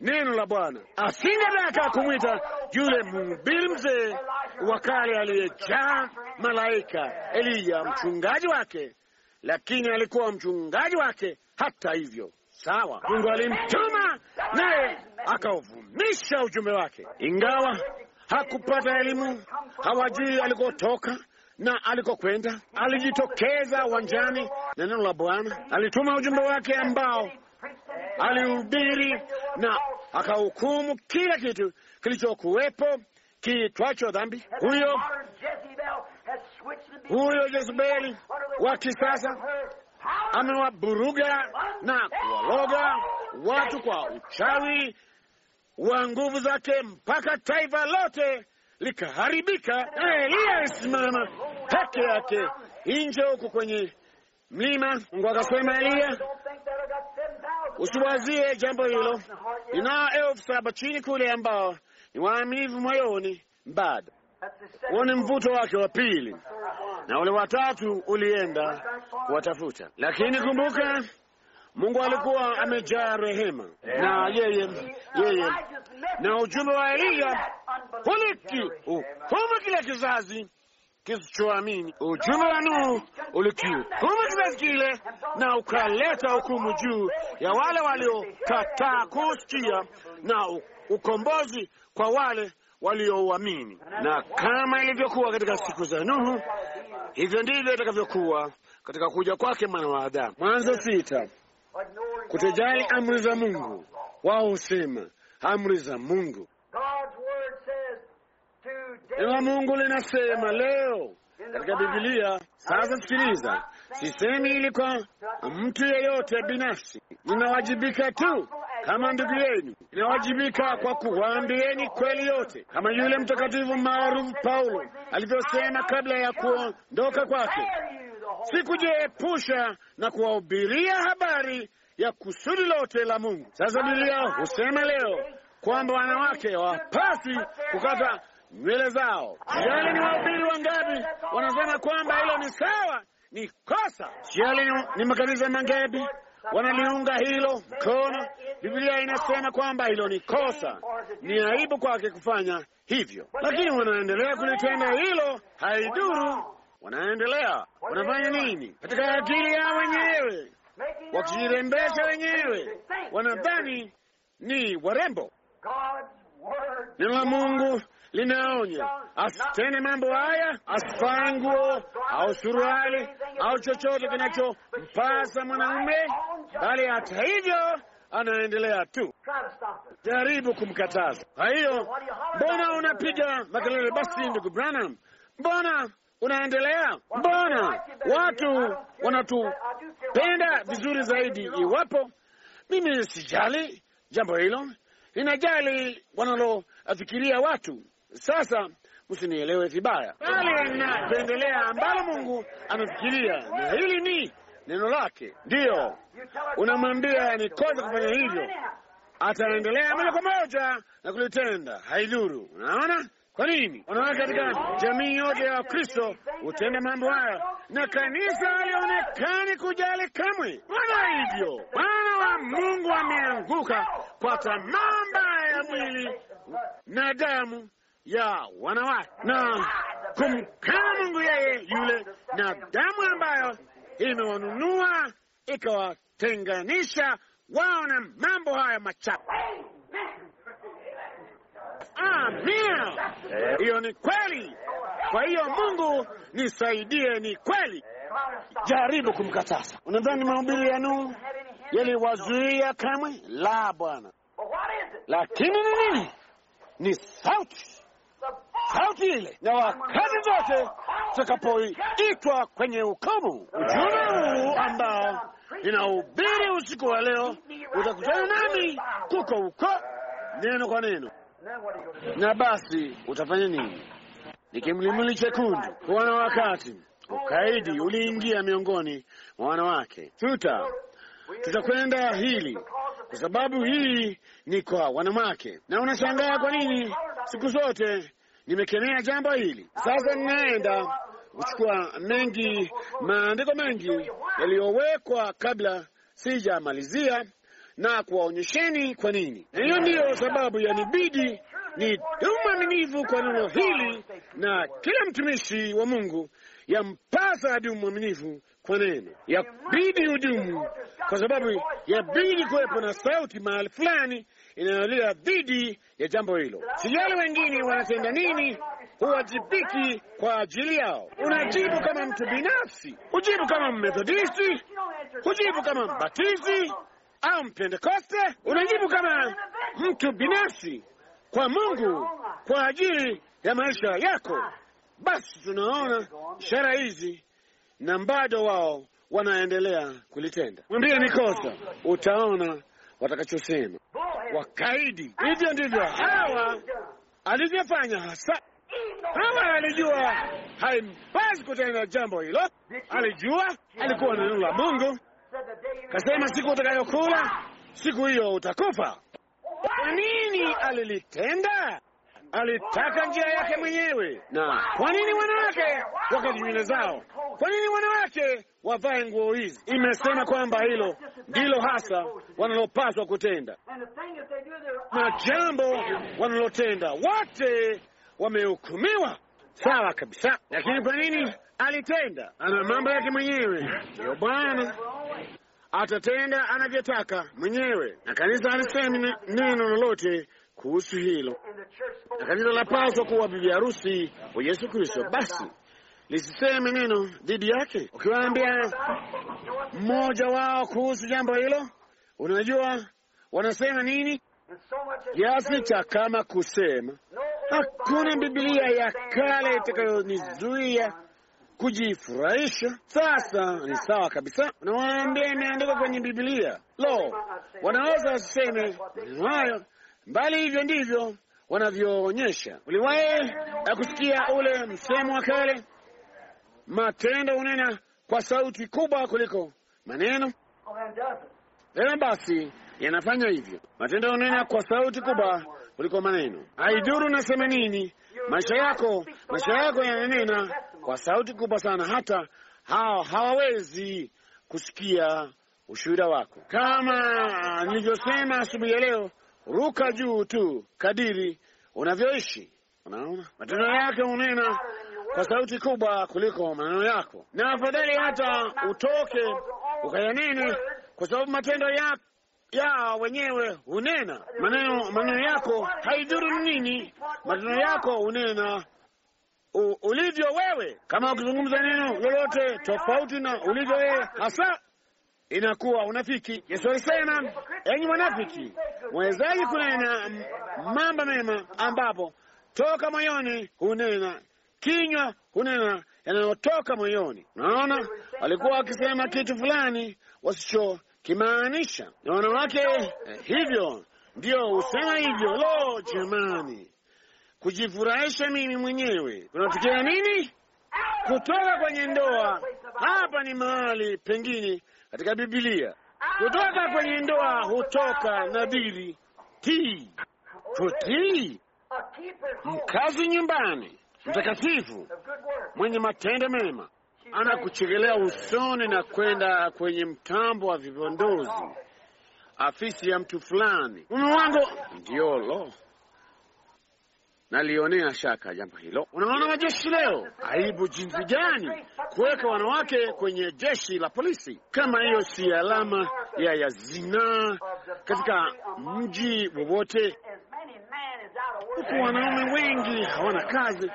neno la Bwana. Asingetaka kumwita yule mhubiri mzee wa kale aliyejaa malaika Eliya mchungaji wake, lakini alikuwa mchungaji wake hata hivyo. Sawa, Mungu alimtuma naye akauvumisha ujumbe wake, ingawa hakupata elimu, hawajui alikotoka na alikokwenda, alijitokeza uwanjani na neno la Bwana, alituma ujumbe wake ambao alihubiri na akahukumu kila kitu kilichokuwepo kiitwacho dhambi. Huyo huyo Jezebeli wa kisasa amewaburuga na kuwaloga watu kwa uchawi wa nguvu zake mpaka taifa lote likaharibika. Naye eh, aliyesimama peke yake nje huko kwenye mlima, Mungu akasema, Eliya, usiwazie jambo hilo, ninao elfu saba chini kule ambao ni waaminifu moyoni bado. Huo ni mvuto wake wa pili, na ule watatu ulienda kuwatafuta, lakini kumbuka Mungu alikuwa amejaa rehema na yeye yeye, na ujumbe wa Eliya huliki hukuma kile kizazi kisichoamini. Ujumbe wa Nuhu ulikihukuma kizazi kile na ukaleta hukumu juu ya wale waliokataa kusikia na ukombozi kwa wale waliouamini. Na kama ilivyokuwa katika siku za Nuhu, hivyo ndivyo itakavyokuwa katika kuja kwake mwana wa Adamu. Mwanzo sita kutojali amri za Mungu. Wao husema amri za Mungu. Neno la Mungu linasema leo katika Bibilia. Sasa sikiliza, sisemi ili kwa mtu yeyote binafsi, ninawajibika tu kama ndugu yenu, inawajibika kwa kuwaambieni kweli yote, kama yule mtakatifu maarufu Paulo alivyosema kabla ya kuondoka kwake, sikujiepusha na kuwahubiria habari ya kusudi lote la Mungu. Sasa Biblia husema leo kwamba wanawake wapasi kukata nywele zao. Sijali ni wahubiri wangapi wanasema kwamba hilo ni sawa, ni kosa. Sijali ni makanisa mangapi wanaliunga hilo mkono. Biblia inasema kwamba hilo ni kosa, ni aibu kwake kufanya hivyo, lakini wanaendelea kulitenda hilo. Haiduru wanaendelea wanafanya nini katika akili yao wenyewe, wakijirembesha wenyewe, wanadhani ni warembo. Neno la Mungu linaonya asitende mambo haya, asivae nguo au suruali au chochote kinachompasa mwanaume, bali hata hivyo anaendelea tu. Jaribu kumkataza. Kwa hiyo, mbona unapiga makelele basi, ndugu Branham? Mbona unaendelea. Mbona watu wanatupenda vizuri zaidi iwapo mimi sijali jambo hilo, inajali wanalofikiria watu. Sasa msinielewe vibaya, bali napendelea ambalo Mungu anafikiria, na hili ni neno lake. Ndiyo, unamwambia ni kufanya hivyo, ataendelea moja kwa moja na kulitenda, haidhuru. Unaona? Kwa nini wanawake katika jamii yote ya Wakristo hutenda mambo haya na kanisa halionekani kujali kamwe? Bwana hivyo, bwana wa Mungu wameanguka kwa tamaa mbaya ya mwili na damu ya wanawake na kumkana Mungu yeye yule, na damu ambayo imewanunua ikawatenganisha wao na mambo haya machafu. Amina, eh. hiyo ni kweli. Kwa hiyo Mungu nisaidie, ni kweli. Jaribu kumkataza. Unadhani mahubiri ya Nuhu yaliwazuia kamwe? La, Bwana. Lakini ni nini? Ni sauti, sauti ile. Na wakati zote tutakapoitwa kwenye hukumu, ujumbe huu ambao ninahubiri usiku wa leo, utakutana nami kuko huko, neno kwa neno na basi utafanya nini? Ni kimlimli chekundu kuona wakati ukaidi uliingia miongoni mwa wanawake. Tuta tutakwenda hili kwa sababu hii ni kwa wanawake, na unashangaa kwa nini siku zote nimekemea jambo hili. Sasa ninaenda kuchukua mengi maandiko mengi yaliyowekwa kabla sijamalizia na kuwaonyesheni kwa nini. Na hiyo ndiyo sababu yanibidi ni mwaminifu kwa neno hili, na kila mtumishi wa Mungu yampasa adumu mwaminifu kwa neno, yabidi udumu, kwa sababu yabidi kuwepo na sauti mahali fulani inayolia dhidi ya jambo hilo. Sijali wengine wanatenda nini, huwajibiki kwa ajili yao. Unajibu kama mtu binafsi, hujibu kama Mmethodisti, hujibu kama Mbatizi, au Mpentekoste, unajibu kama mtu binafsi kwa Mungu kwa ajili ya maisha yako. Basi tunaona ishara hizi na bado wao wanaendelea kulitenda. Mwambie ni kosa, utaona watakachosema, wakaidi. Hivyo ndivyo hawa alivyofanya hasa. Hawa alijua haimpasi kutenda jambo hilo, alijua alikuwa na neno la Mungu Kasema siku utakayokula siku hiyo utakufa. Kwa nini alilitenda? Alitaka njia yake mwenyewe. Na kwa nini wanawake wakati nywele zao? Kwa nini wanawake wavae nguo hizi? Imesema kwamba hilo ndilo hasa wanalopaswa kutenda, na jambo wanalotenda wote wamehukumiwa. Sawa kabisa, lakini kwa nini Alitenda, ana mambo yake mwenyewe. Ndio Bwana atatenda anavyotaka mwenyewe, na kanisa alisemi neno lolote kuhusu hilo, na kanisa lapaswa kuwa bibi harusi wa Yesu Kristo. Basi lisiseme neno dhidi yake. Ukiwaambia mmoja wao kuhusu jambo hilo, unajua wanasema nini? Kiasi cha kama kusema hakuna Biblia ya kale itakayonizuia kujifurahisha. Sasa ni sawa kabisa, na waambie imeandikwa kwenye Biblia. Lo, wanaweza wasiseme maneno hayo, mbali hivyo ndivyo wanavyoonyesha. Uliwahi eh, kusikia ule msemo wa kale, matendo unena kwa sauti kubwa kuliko maneno? Ewe basi, yanafanya hivyo. Matendo unena kwa sauti kubwa kuliko maneno. Haidhuru nasema nini, maisha yako, maisha yako yananena kwa sauti kubwa sana, hata hao hawawezi kusikia ushuhuda wako. Kama nilivyosema asubuhi ya leo, ruka juu tu kadiri unavyoishi. Unaona, matendo yake unena kwa sauti kubwa kuliko maneno yako, na afadhali hata utoke ukayanene, kwa sababu matendo ya ya wenyewe hunena. Maneno maneno yako haidhuru nini, matendo yako unena ulivyo wewe, kama ukizungumza neno lolote tofauti na ulivyo wewe hasa inakuwa unafiki. Yesu alisema, enyi wanafiki, mwezaji kunena mambo mema ambapo toka moyoni hunena, kinywa hunena yanayotoka moyoni. Unaona, walikuwa wakisema kitu fulani wasichokimaanisha, na wanawake eh, hivyo ndio usema hivyo. Lo, jamani! kujifurahisha mimi mwenyewe. Tunafikia nini kutoka kwenye ndoa? Hapa ni mahali pengine katika Biblia, kutoka kwenye ndoa hutoka nadhiri tii, tutii mkazi nyumbani, mtakatifu, mwenye matendo mema, anakuchekelea usoni na kwenda kwenye mtambo wa vipondozi, afisi ya mtu fulani. Mume wangu, ndiyo lo nalionea shaka jambo hilo. Unaona majeshi leo, aibu jinsi gani kuweka wanawake kwenye jeshi la polisi. Kama hiyo si alama ya ya zinaa katika mji wowote, huku wanaume wengi hawana kazi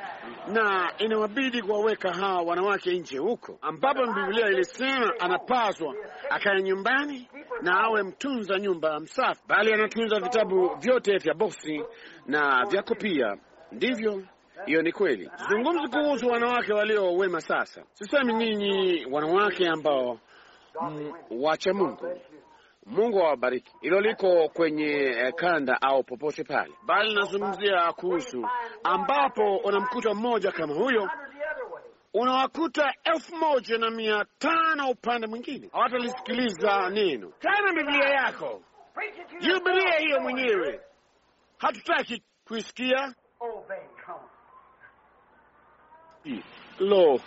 na inawabidi kuwaweka hawa wanawake nje huko ambapo Biblia ilisema anapaswa akae nyumbani na awe mtunza nyumba msafi, bali anatunza vitabu vyote vya bosi na vyako pia. Ndivyo, hiyo ni kweli. Zungumzi kuhusu wanawake walio wema. Sasa sisemi ninyi wanawake ambao mm, wacha Mungu Mungu awabariki. Hilo liko kwenye eh, kanda au popote pale, bali nazungumzia kuhusu ambapo unamkuta mmoja kama huyo unawakuta elfu moja na mia tano upande mwingine, hawatalisikiliza neno tena. Biblia yako jubilia hiyo mwenyewe, hatutaki kuisikia. Lo,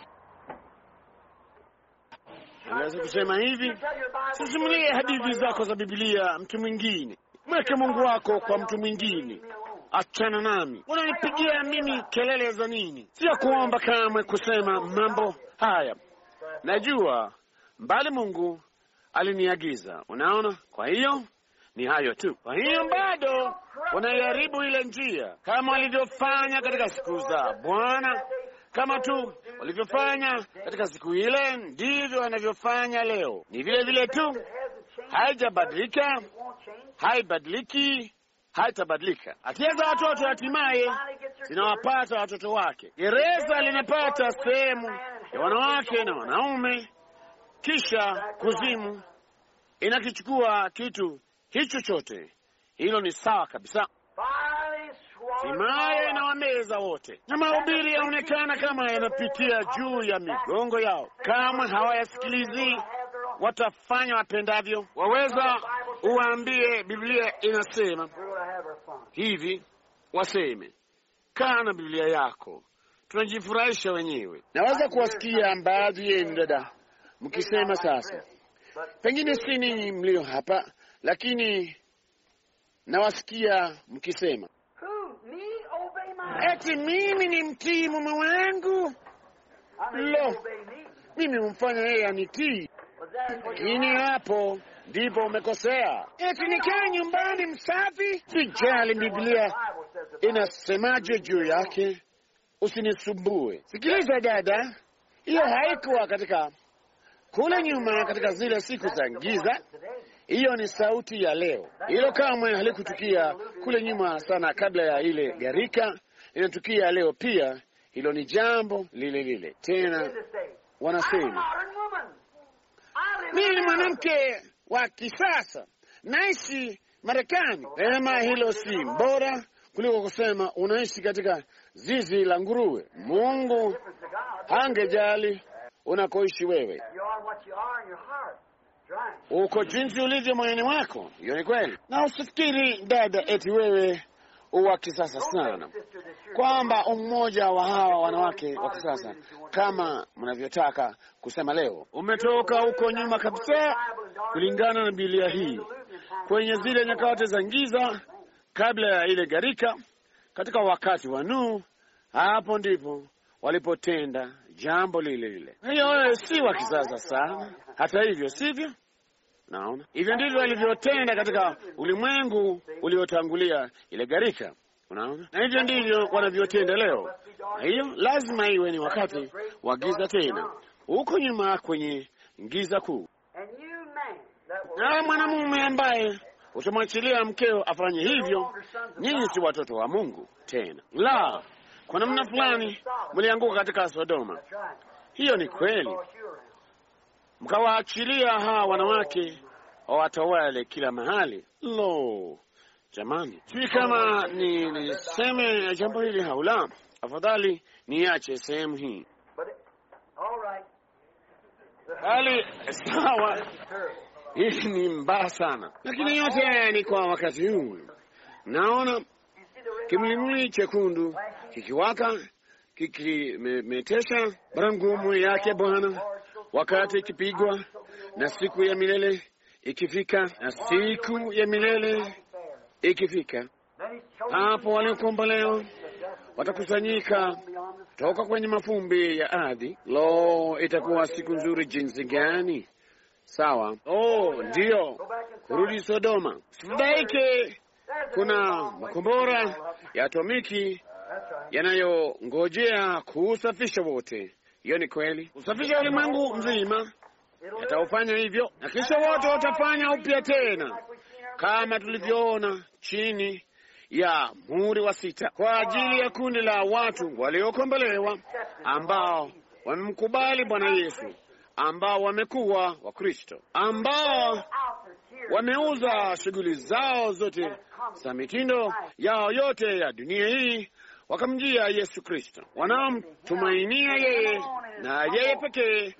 Unaweza kusema hivi, sisimulie hadithi zako za Biblia mtu mwingine, mweke Mungu wako kwa mtu mwingine. Achana nami, unanipigia mimi kelele za nini? Sio kuomba kamwe kusema mambo haya. Najua mbali Mungu aliniagiza, unaona. Kwa hiyo ni hayo tu. Kwa hiyo bado wanaiharibu ile njia, kama walivyofanya katika siku za Bwana kama tu walivyofanya katika siku ile, ndivyo wanavyofanya leo. Ni vile vile tu, haijabadilika, haibadiliki, haitabadilika. Hatia za watoto hatimaye zinawapata watoto wake. Gereza linapata sehemu ya wanawake na wanaume, kisha kuzimu inakichukua kitu hicho chote. Hilo ni sawa kabisa na inawameza wote, na mahubiri yaonekana kama yanapitia juu ya migongo yao. Kama hawayasikilizi, watafanya wapendavyo. Waweza uwaambie Biblia inasema hivi, waseme kaa na Biblia yako, tunajifurahisha wenyewe. Naweza kuwasikia baadhi yenu dada mkisema sasa, pengine si ninyi mlio hapa, lakini nawasikia mkisema Eti mimi ni mtii mume wangu? Lo, mimi humfanya yeye anitii. Lakini hapo ndipo umekosea. Eti nikaa nyumbani msafi? Sijali Biblia inasemaje juu yake, usinisumbue. Sikiliza dada, hiyo haikuwa katika kule nyuma, katika zile siku za giza. Hiyo ni sauti ya leo. Hilo kamwe halikutukia kule nyuma sana, kabla ya ile gharika inatukia leo pia, hilo ni jambo lile lile tena. Wanasema mimi ni mwanamke wa kisasa, naishi Marekani. Sema hilo si bora kuliko kusema unaishi katika zizi la nguruwe. Mungu hangejali unakoishi wewe, uko jinsi ulivyo moyoni mwako. Hiyo ni kweli, na usifikiri dada, eti wewe uwa kisasa sana kwamba umoja wa hawa wanawake wa kisasa kama mnavyotaka kusema leo umetoka huko nyuma kabisa, kulingana na Biblia hii, kwenye zile nyakati za ngiza kabla ya ile gharika, katika wakati wa Nuhu. Hapo ndipo walipotenda jambo lile lile. Hiyo si wa kisasa sana, hata hivyo, sivyo? Naona hivyo ndivyo walivyotenda katika ulimwengu uliotangulia ile gharika. Unaona, na hivyo ndivyo wanavyotenda leo, na hiyo lazima iwe ni wakati wa giza tena, huko nyuma kwenye giza kuu. Na mwanamume ambaye utamwachilia mkeo afanye hivyo, nyinyi si watoto wa Mungu tena. La, kwa namna fulani mlianguka katika Sodoma. Hiyo ni kweli, mkawaachilia hawa wanawake wawatawale kila mahali. Lo, Jamani, si kama niliseme jambo hili haula, afadhali niache sehemu hii hali sawa. Hii ni mbaya sana, lakini yote ni kwa wakati huu. Naona kimlimli chekundu kikiwaka kikimetesha barangumu yake Bwana, wakati ikipigwa na siku ya milele ikifika, na siku ya milele ikifika hapo waliokomba leo watakusanyika toka kwenye mafumbi ya ardhi. Lo, itakuwa siku nzuri jinsi gani! Sawa, oh, ndiyo, kurudi Sodoma. Sidaiki, kuna makombora ya atomiki yanayongojea kuusafisha wote. Hiyo ni kweli, usafisha ulimwengu mzima. Yataufanya hivyo na kisha wote watafanya upya tena kama tulivyoona chini ya muhuri wa sita kwa ajili ya kundi la watu waliokombolewa ambao wamemkubali Bwana Yesu, ambao wamekuwa Wakristo, ambao wameuza shughuli zao zote za mitindo yao yote ya dunia hii wakamjia Yesu Kristo, wanaomtumainia yeye na yeye pekee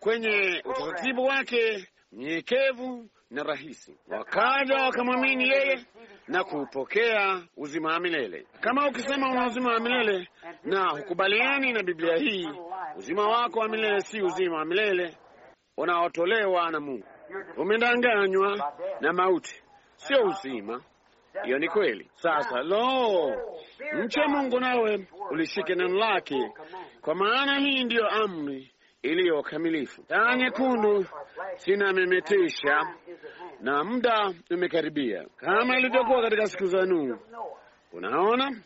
kwenye utaratibu wake mnyenyekevu na rahisi, wakaja wakamwamini yeye na kupokea uzima wa milele. Kama ukisema una uzima wa milele na hukubaliani na Biblia hii, uzima wako wa milele si uzima wa milele unaotolewa na Mungu. Umedanganywa na mauti, sio uzima. Hiyo ni kweli. Sasa lo, mche Mungu nawe ulishike neno lake, kwa maana hii ndiyo amri iliyo kamilifu. Taa nyekundu zinamemetesha na muda umekaribia, kama ilivyokuwa katika siku za Nuhu. Unaona,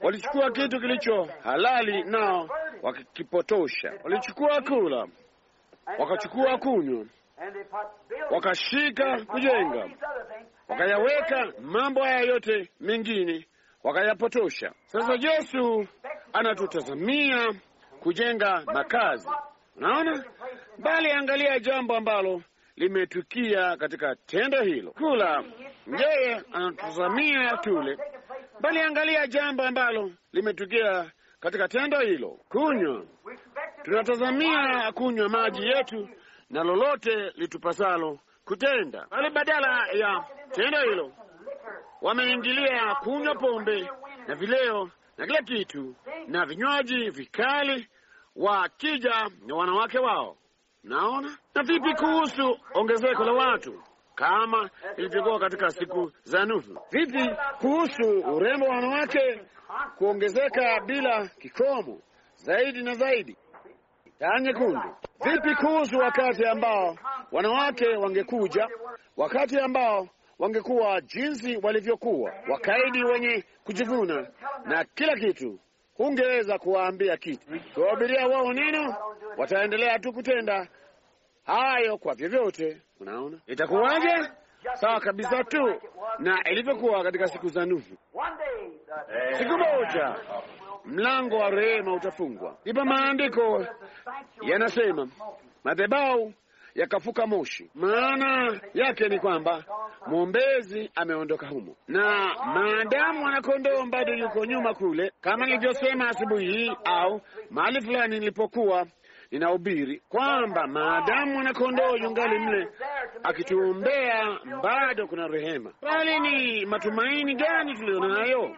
walichukua kitu kilicho halali nao wakakipotosha. Walichukua kula, wakachukua kunywa, wakashika kujenga, wakayaweka mambo haya yote mengine wakayapotosha. Sasa Yesu anatutazamia kujenga makazi Naona bali angalia jambo ambalo limetukia katika tendo hilo. Kula yeye anatuzamia tule, bali angalia jambo ambalo limetukia katika tendo hilo. Kunywa, tunatazamia kunywa maji yetu na lolote litupasalo kutenda, bali badala ya tendo hilo wameingilia kunywa pombe na vileo na kila kitu na vinywaji vikali wakija na wanawake wao. Naona. Na vipi kuhusu ongezeko la watu kama ilivyokuwa katika siku za Nuhu? Vipi kuhusu urembo wa wanawake kuongezeka bila kikomo, zaidi na zaidi, taa nyekundu? Vipi kuhusu wakati ambao wanawake wangekuja, wakati ambao wangekuwa jinsi walivyokuwa, wakaidi, wenye kujivuna na kila kitu ungeweza kuwaambia kitu. Kuwahubiria wao neno, wataendelea tu kutenda hayo kwa vyovyote. Unaona itakuwaje? Sawa kabisa tu na ilivyokuwa katika siku za Nuhu. Siku moja mlango wa rehema utafungwa. Ndipo maandiko yanasema madhabahu yakafuka moshi. Maana yake ni kwamba mwombezi ameondoka humo, na maadamu mwanakondoo bado yuko nyuma kule, kama nilivyosema asubuhi hii au mahali fulani nilipokuwa ninahubiri kwamba maadamu mwanakondoo yungali mle akituombea, bado kuna rehema. Bali ni matumaini gani tulionayo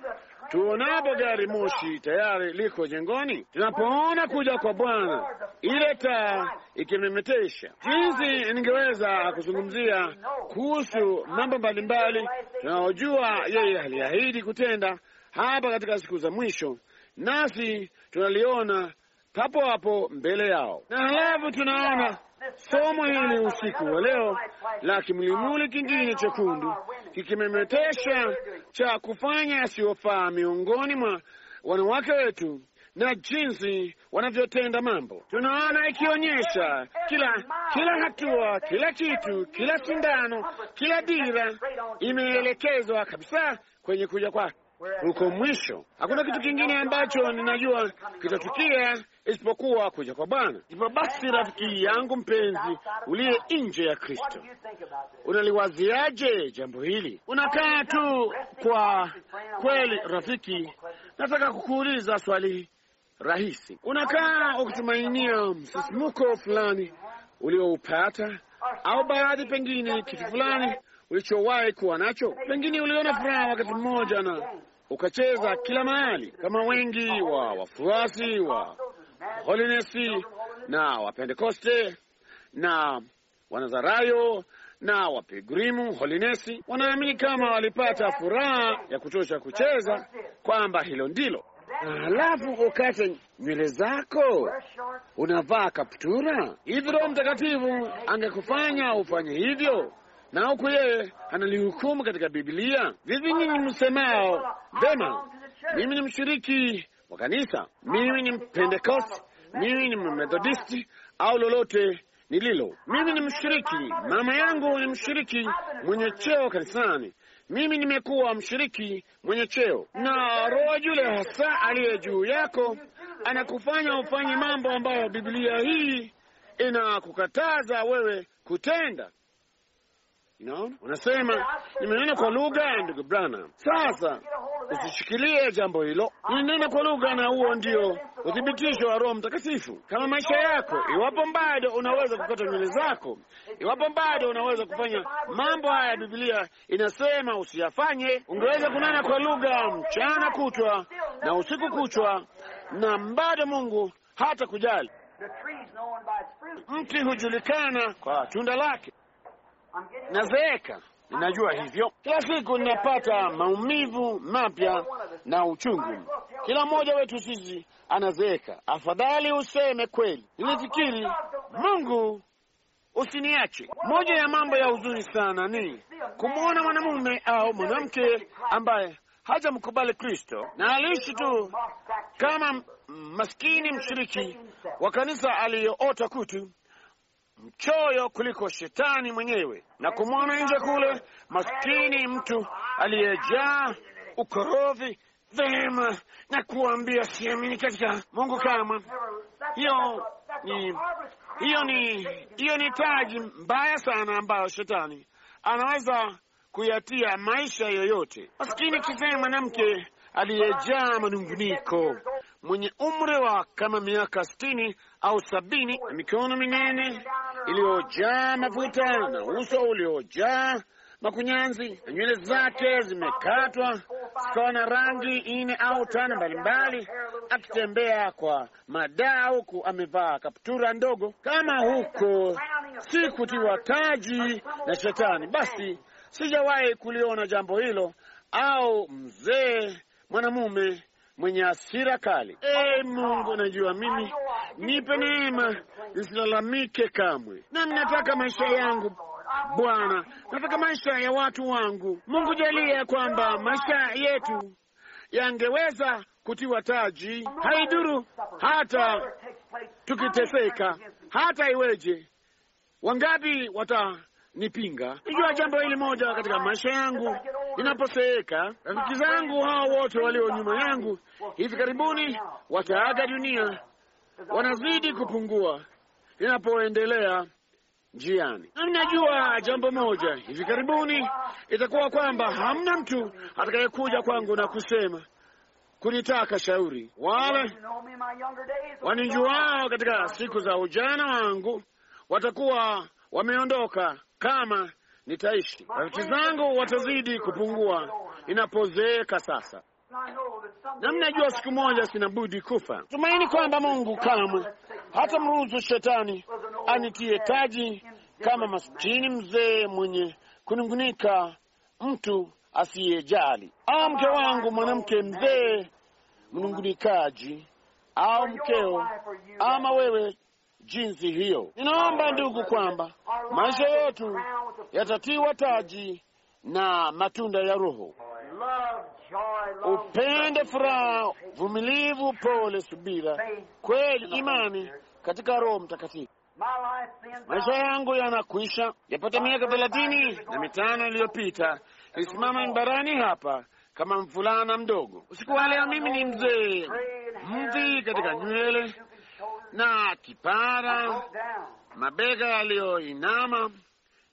tuonapo gari moshi tayari liko jengoni, tunapoona kuja kwa Bwana ile taa ikimemetesha. Jinsi ningeweza kuzungumzia kuhusu mambo mbalimbali tunayojua yeye aliahidi kutenda hapa katika siku za mwisho, nasi tunaliona papo hapo mbele yao. Na halafu tunaona somo hili usiku wa leo la kimulimuli kingine chekundu kikimemetesha cha kufanya yasiyofaa miongoni mwa wanawake wetu na jinsi wanavyotenda mambo. Tunaona ikionyesha kila kila hatua, kila kitu, kila sindano, kila dira imeelekezwa kabisa kwenye kuja kwake huko mwisho. Hakuna kitu kingine ambacho ninajua kitatukia isipokuwa kuja kwa Bwana. Hivyo basi, rafiki yangu mpenzi uliye nje ya Kristo, unaliwaziaje jambo hili? Unakaa tu kwa kweli. Rafiki, nataka kukuuliza swali rahisi. Unakaa ukitumainia msisimuko fulani ulioupata au baadhi, pengine kitu fulani ulichowahi kuwa nacho. Pengine uliona furaha wakati mmoja na ukacheza kila mahali kama wengi wa wafuasi wa Holinesi na Wapentekoste na Wanazarayo na Wapigrimu Holinesi wanaamini kama walipata furaha ya kutosha kucheza kwamba hilo ndilo. Halafu ukate nywele zako, unavaa kaptura hivyo. Roho Mtakatifu angekufanya ufanye hivyo, na huku yeye analihukumu katika Biblia. Vivi nyinyi msemao, vema, mimi ni mshiriki wa kanisa. Mimi ni Pentekoste, mimi ni Methodisti au lolote nililo. Mimi ni mshiriki, mama yangu ni mshiriki mwenye cheo kanisani. Mimi nimekuwa mshiriki mwenye cheo, na roho yule hasa aliye juu yako anakufanya ufanye mambo ambayo Biblia hii inakukataza wewe kutenda. Unaona, unasema nimenena kwa lugha, ndugu Brana. Sasa usishikilie jambo hilo, ah. ninena kwa lugha, na huo ndio uthibitisho wa Roho Mtakatifu. Kama maisha yako, iwapo bado unaweza kukata nywele zako, iwapo bado unaweza kufanya mambo haya Biblia inasema usiyafanye, ungeweza kunena kwa lugha mchana kuchwa na usiku kuchwa na bado Mungu hata kujali. Mti hujulikana kwa tunda lake. Nazeeka, ninajua hivyo. Kila siku ninapata maumivu mapya na uchungu. Kila mmoja wetu sisi anazeeka. Afadhali useme kweli. Nilifikiri, Mungu usiniache. Moja ya mambo ya huzuni sana ni kumwona mwanamume au mwanamke ambaye hajamkubali Kristo na aliishi tu kama maskini mshiriki wa kanisa aliyoota kutu mchoyo kuliko shetani mwenyewe, na kumwona nje kule maskini mtu aliyejaa ukorovi vema, na kuambia siamini katika Mungu kama hiyo ni hiyo ni hiyo ni taji mbaya sana ambayo shetani anaweza kuyatia maisha yoyote. Maskini kisema mwanamke aliyejaa manunguniko mwenye umri wa kama miaka sitini au sabini na mikono minene iliyojaa mafuta na uso uliojaa makunyanzi na nywele zake zimekatwa zikawa na rangi nne au tano mbalimbali, akitembea kwa madaa, huku amevaa kaptura ndogo kama huko, si kutiwa taji na Shetani. Basi sijawahi kuliona jambo hilo, au mzee mwanamume mwenye hasira kali. Ee Mungu, najua mimi, nipe neema nisilalamike kamwe, na nataka maisha yangu Bwana, nataka maisha ya watu wangu. Mungu, jalia kwamba maisha yetu yangeweza kutiwa taji, haiduru hata tukiteseka, hata iweje. Wangapi wata nipinga, nijua jambo hili moja katika maisha yangu inaposeeka, rafiki zangu hao wote walio nyuma yangu hivi karibuni wataaga dunia, wanazidi kupungua inapoendelea njiani. Na ninajua jambo moja, hivi karibuni itakuwa kwamba hamna mtu atakayekuja kwangu na kusema kunitaka shauri. Wale wanijuao katika siku za ujana wangu watakuwa wameondoka kama nitaishi. Rafiki zangu watazidi kupungua inapozeeka sasa, na mnajua siku moja sina budi kufa. Tumaini kwamba Mungu kamwe hata mruhusu shetani anitie taji kama maskini mzee mwenye kunungunika, mtu asiyejali, au mke wangu mwanamke mzee mnungunikaji, au mkeo, ama wewe jinsi hiyo. Ninaomba ndugu, kwamba maisha yetu yatatiwa taji na matunda ya Roho: upende furaha, vumilivu, pole, subira, kweli, imani katika Roho Mtakatifu. Maisha yangu yanakwisha yapata miaka thelathini na mitano iliyopita. Nisimama mbarani hapa kama mvulana mdogo. Usiku wa leo mimi ni mzee mvi katika nywele na kipara, mabega yaliyoinama.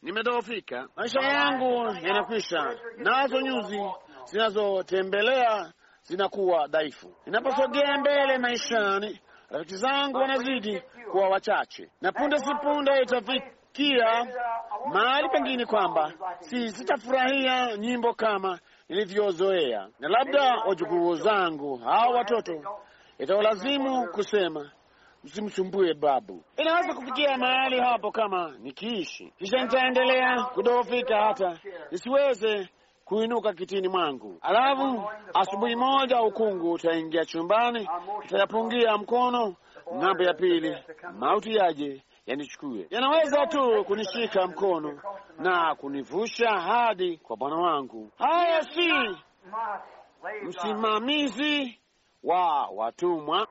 Nimedhoofika, maisha yangu yanakwisha, nazo nyuzi zinazotembelea zinakuwa dhaifu. Ninaposogea mbele maishani, rafiki zangu wanazidi kuwa wachache, na punde si punde itafikia mahali pengine kwamba si sitafurahia nyimbo kama ilivyozoea na labda wajukuu zangu au watoto itawalazimu kusema usimsumbue babu. Inaweza kufikia mahali hapo kama nikiishi, kisha nitaendelea kudhoofika hata nisiweze kuinuka kitini mwangu. Alafu asubuhi moja ukungu utaingia chumbani, utayapungia mkono. Ng'ambo ya pili mauti yaje yanichukue, yanaweza tu kunishika mkono na kunivusha hadi kwa Bwana wangu. Haya si msimamizi wa watumwa.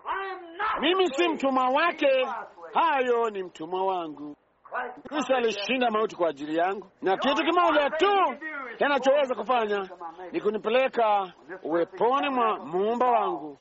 Mimi si mtumwa wake, hayo ni mtumwa wangu. Kristo alishinda mauti kwa ajili yangu, na kitu kimoja tu kinachoweza kufanya ni kunipeleka uweponi mwa muumba wangu,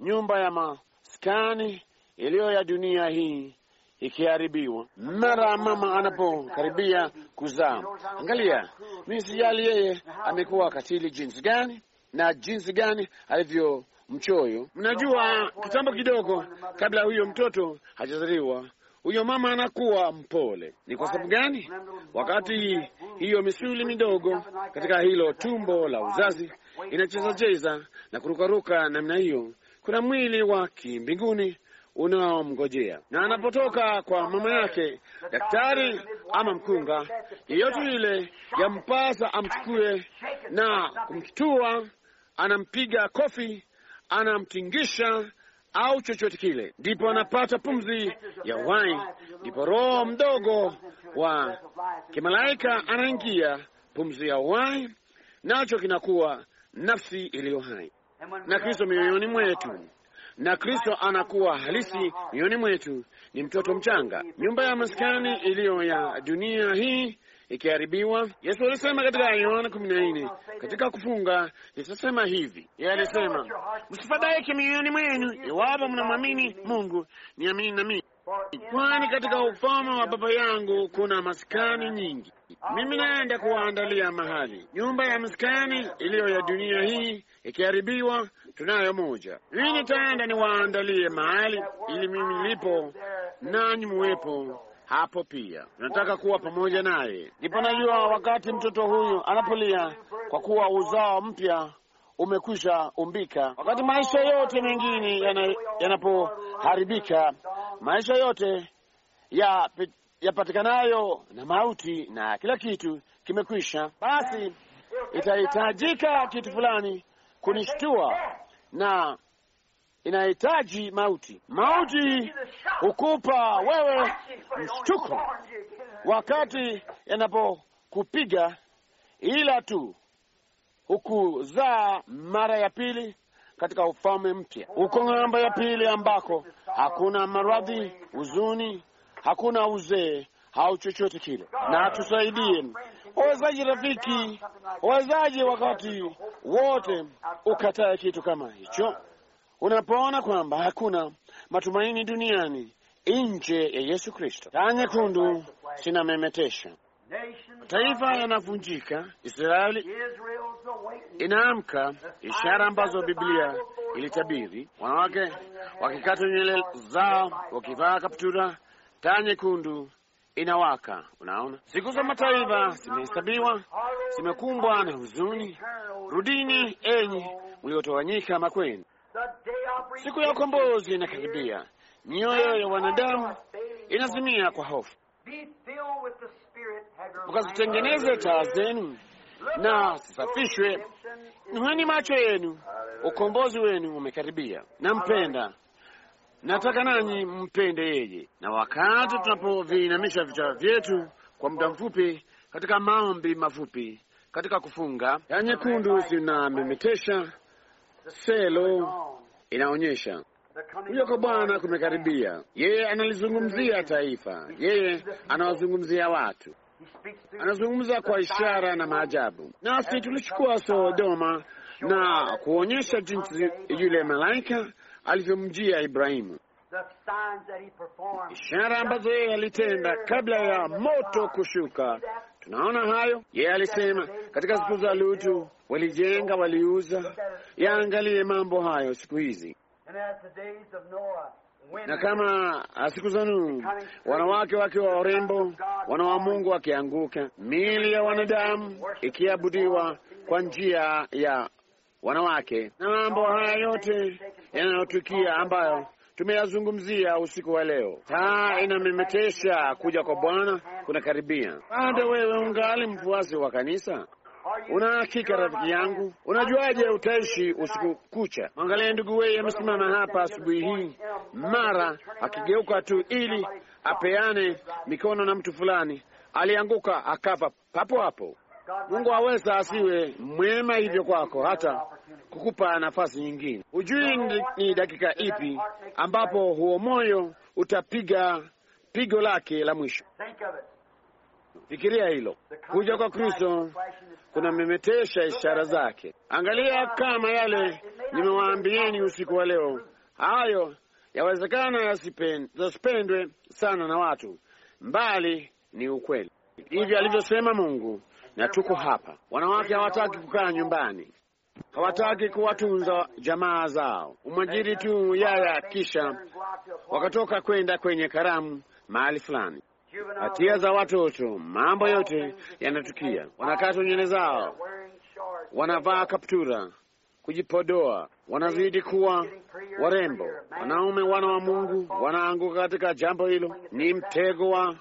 nyumba ya maskani iliyo ya dunia hii ikiharibiwa mara mama anapokaribia kuzaa. Angalia, mimi sijali yeye amekuwa katili jinsi gani na jinsi gani alivyo mchoyo. Mnajua, kitambo kidogo kabla huyo mtoto hajazaliwa huyo mama anakuwa mpole. Ni kwa sababu gani? Wakati hiyo misuli midogo katika hilo tumbo la uzazi inachezacheza na kurukaruka namna hiyo, kuna mwili wa kimbinguni unaomngojea, na anapotoka kwa mama yake, daktari ama mkunga yeyote yule yampasa amchukue na kumkitua, anampiga kofi anamtingisha au chochote kile, ndipo anapata pumzi ya uhai, ndipo roho mdogo wa kimalaika anaingia, pumzi ya uhai, nacho kinakuwa nafsi iliyo hai na Kristo mioyoni mwetu, na Kristo anakuwa halisi mioyoni mwetu. Ni mtoto mchanga, nyumba ya maskani iliyo ya dunia hii ikiharibiwa. Yesu alisema katika Yohana kumi na nne katika kufunga, nitasema hivi, yeye alisema, msifadhaike mioyoni mwenu, iwapo mnamwamini Mungu, niamini na mimi, kwani katika ufalme wa Baba yangu kuna maskani nyingi. Mimi naenda kuwaandalia mahali. Nyumba ya maskani iliyo ya dunia hii ikiharibiwa, tunayo moja. Mimi nitaenda niwaandalie mahali, ili mimi nilipo nanyi muwepo hapo pia tunataka kuwa pamoja naye. Ndipo najua wakati mtoto huyu anapolia kwa kuwa uzao mpya umekwisha umbika. Wakati maisha yote mengine yanapoharibika, yana maisha yote yapatikanayo ya na mauti na kila kitu kimekwisha, basi itahitajika kitu fulani kunishtua na inahitaji mauti. Mauti hukupa wewe mshtuko wakati yanapokupiga, ila tu hukuzaa mara ya pili katika ufalme mpya. Uko ng'ambo ya pili ambako hakuna maradhi, huzuni, hakuna uzee au chochote kile. Na tusaidie wawezaji, rafiki, wawezaji wakati wote ukatae kitu kama hicho. Unapoona kwamba hakuna matumaini duniani nje ya Yesu Kristo, taa nyekundu zinamemetesha, taifa yanavunjika, Israeli inaamka, ishara ambazo Biblia ilitabiri, wanawake wakikata nywele zao, wakivaa kaptura, taa nyekundu inawaka. Unaona, siku za mataifa zimehesabiwa, zimekumbwa na huzuni. Rudini enyi mliotawanyika makwenu. Siku ya ukombozi inakaribia. Mioyo ya wanadamu inazimia kwa hofu. Mkazitengeneze taa zenu na zisafishwe. Nuheni macho yenu, ukombozi wenu umekaribia. Nampenda, nataka nanyi mpende yeye. Na wakati tunapoviinamisha vichwa vyetu kwa muda mfupi katika maombi mafupi, katika kufunga ya nyekundu zinamemetesha selo inaonyesha kuja kwa Bwana kumekaribia. Yeye analizungumzia taifa, yeye anawazungumzia watu, anazungumza kwa ishara na maajabu. Nasi tulichukua Sodoma na kuonyesha jinsi yule malaika alivyomjia Ibrahimu, ishara ambazo yeye alitenda kabla ya moto kushuka Tunaona hayo. Yeye alisema katika siku za Lutu walijenga, waliuza. Yaangalie mambo hayo siku hizi na kama ah, siku za Nuhu, wanawake wakiwa warembo, wana wa Mungu wakianguka, miili ya wanadamu ikiabudiwa kwa njia ya wanawake, na mambo haya yote yanayotukia ambayo tumeyazungumzia usiku wa leo. Taa inamemetesha, kuja kwa Bwana kunakaribia. Bado wewe ungali mfuasi wa kanisa? Una hakika rafiki yangu? Unajuaje utaishi usiku kucha? Mwangalie ndugu weye amesimama hapa asubuhi hii, mara akigeuka tu ili apeane mikono na mtu fulani, alianguka akafa papo hapo. Mungu aweza asiwe mwema hivyo kwako hata kukupa nafasi nyingine. Hujui ni dakika ipi ambapo huo moyo utapiga pigo lake la mwisho. Fikiria hilo. Kuja kwa Kristo kuna memetesha ishara zake. Angalia kama yale nimewaambieni usiku wa leo, hayo yawezekana yasipendwe sana na watu, mbali ni ukweli. Hivyo alivyosema Mungu, na tuko hapa. Wanawake hawataki kukaa nyumbani, hawataki kuwatunza jamaa zao, umwajiri tu yaya, kisha wakatoka kwenda kwenye karamu mahali fulani. Hatia za watoto, mambo yote yanatukia. wanakatwa nywele zao, wanavaa kaptura, kujipodoa, wanazidi kuwa warembo. Wanaume wana wa Mungu wanaanguka katika jambo hilo, ni mtego wa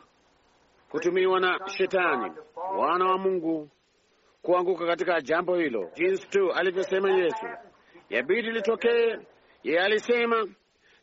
kutumiwa na Shetani. Wana wa Mungu kuanguka katika jambo hilo, jinsi tu alivyosema Yesu yabidi litokee. Ye alisema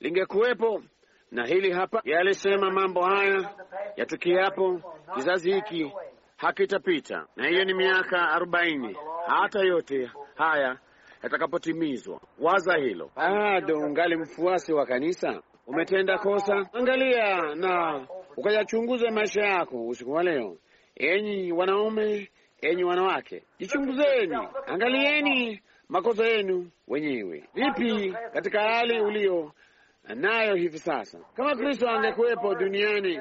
lingekuwepo, na hili hapa. Ye alisema mambo haya yatukiapo, kizazi hiki hakitapita. Na hiyo ni miaka arobaini hata yote haya yatakapotimizwa. Waza hilo. Bado ungali mfuasi wa kanisa, umetenda kosa, angalia na ukayachunguze maisha yako usiku wa leo, enyi wanaume Enyi wanawake, jichunguzeni, angalieni makosa yenu wenyewe. Vipi katika hali ulio nayo hivi sasa? Kama Kristo angekuwepo duniani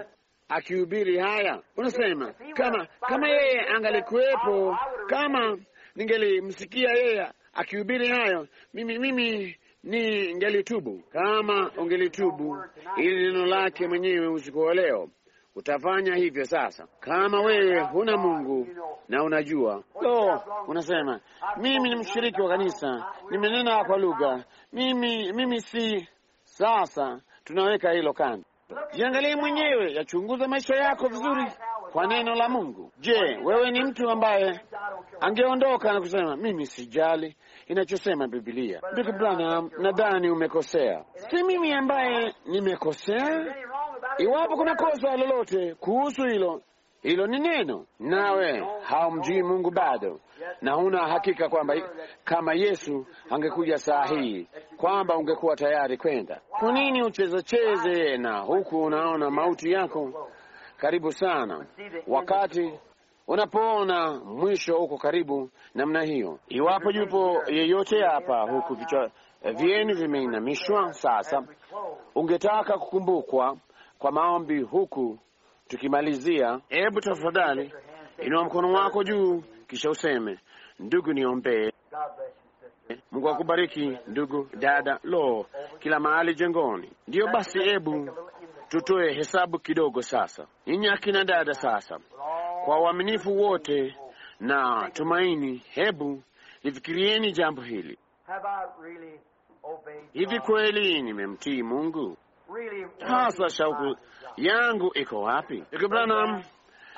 akihubiri haya, unasema kama kama yeye angalikuwepo, kama ningelimsikia yeye akihubiri hayo, mimi mimi ngelitubu Kama ungelitubu ili neno lake mwenyewe usiku wa leo Utafanya hivyo sasa. Kama wewe huna Mungu na unajua so, oh, unasema mimi ni mshiriki wa kanisa, nimenena kwa lugha, mimi mimi si. Sasa tunaweka hilo kando. Jiangalie mwenyewe, yachunguza maisha yako vizuri kwa neno la Mungu. Je, wewe ni mtu ambaye angeondoka na kusema mimi sijali inachosema Biblia? Ndugu Branham, nadhani umekosea. Si mimi ambaye nimekosea, Iwapo kuna kosa lolote kuhusu hilo, hilo ni neno, nawe haumjui Mungu bado na huna hakika kwamba kama Yesu angekuja saa hii kwamba ungekuwa tayari kwenda. Kwa nini uchezecheze na huku unaona mauti yako karibu sana, wakati unapoona mwisho uko karibu namna hiyo? Iwapo yupo yeyote hapa huku vichwa vyenu vimeinamishwa sasa, ungetaka kukumbukwa kwa maombi, huku tukimalizia. Hebu tafadhali inua mkono wako juu, kisha useme, ndugu, niombee. Mungu akubariki ndugu, dada. Lo, kila mahali jengoni. Ndiyo basi, hebu tutoe hesabu kidogo sasa, ninyi akina dada. Sasa kwa uaminifu wote na tumaini, hebu lifikirieni jambo hili. Hivi kweli nimemtii Mungu? Hasa shauku yangu iko wapi? Branham, ah,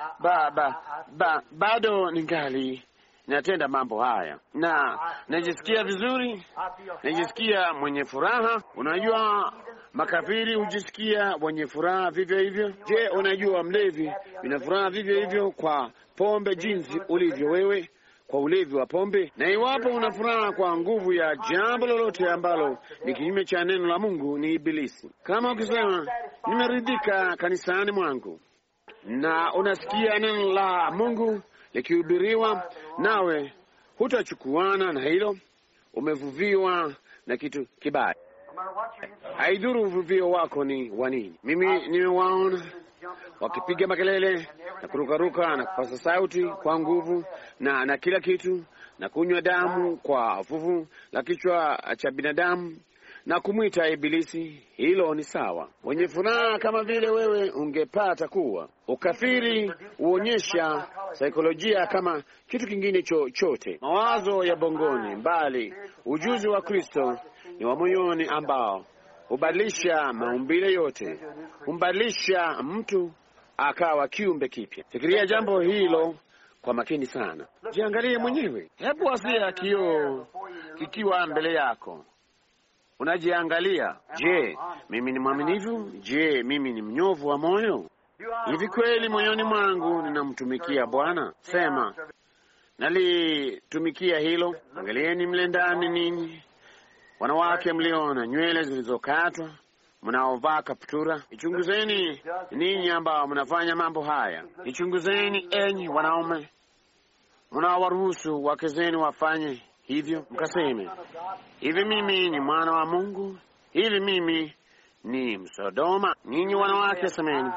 ah, baba ah, ba, bado ningali natenda mambo haya na najisikia vizuri, najisikia mwenye furaha. Unajua, makafiri hujisikia wenye furaha vivyo hivyo. Je, unajua mlevi ina furaha vivyo hivyo kwa pombe jinsi ulivyo wewe? kwa ulevi wa pombe, na iwapo una furaha kwa nguvu ya jambo lolote ambalo ni kinyume cha neno la Mungu, ni Ibilisi. Kama ukisema nimeridhika kanisani mwangu, na unasikia neno la Mungu likihubiriwa, nawe hutachukuana na hilo, umevuviwa na kitu kibaya. Haidhuru uvuvio wako ni wa nini. Mimi nimewaona wakipiga makelele na kurukaruka na kupasa sauti kwa nguvu na na kila kitu na kunywa damu kwa fuvu la kichwa cha binadamu na kumwita Ibilisi, hilo ni sawa. Wenye furaha kama vile wewe ungepata kuwa. Ukafiri huonyesha saikolojia kama kitu kingine chochote, mawazo ya bongoni, mbali ujuzi wa Kristo ni wa moyoni ambao hubadilisha maumbile yote, humbadilisha mtu akawa kiumbe kipya. Fikiria jambo hilo kwa makini sana, jiangalie mwenyewe. Hebu wazia kioo kikiwa mbele yako, unajiangalia. Je, mimi ni mwaminivu? Je, mimi ni mnyovu wa moyo? Hivi kweli moyoni mwangu ninamtumikia Bwana? Sema, nalitumikia hilo. Angalieni mle ndani ninyi wanawake mlio na nywele zilizokatwa, mnaovaa kaptura, ichunguzeni ninyi ambao mnafanya mambo haya, ichunguzeni enyi wanaume mnaowaruhusu wake zenu wafanye hivyo, mkaseme hivi, mimi ni mwana wa Mungu? Hivi mimi ni Msodoma? Ninyi wanawake semeni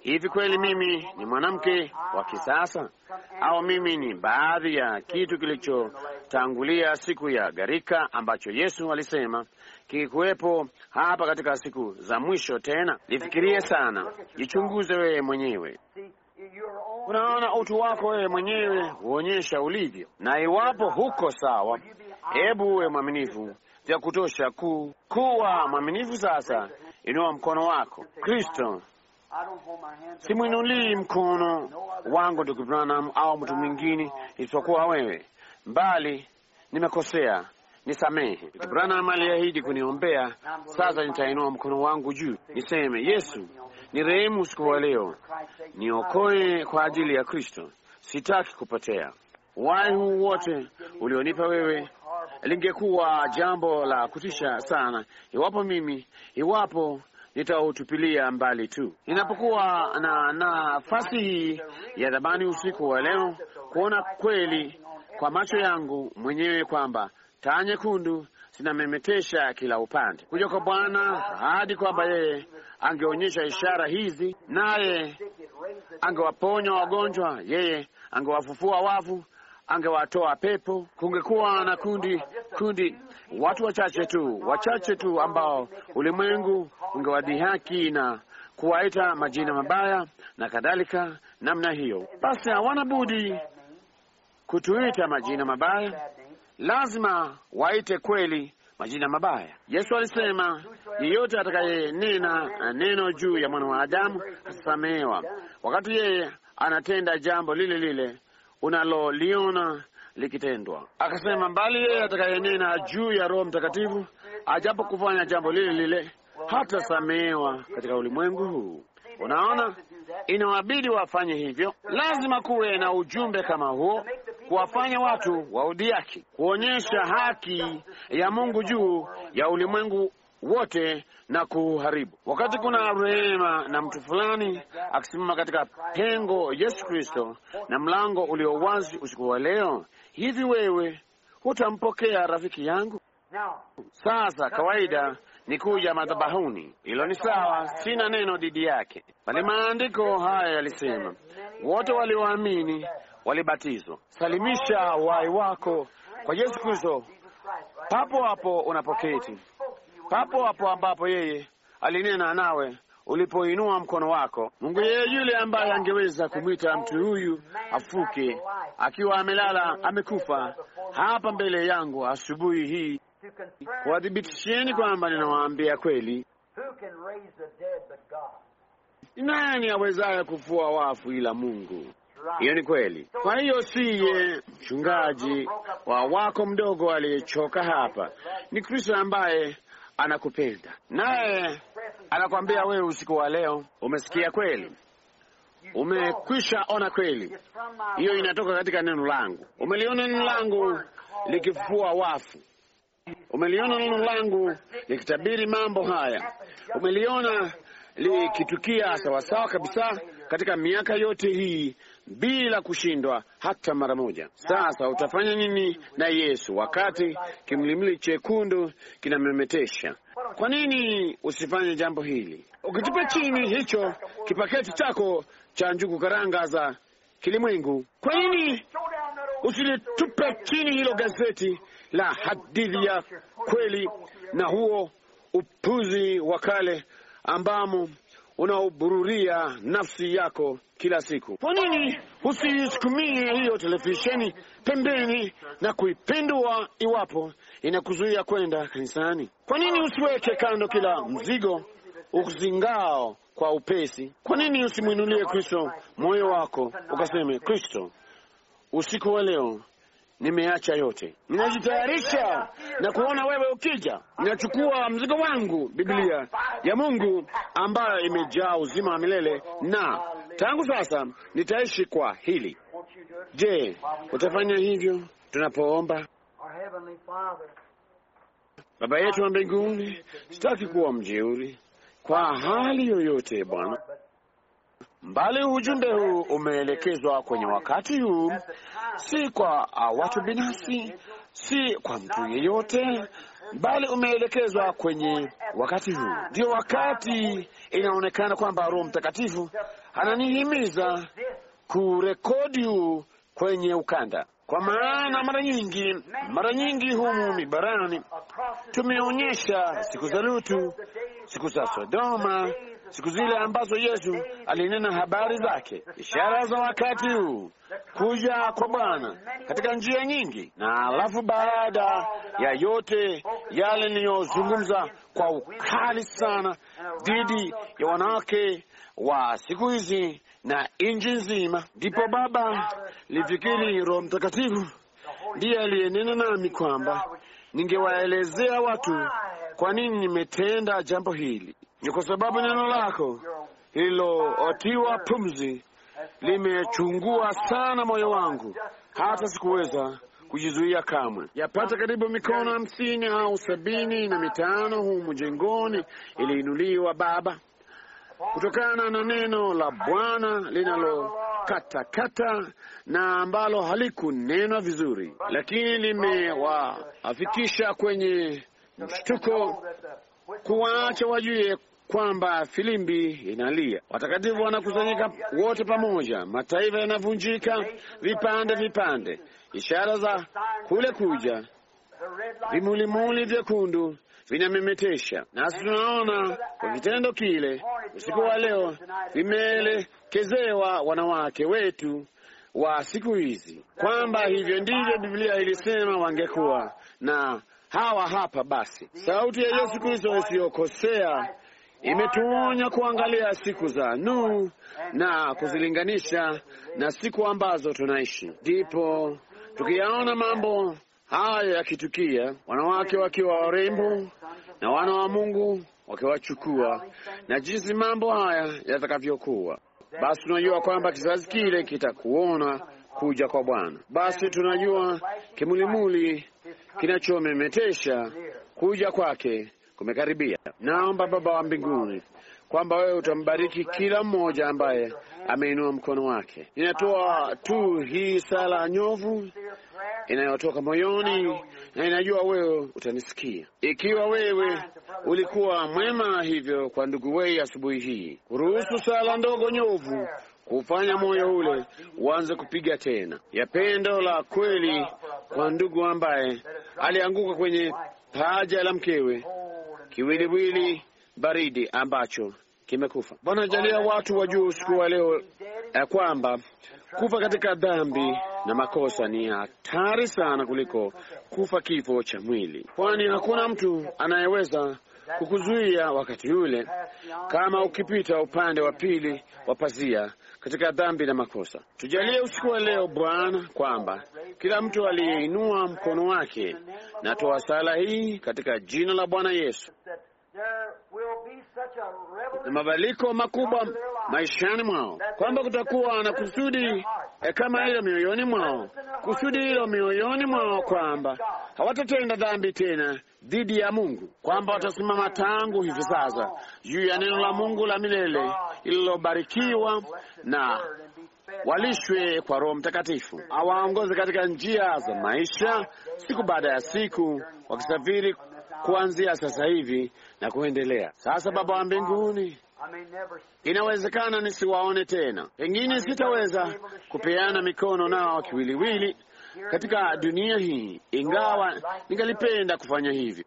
hivi, kweli mimi ni mwanamke wa kisasa, au mimi ni baadhi ya kitu kilicho tangulia siku ya gharika ambacho Yesu alisema kikuwepo hapa katika siku za mwisho. Tena lifikirie sana, jichunguze wewe mwenyewe. Unaona, utu wako wewe mwenyewe huonyesha ulivyo, na iwapo huko sawa, hebu uwe mwaminifu vya kutosha ku kuwa mwaminifu. Sasa inua mkono wako. Kristo, simwinulii mkono wangu ndugu Branham au mtu mwingine isipokuwa wewe bali nimekosea, nisamehe. Branham aliahidi kuniombea. Sasa nitainua mkono wangu juu niseme, Yesu, ni rehemu usiku wa leo, niokoe kwa ajili ya Kristo, sitaki kupotea. wai huu wote ulionipa wewe, lingekuwa jambo la kutisha sana iwapo mimi, iwapo nitautupilia mbali tu. Ninapokuwa na nafasi hii ya dhamani usiku wa leo, kuona kweli kwa macho yangu mwenyewe kwamba taa nyekundu zinamemetesha kila upande. Kuja kwa Bwana hadi kwamba yeye angeonyesha ishara hizi, naye angewaponya wagonjwa, yeye angewafufua wavu, angewatoa pepo. Kungekuwa na kundi kundi, watu wachache tu, wachache tu ambao ulimwengu ungewadhihaki na kuwaita majina mabaya na kadhalika namna hiyo, basi hawana budi kutuita majina mabaya, lazima waite kweli majina mabaya. Yesu alisema yeyote atakayenena neno juu ya mwana wa Adamu atasamehewa, wakati yeye anatenda jambo lile lile unaloliona likitendwa. Akasema, mbali yeye atakayenena juu ya Roho Mtakatifu ajapo kufanya jambo lile lile hatasamehewa katika ulimwengu huu. Unaona, inawabidi wafanye hivyo. Lazima kuwe na ujumbe kama huo kuwafanya watu waudhi yake, kuonyesha haki ya Mungu juu ya ulimwengu wote na kuharibu. Wakati kuna rehema na mtu fulani akisimama katika pengo, Yesu Kristo, na mlango ulio wazi usiku wa leo, hivi wewe hutampokea rafiki yangu? Sasa kawaida ni kuja madhabahuni, hilo ni sawa, sina neno dhidi yake, bali maandiko haya yalisema wote walioamini walibatizwa. Salimisha wai wako kwa Yesu Kristo papo hapo unapoketi, papo hapo ambapo yeye alinena nawe ulipoinua mkono wako. Mungu yeye yule ambaye angeweza kumwita mtu huyu afuke akiwa amelala amekufa hapa mbele yangu asubuhi hii, kuwadhibitisheni kwamba ninawaambia kweli, ni nani awezaye kufua wafu ila Mungu? Hiyo ni kweli. Kwa hiyo siye mchungaji wa wako mdogo aliyechoka hapa, ni Kristo ambaye anakupenda naye anakwambia wewe, usiku wa leo umesikia kweli, umekwisha ona kweli. Hiyo inatoka katika neno langu. Umeliona neno langu likifufua wafu, umeliona neno langu likitabiri mambo haya, umeliona likitukia sawasawa kabisa katika miaka yote hii bila kushindwa hata mara moja. Sasa utafanya nini na Yesu wakati kimlimli chekundu kinamemetesha? Kwa nini usifanye jambo hili? Ukitupa chini hicho kipaketi chako cha njugu karanga za kilimwengu, kwa nini usilitupe chini hilo gazeti la hadithi ya kweli na huo upuzi wa kale ambamo unaobururia nafsi yako kila siku. Kwa nini husiisukumie hiyo televisheni pembeni na kuipindua iwapo inakuzuia kwenda kanisani? Kwa nini usiweke kando kila mzigo uzingao kwa upesi? Kwa nini usimwinulie Kristo moyo wako ukaseme, Kristo, usiku wa leo nimeacha yote, ninajitayarisha na kuona wewe ukija. Ninachukua mzigo wangu, Biblia ya Mungu ambayo imejaa uzima wa milele, na tangu sasa nitaishi kwa hili. Je, utafanya hivyo tunapoomba? Baba yetu wa mbinguni, sitaki kuwa mjeuri kwa hali yoyote, Bwana, Mbali ujumbe huu umeelekezwa kwenye wakati huu, si kwa ah, watu binafsi, si kwa mtu yeyote, bali umeelekezwa kwenye wakati huu. Ndio wakati inaonekana kwamba Roho Mtakatifu ananihimiza kurekodi huu kwenye ukanda, kwa maana mara nyingi, mara nyingi humu mibarani tumeonyesha siku za Lutu, siku za Sodoma siku zile ambazo Yesu alinena habari zake, ishara za wakati huu, kuja kwa Bwana katika njia nyingi. Na alafu baada ya yote yale niliyozungumza kwa ukali sana dhidi ya wanawake wa siku hizi na nchi nzima, ndipo Baba lifikiri Roho Mtakatifu ndiye aliyenena nami kwamba ningewaelezea watu kwa nini nimetenda jambo hili ni kwa sababu neno lako lililotiwa pumzi limechungua sana moyo wangu, hata sikuweza kujizuia kamwe. Yapata karibu mikono hamsini au sabini na mitano humu jengoni iliinuliwa, Baba, kutokana na neno la Bwana linalokatakata na ambalo halikunenwa vizuri, lakini limewafikisha kwenye mshtuko, kuwaacha wajue kwamba filimbi inalia, watakatifu wanakusanyika wote pamoja, mataifa yanavunjika vipande vipande, ishara za kule kuja, vimulimuli vyekundu vinamemetesha. Nasi tunaona kwa kitendo kile usiku wa leo, vimeelekezewa wanawake wetu wa siku hizi, kwamba hivyo ndivyo Biblia ilisema wangekuwa na hawa hapa basi, sauti ya Yesu Kristo isiyokosea imetuonya kuangalia siku za Nuhu na kuzilinganisha na siku ambazo tunaishi, ndipo tukiyaona mambo haya yakitukia, wanawake wakiwa warembo na wana wa Mungu wakiwachukua, na jinsi mambo haya yatakavyokuwa, basi tunajua kwamba kizazi kile kitakuona kuja kwa Bwana. Basi tunajua kimulimuli kinachomemetesha kuja kwake kumekaribia. Naomba Baba wa mbinguni kwamba wewe utambariki kila mmoja ambaye ameinua mkono wake. Inatoa tu hii sala nyovu inayotoka moyoni, na inajua wewe utanisikia. Ikiwa wewe ulikuwa mwema hivyo kwa ndugu wei asubuhi hii, kuruhusu sala ndogo nyovu kufanya moyo ule uanze kupiga tena, ya pendo la kweli kwa ndugu ambaye alianguka kwenye paja la mkewe kiwiliwili baridi ambacho kimekufa. Bwana, jalia watu wajue usiku wa leo ya eh, kwamba kufa katika dhambi na makosa ni hatari sana kuliko kufa kifo cha mwili, kwani hakuna mtu anayeweza kukuzuia wakati yule kama ukipita upande wa pili wa pazia katika dhambi na makosa. Tujalie usiku wa leo Bwana, kwamba kila mtu aliyeinua mkono wake, na toa sala hii katika jina la Bwana Yesu, na mabadiliko makubwa maishani mwao, kwamba kutakuwa na kusudi e, kama hilo mioyoni mwao, kusudi hilo mioyoni mwao, kwamba hawatatenda dhambi tena dhidi ya Mungu, kwamba watasimama tangu hivi sasa juu ya neno la Mungu la milele lililobarikiwa na walishwe kwa Roho Mtakatifu, awaongoze katika njia za maisha, siku baada ya siku, wakisafiri kuanzia sasa hivi na kuendelea. Sasa Baba wa mbinguni, inawezekana nisiwaone tena, pengine sitaweza kupeana mikono nao kiwiliwili katika dunia hii, ingawa ningalipenda kufanya hivyo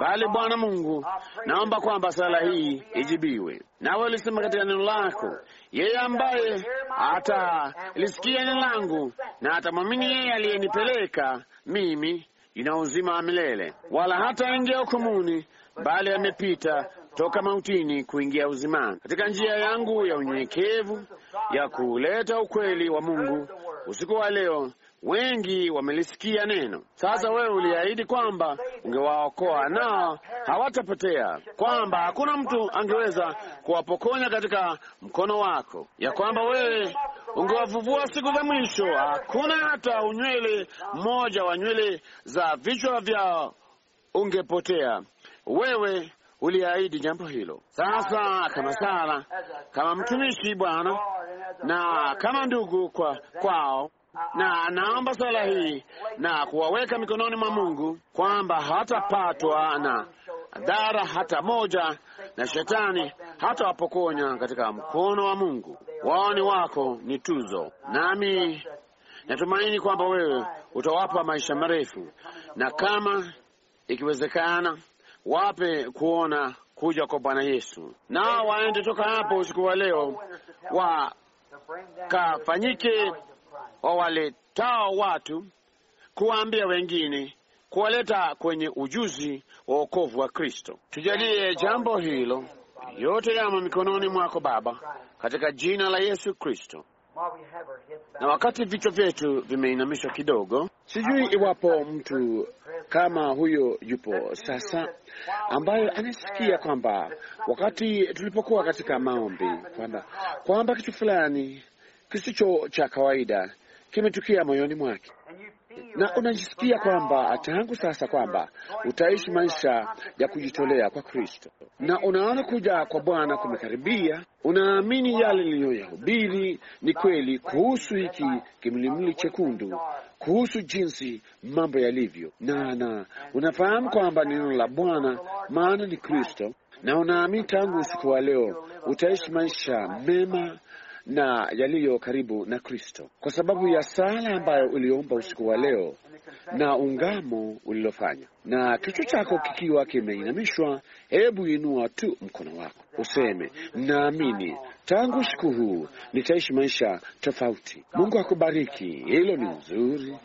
bali Bwana Mungu, naomba kwamba sala hii ijibiwe. Nawe ulisema katika neno lako, yeye ambaye atalisikia neno langu na atamwamini yeye aliyenipeleka mimi, ina uzima wa milele, wala hataingia hukumuni, bali amepita toka mautini kuingia uzimani. Katika njia yangu ya unyenyekevu ya kuleta ukweli wa Mungu usiku wa leo wengi wamelisikia neno. Sasa wewe uliahidi kwamba ungewaokoa nao hawatapotea, kwamba hakuna mtu angeweza kuwapokonya katika mkono wako, ya kwamba wewe ungewavuvua siku za mwisho, hakuna hata unywele mmoja wa nywele za vichwa vyao ungepotea. Wewe uliahidi jambo hilo. Sasa kama Sara, kama mtumishi Bwana, na kama ndugu kwa kwao na anaomba sala hii na kuwaweka mikononi mwa Mungu kwamba hatapatwa na dhara hata moja, na shetani hata wapokonya katika mkono wa Mungu. Waoni wako ni tuzo, nami natumaini kwamba wewe utawapa maisha marefu, na kama ikiwezekana, wape kuona kuja kwa Bwana Yesu, nao waende toka hapo usiku wa leo wakafanyike wawaletao watu, kuwaambia wengine, kuwaleta kwenye ujuzi wa wokovu wa Kristo. Tujalie jambo hilo. Yote yamo mikononi mwako Baba, katika jina la Yesu Kristo. Na wakati vichwa vyetu vimeinamishwa kidogo, sijui iwapo mtu kama huyo yupo sasa, ambayo anasikia kwamba wakati tulipokuwa katika maombi kwamba kwamba kitu fulani kisicho cha kawaida kimetukia moyoni mwake, na unajisikia kwamba tangu sasa kwamba utaishi maisha ya kujitolea kwa Kristo, na unaona kuja kwa Bwana kumekaribia. Unaamini yale niliyoyahubiri ni kweli kuhusu hiki kimlimli chekundu, kuhusu jinsi mambo yalivyo, na na unafahamu kwamba neno la Bwana maana ni Kristo, na unaamini tangu usiku wa leo utaishi maisha mema na yaliyo karibu na Kristo, kwa sababu ya sala ambayo uliomba usiku wa leo na ungamo ulilofanya. Na kichwa chako kikiwa kimeinamishwa, hebu inua tu mkono wako useme, naamini tangu siku huu nitaishi maisha tofauti. Mungu akubariki. Hilo ni nzuri,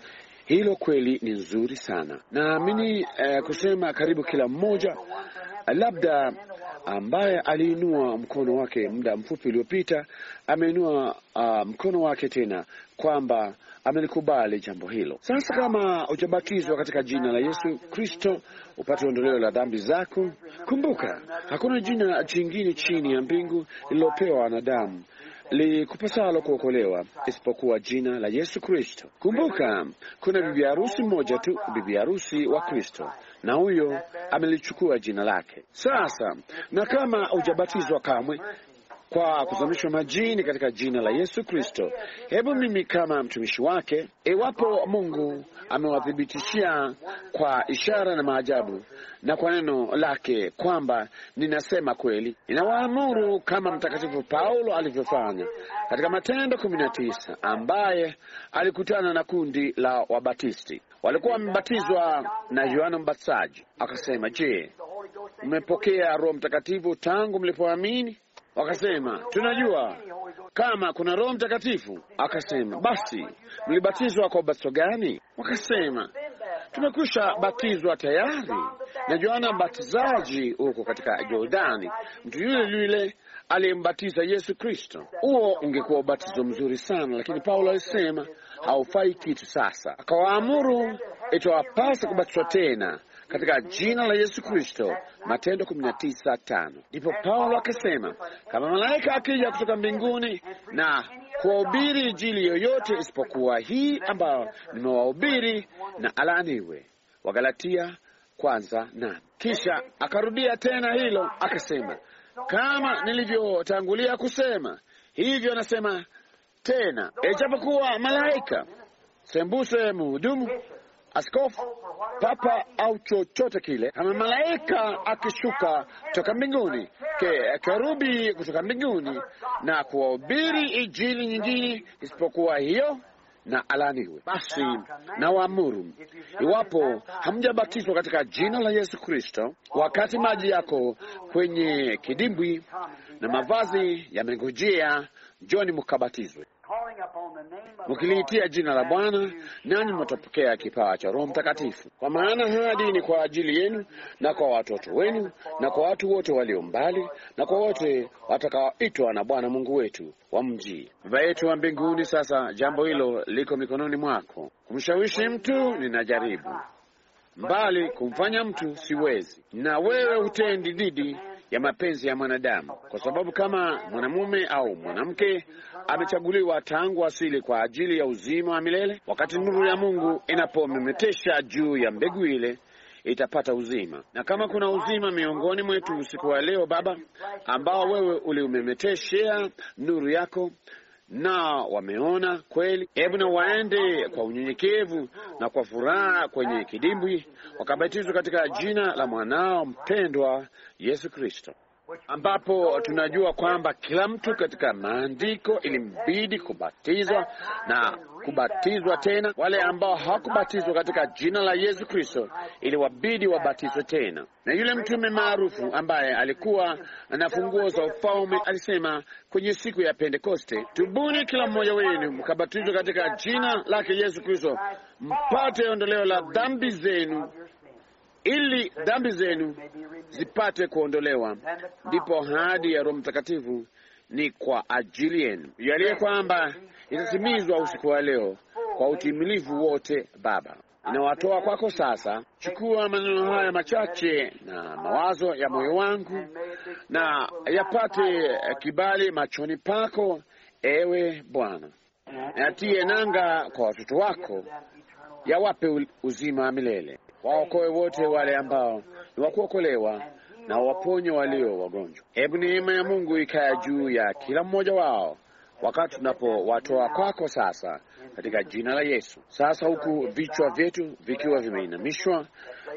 hilo kweli ni nzuri sana. Naamini eh, kusema karibu kila mmoja labda ambaye aliinua mkono wake muda mfupi uliopita ameinua uh, mkono wake tena kwamba amelikubali jambo hilo. Sasa kama hujabatizwa katika jina la Yesu Kristo upate ondoleo la dhambi zako, kumbuka hakuna jina jingine chini ya mbingu lililopewa wanadamu likupasalo kuokolewa isipokuwa jina la Yesu Kristo. Kumbuka, kuna bibi harusi mmoja tu, bibi harusi wa Kristo, na huyo amelichukua jina lake. Sasa na kama hujabatizwa kamwe, kwa kuzamishwa majini katika jina la Yesu Kristo. Hebu mimi kama mtumishi wake, iwapo Mungu amewathibitishia kwa ishara na maajabu na kwa neno lake kwamba ninasema kweli, ninawaamuru kama Mtakatifu Paulo alivyofanya katika Matendo kumi na tisa, ambaye alikutana na kundi la Wabatisti walikuwa wamebatizwa na Yohana Mbatizaji, akasema, je, mmepokea Roho Mtakatifu tangu mlipoamini? Wakasema tunajua kama kuna Roho Mtakatifu. Akasema basi mlibatizwa kwa ubatizo gani? Wakasema tumekwisha batizwa tayari na Yohana Mbatizaji huko katika Jordani, mtu yule yule aliyembatiza Yesu Kristo. Huo ungekuwa ubatizo mzuri sana, lakini Paulo alisema haufai kitu. Sasa akawaamuru itawapasa kubatizwa tena katika jina la Yesu Kristo, Matendo kumi na tisa tano. Ndipo Paulo akasema kama malaika akija kutoka mbinguni na kuwahubiri Injili yoyote isipokuwa hii ambayo nimewahubiri, na alaaniwe. Wagalatia kwanza na kisha akarudia tena hilo akasema, kama nilivyotangulia kusema hivyo, nasema tena, ijapokuwa malaika sembuse mhudumu askofu, papa au chochote kile, kama malaika akishuka kutoka mbinguni, kerubi kutoka mbinguni na kuwahubiri injili nyingine isipokuwa hiyo na alaniwe Basi na waamuru, iwapo hamjabatizwa katika jina la Yesu Kristo, wakati maji yako kwenye kidimbwi na mavazi yamengojea, njoni mkabatizwe mkiliitia jina la Bwana nani mtapokea kipaa cha Roho Mtakatifu, kwa maana hadi ni kwa ajili yenu na kwa watoto wenu na kwa watu wote walio mbali na kwa wote watakaoitwa na Bwana Mungu wetu wa mji. Baba yetu wa mbinguni, sasa jambo hilo liko mikononi mwako. Kumshawishi mtu ninajaribu, mbali kumfanya mtu siwezi, na wewe hutendi dhidi ya mapenzi ya mwanadamu, kwa sababu kama mwanamume au mwanamke amechaguliwa tangu asili kwa ajili ya uzima wa milele, wakati nuru ya Mungu inapomemetesha juu ya mbegu ile itapata uzima. Na kama kuna uzima miongoni mwetu usiku wa leo, Baba, ambao wewe uliumemeteshea nuru yako na wameona kweli, hebu na waende kwa unyenyekevu na kwa furaha kwenye kidimbwi, wakabatizwa katika jina la mwanao mpendwa Yesu Kristo, ambapo tunajua kwamba kila mtu katika maandiko ilimbidi kubatizwa na kubatizwa tena. Wale ambao hawakubatizwa katika jina la Yesu Kristo iliwabidi wabatizwe tena. Na yule mtume maarufu ambaye alikuwa na funguo za ufalme alisema kwenye siku ya Pentekoste, tubuni kila mmoja wenu mkabatizwe katika jina lake Yesu Kristo mpate ondoleo la dhambi zenu, ili dhambi zenu zipate kuondolewa, ndipo hadi ya Roho Mtakatifu ni kwa ajili yenu, yaliye kwamba itatimizwa usiku wa leo kwa utimilivu wote. Baba, inawatoa kwako sasa. Chukua maneno haya machache na mawazo ya moyo wangu, na yapate kibali machoni pako, ewe Bwana, na yatie nanga kwa watoto wako, yawape uzima milele waokoe wote wale ambao ni wakuokolewa na waponye walio wagonjwa. Hebu neema ya Mungu ikaya juu ya kila mmoja wao wakati tunapowatoa kwako sasa, katika jina la Yesu. Sasa huku vichwa vyetu vikiwa vimeinamishwa,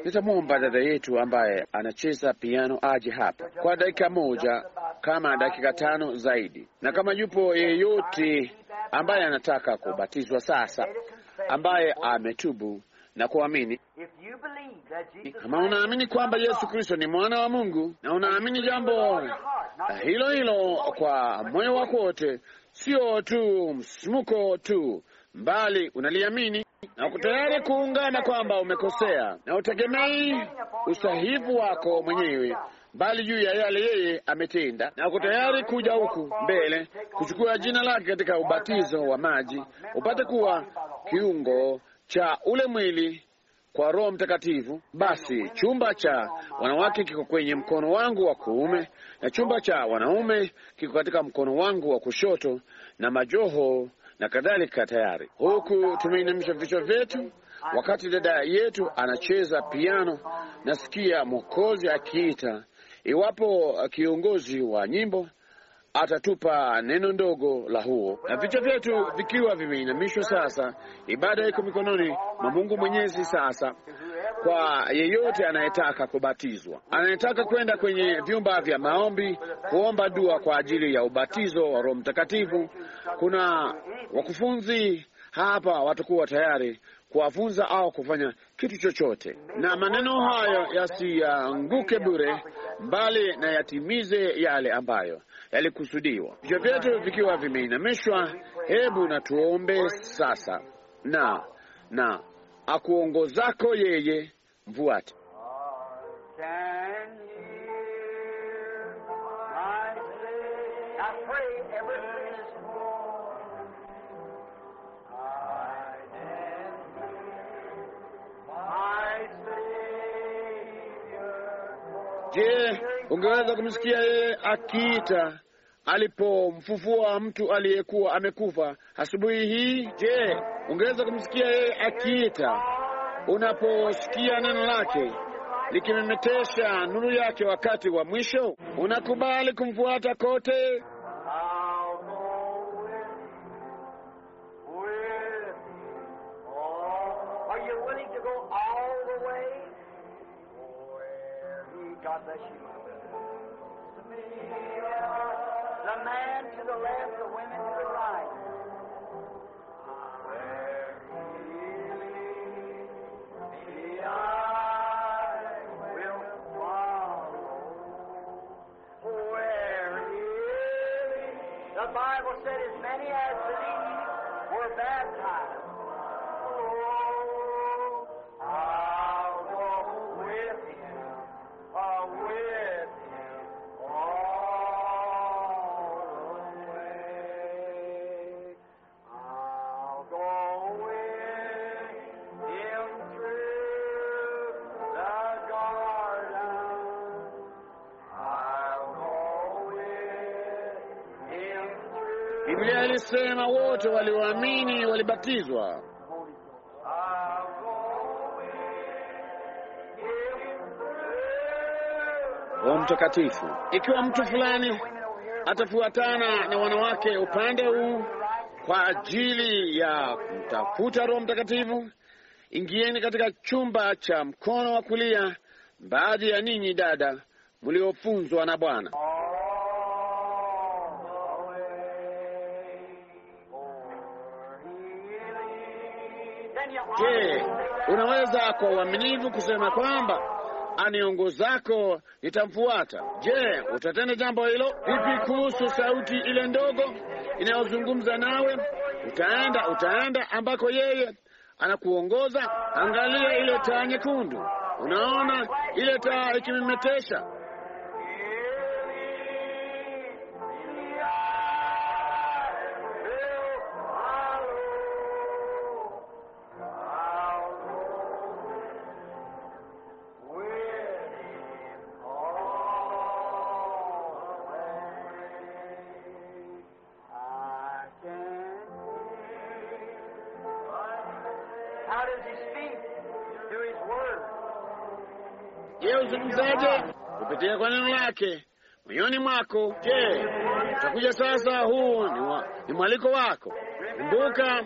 nitamwomba dada yetu ambaye anacheza piano aje hapa kwa dakika moja kama dakika tano zaidi, na kama yupo yeyote ambaye anataka kubatizwa sasa, ambaye ametubu na kuamini. Kama unaamini kwamba Yesu Kristo ni mwana wa Mungu na unaamini jambo hilo hilo kwa moyo wako wote, sio tu msimuko tu, mbali unaliamini na uko tayari kuungana kwamba umekosea na utegemei usahifu wako mwenyewe, bali juu ya yale yeye ametenda, na uko tayari kuja huku mbele kuchukua jina lake katika ubatizo wa maji upate kuwa kiungo cha ule mwili kwa Roho Mtakatifu. Basi chumba cha wanawake kiko kwenye mkono wangu wa kuume, na chumba cha wanaume kiko katika mkono wangu wa kushoto, na majoho na kadhalika tayari, huku tumeinamisha vichwa vyetu. Wakati dada yetu anacheza piano, nasikia Mwokozi akiita, iwapo kiongozi wa nyimbo atatupa neno ndogo la huo, na vichwa vyetu vikiwa vimeinamishwa. Sasa ibada iko mikononi mwa Mungu Mwenyezi. Sasa kwa yeyote anayetaka kubatizwa, anayetaka kwenda kwenye vyumba vya maombi kuomba dua kwa ajili ya ubatizo wa Roho Mtakatifu, kuna wakufunzi hapa watakuwa tayari kuwafunza au kufanya kitu chochote, na maneno hayo yasianguke bure, mbali na yatimize yale ambayo yalikusudiwa. Vichwa vyetu vikiwa vimeinamishwa, hebu na tuombe sasa. Na na akuongozako yeye mfuate. Oh, Je, ungeweza kumsikia yeye akiita alipomfufua mtu aliyekuwa amekufa asubuhi hii? Je, ungeweza kumsikia yeye akiita unaposikia neno lake likimemetesha nuru yake wakati wa mwisho? Unakubali kumfuata kote kubatizwa. Roho Mtakatifu. Ikiwa mtu fulani atafuatana na wanawake upande huu kwa ajili ya kumtafuta Roho Mtakatifu, ingieni katika chumba cha mkono wa kulia, baadhi ya ninyi dada mliofunzwa na Bwana. unaweza kwa uaminifu kusema kwamba aniongo zako itamfuata Je, utatenda jambo hilo? Vipi kuhusu sauti ile ndogo inayozungumza nawe? Utaenda utaenda ambako yeye anakuongoza. Angalia ile taa nyekundu, unaona ile taa ikimemetesha wako. Je, utakuja sasa? Huu ni, wa, ni mwaliko wako. Kumbuka,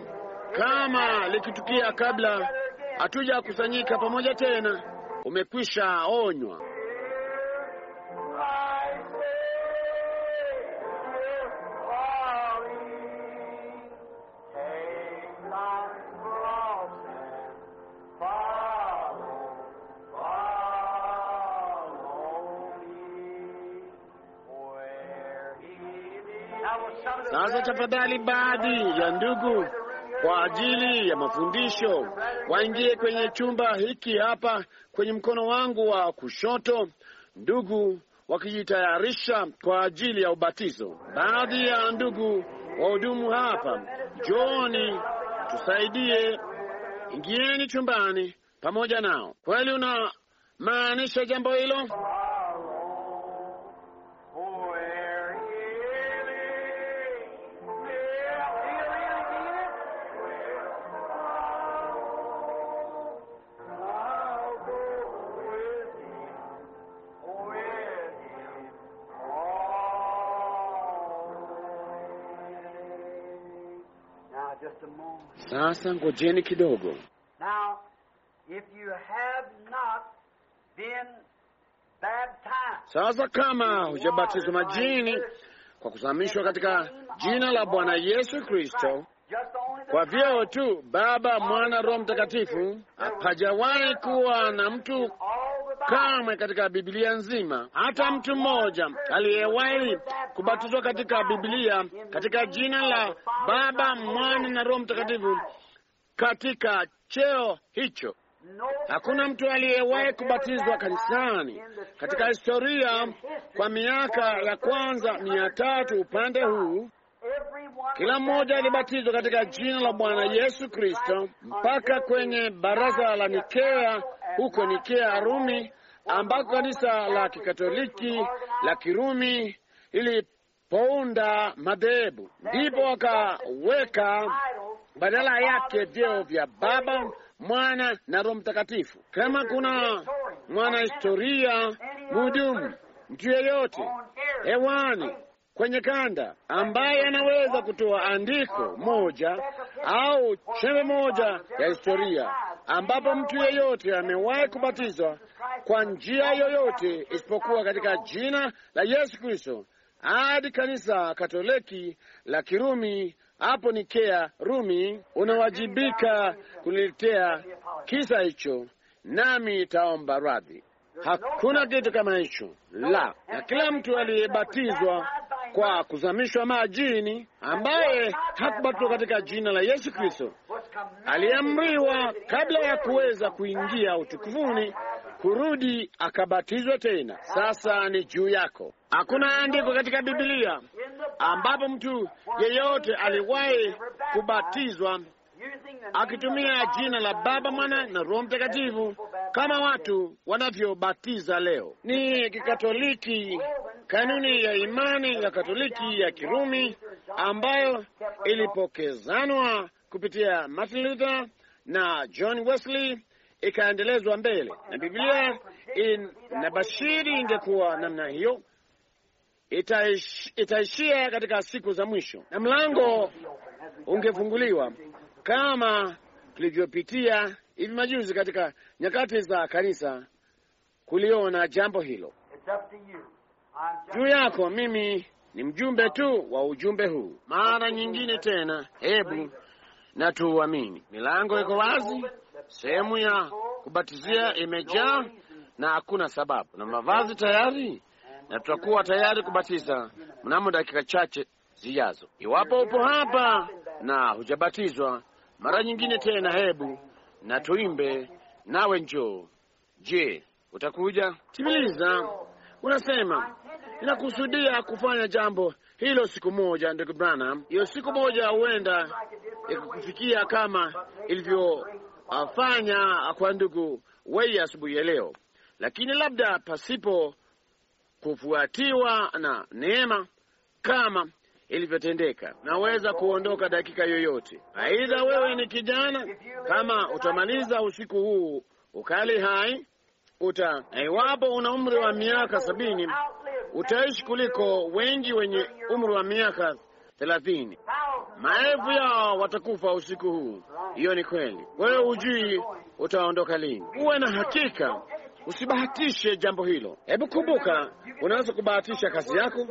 kama likitukia kabla hatuja kusanyika pamoja tena, umekwisha onywa. tafadhali baadhi ya ndugu kwa ajili ya mafundisho waingie kwenye chumba hiki hapa kwenye mkono wangu wa kushoto, ndugu wakijitayarisha kwa ajili ya ubatizo. Baadhi ya ndugu wahudumu hapa, njooni tusaidie, ingieni chumbani pamoja nao. Kweli unamaanisha jambo hilo? Sasa ngojeni kidogo. Now, if you have not been baptized, sasa kama hujabatizwa majini kwa kuzamishwa katika jina la Bwana Yesu Kristo kwa vyeo tu Baba, Mwana, Roho Mtakatifu, hapajawahi kuwa na mtu kamwe katika Biblia nzima, hata mtu mmoja aliyewahi kubatizwa katika Biblia katika jina la Baba, Mwana na Roho Mtakatifu katika cheo hicho. Hakuna mtu aliyewahi kubatizwa kanisani katika historia kwa miaka ya kwanza mia tatu upande huu. Kila mmoja alibatizwa katika jina la Bwana Yesu Kristo mpaka kwenye baraza la Nikea huko Nikea Rumi, ambako kanisa la Kikatoliki la Kirumi ilipounda madhehebu, ndipo wakaweka badala yake vyeo vya Baba, Mwana na Roho Mtakatifu. Kama kuna mwanahistoria, mhudumu, mtu yeyote hewani kwenye kanda ambaye anaweza kutoa andiko moja au chembe moja ya historia ambapo mtu yeyote amewahi kubatizwa kwa njia yoyote isipokuwa katika jina la Yesu Kristo, hadi kanisa Katoliki la Kirumi hapo Nikea, Rumi, unawajibika kuniletea kisa hicho, nami taomba radhi. Hakuna kitu kama hicho la, na kila mtu aliyebatizwa kwa kuzamishwa majini, ambaye hakubatizwa katika jina la Yesu Kristo, aliamriwa kabla ya kuweza kuingia utukufuni kurudi akabatizwa tena. Sasa ni juu yako. Hakuna andiko katika Biblia ambapo mtu yeyote aliwahi kubatizwa akitumia jina la Baba, Mwana na Roho Mtakatifu kama watu wanavyobatiza leo. Ni Kikatoliki, kanuni ya imani ya Katoliki ya Kirumi ambayo ilipokezanwa kupitia Martin Luther na John Wesley ikaendelezwa mbele na Biblia inabashiri na bashiri ingekuwa namna hiyo itaish, itaishia katika siku za mwisho na mlango ungefunguliwa kama tulivyopitia hivi majuzi katika nyakati za kanisa kuliona jambo hilo. Juu yako, mimi ni mjumbe tu wa ujumbe huu. Mara nyingine tena, hebu na Milango iko wazi Sehemu ya kubatizia imejaa na hakuna sababu, na mavazi tayari, na tutakuwa tayari kubatiza mnamo dakika chache zijazo. Iwapo upo hapa na hujabatizwa mara nyingine tena, hebu na tuimbe nawe njoo. Je, utakuja? Timiliza unasema inakusudia kufanya jambo hilo siku moja, ndugu Branham. Hiyo siku moja huenda ikakufikia kama ilivyo afanya kwa ndugu Wei asubuhi ya leo, lakini labda pasipo kufuatiwa na neema kama ilivyotendeka, naweza kuondoka dakika yoyote. Aidha, wewe ni kijana, kama utamaliza usiku huu ukali hai uta, iwapo una umri wa miaka sabini, utaishi kuliko wengi wenye umri wa miaka thelathini maelfu yao watakufa usiku huu. Hiyo ni kweli. Wewe hujui utaondoka lini. Uwe na hakika, usibahatishe jambo hilo. Hebu kumbuka, unaweza kubahatisha kazi yako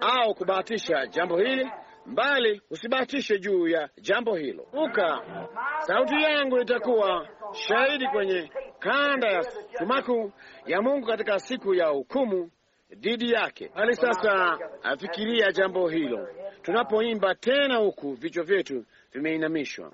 au kubahatisha jambo hili mbali, usibahatishe juu ya jambo hilo. Uka sauti yangu itakuwa shahidi kwenye kanda ya sumaku ya Mungu katika siku ya hukumu dhidi yake. Bali sasa afikiria jambo hilo, tunapoimba tena huku vichwa vyetu vimeinamishwa.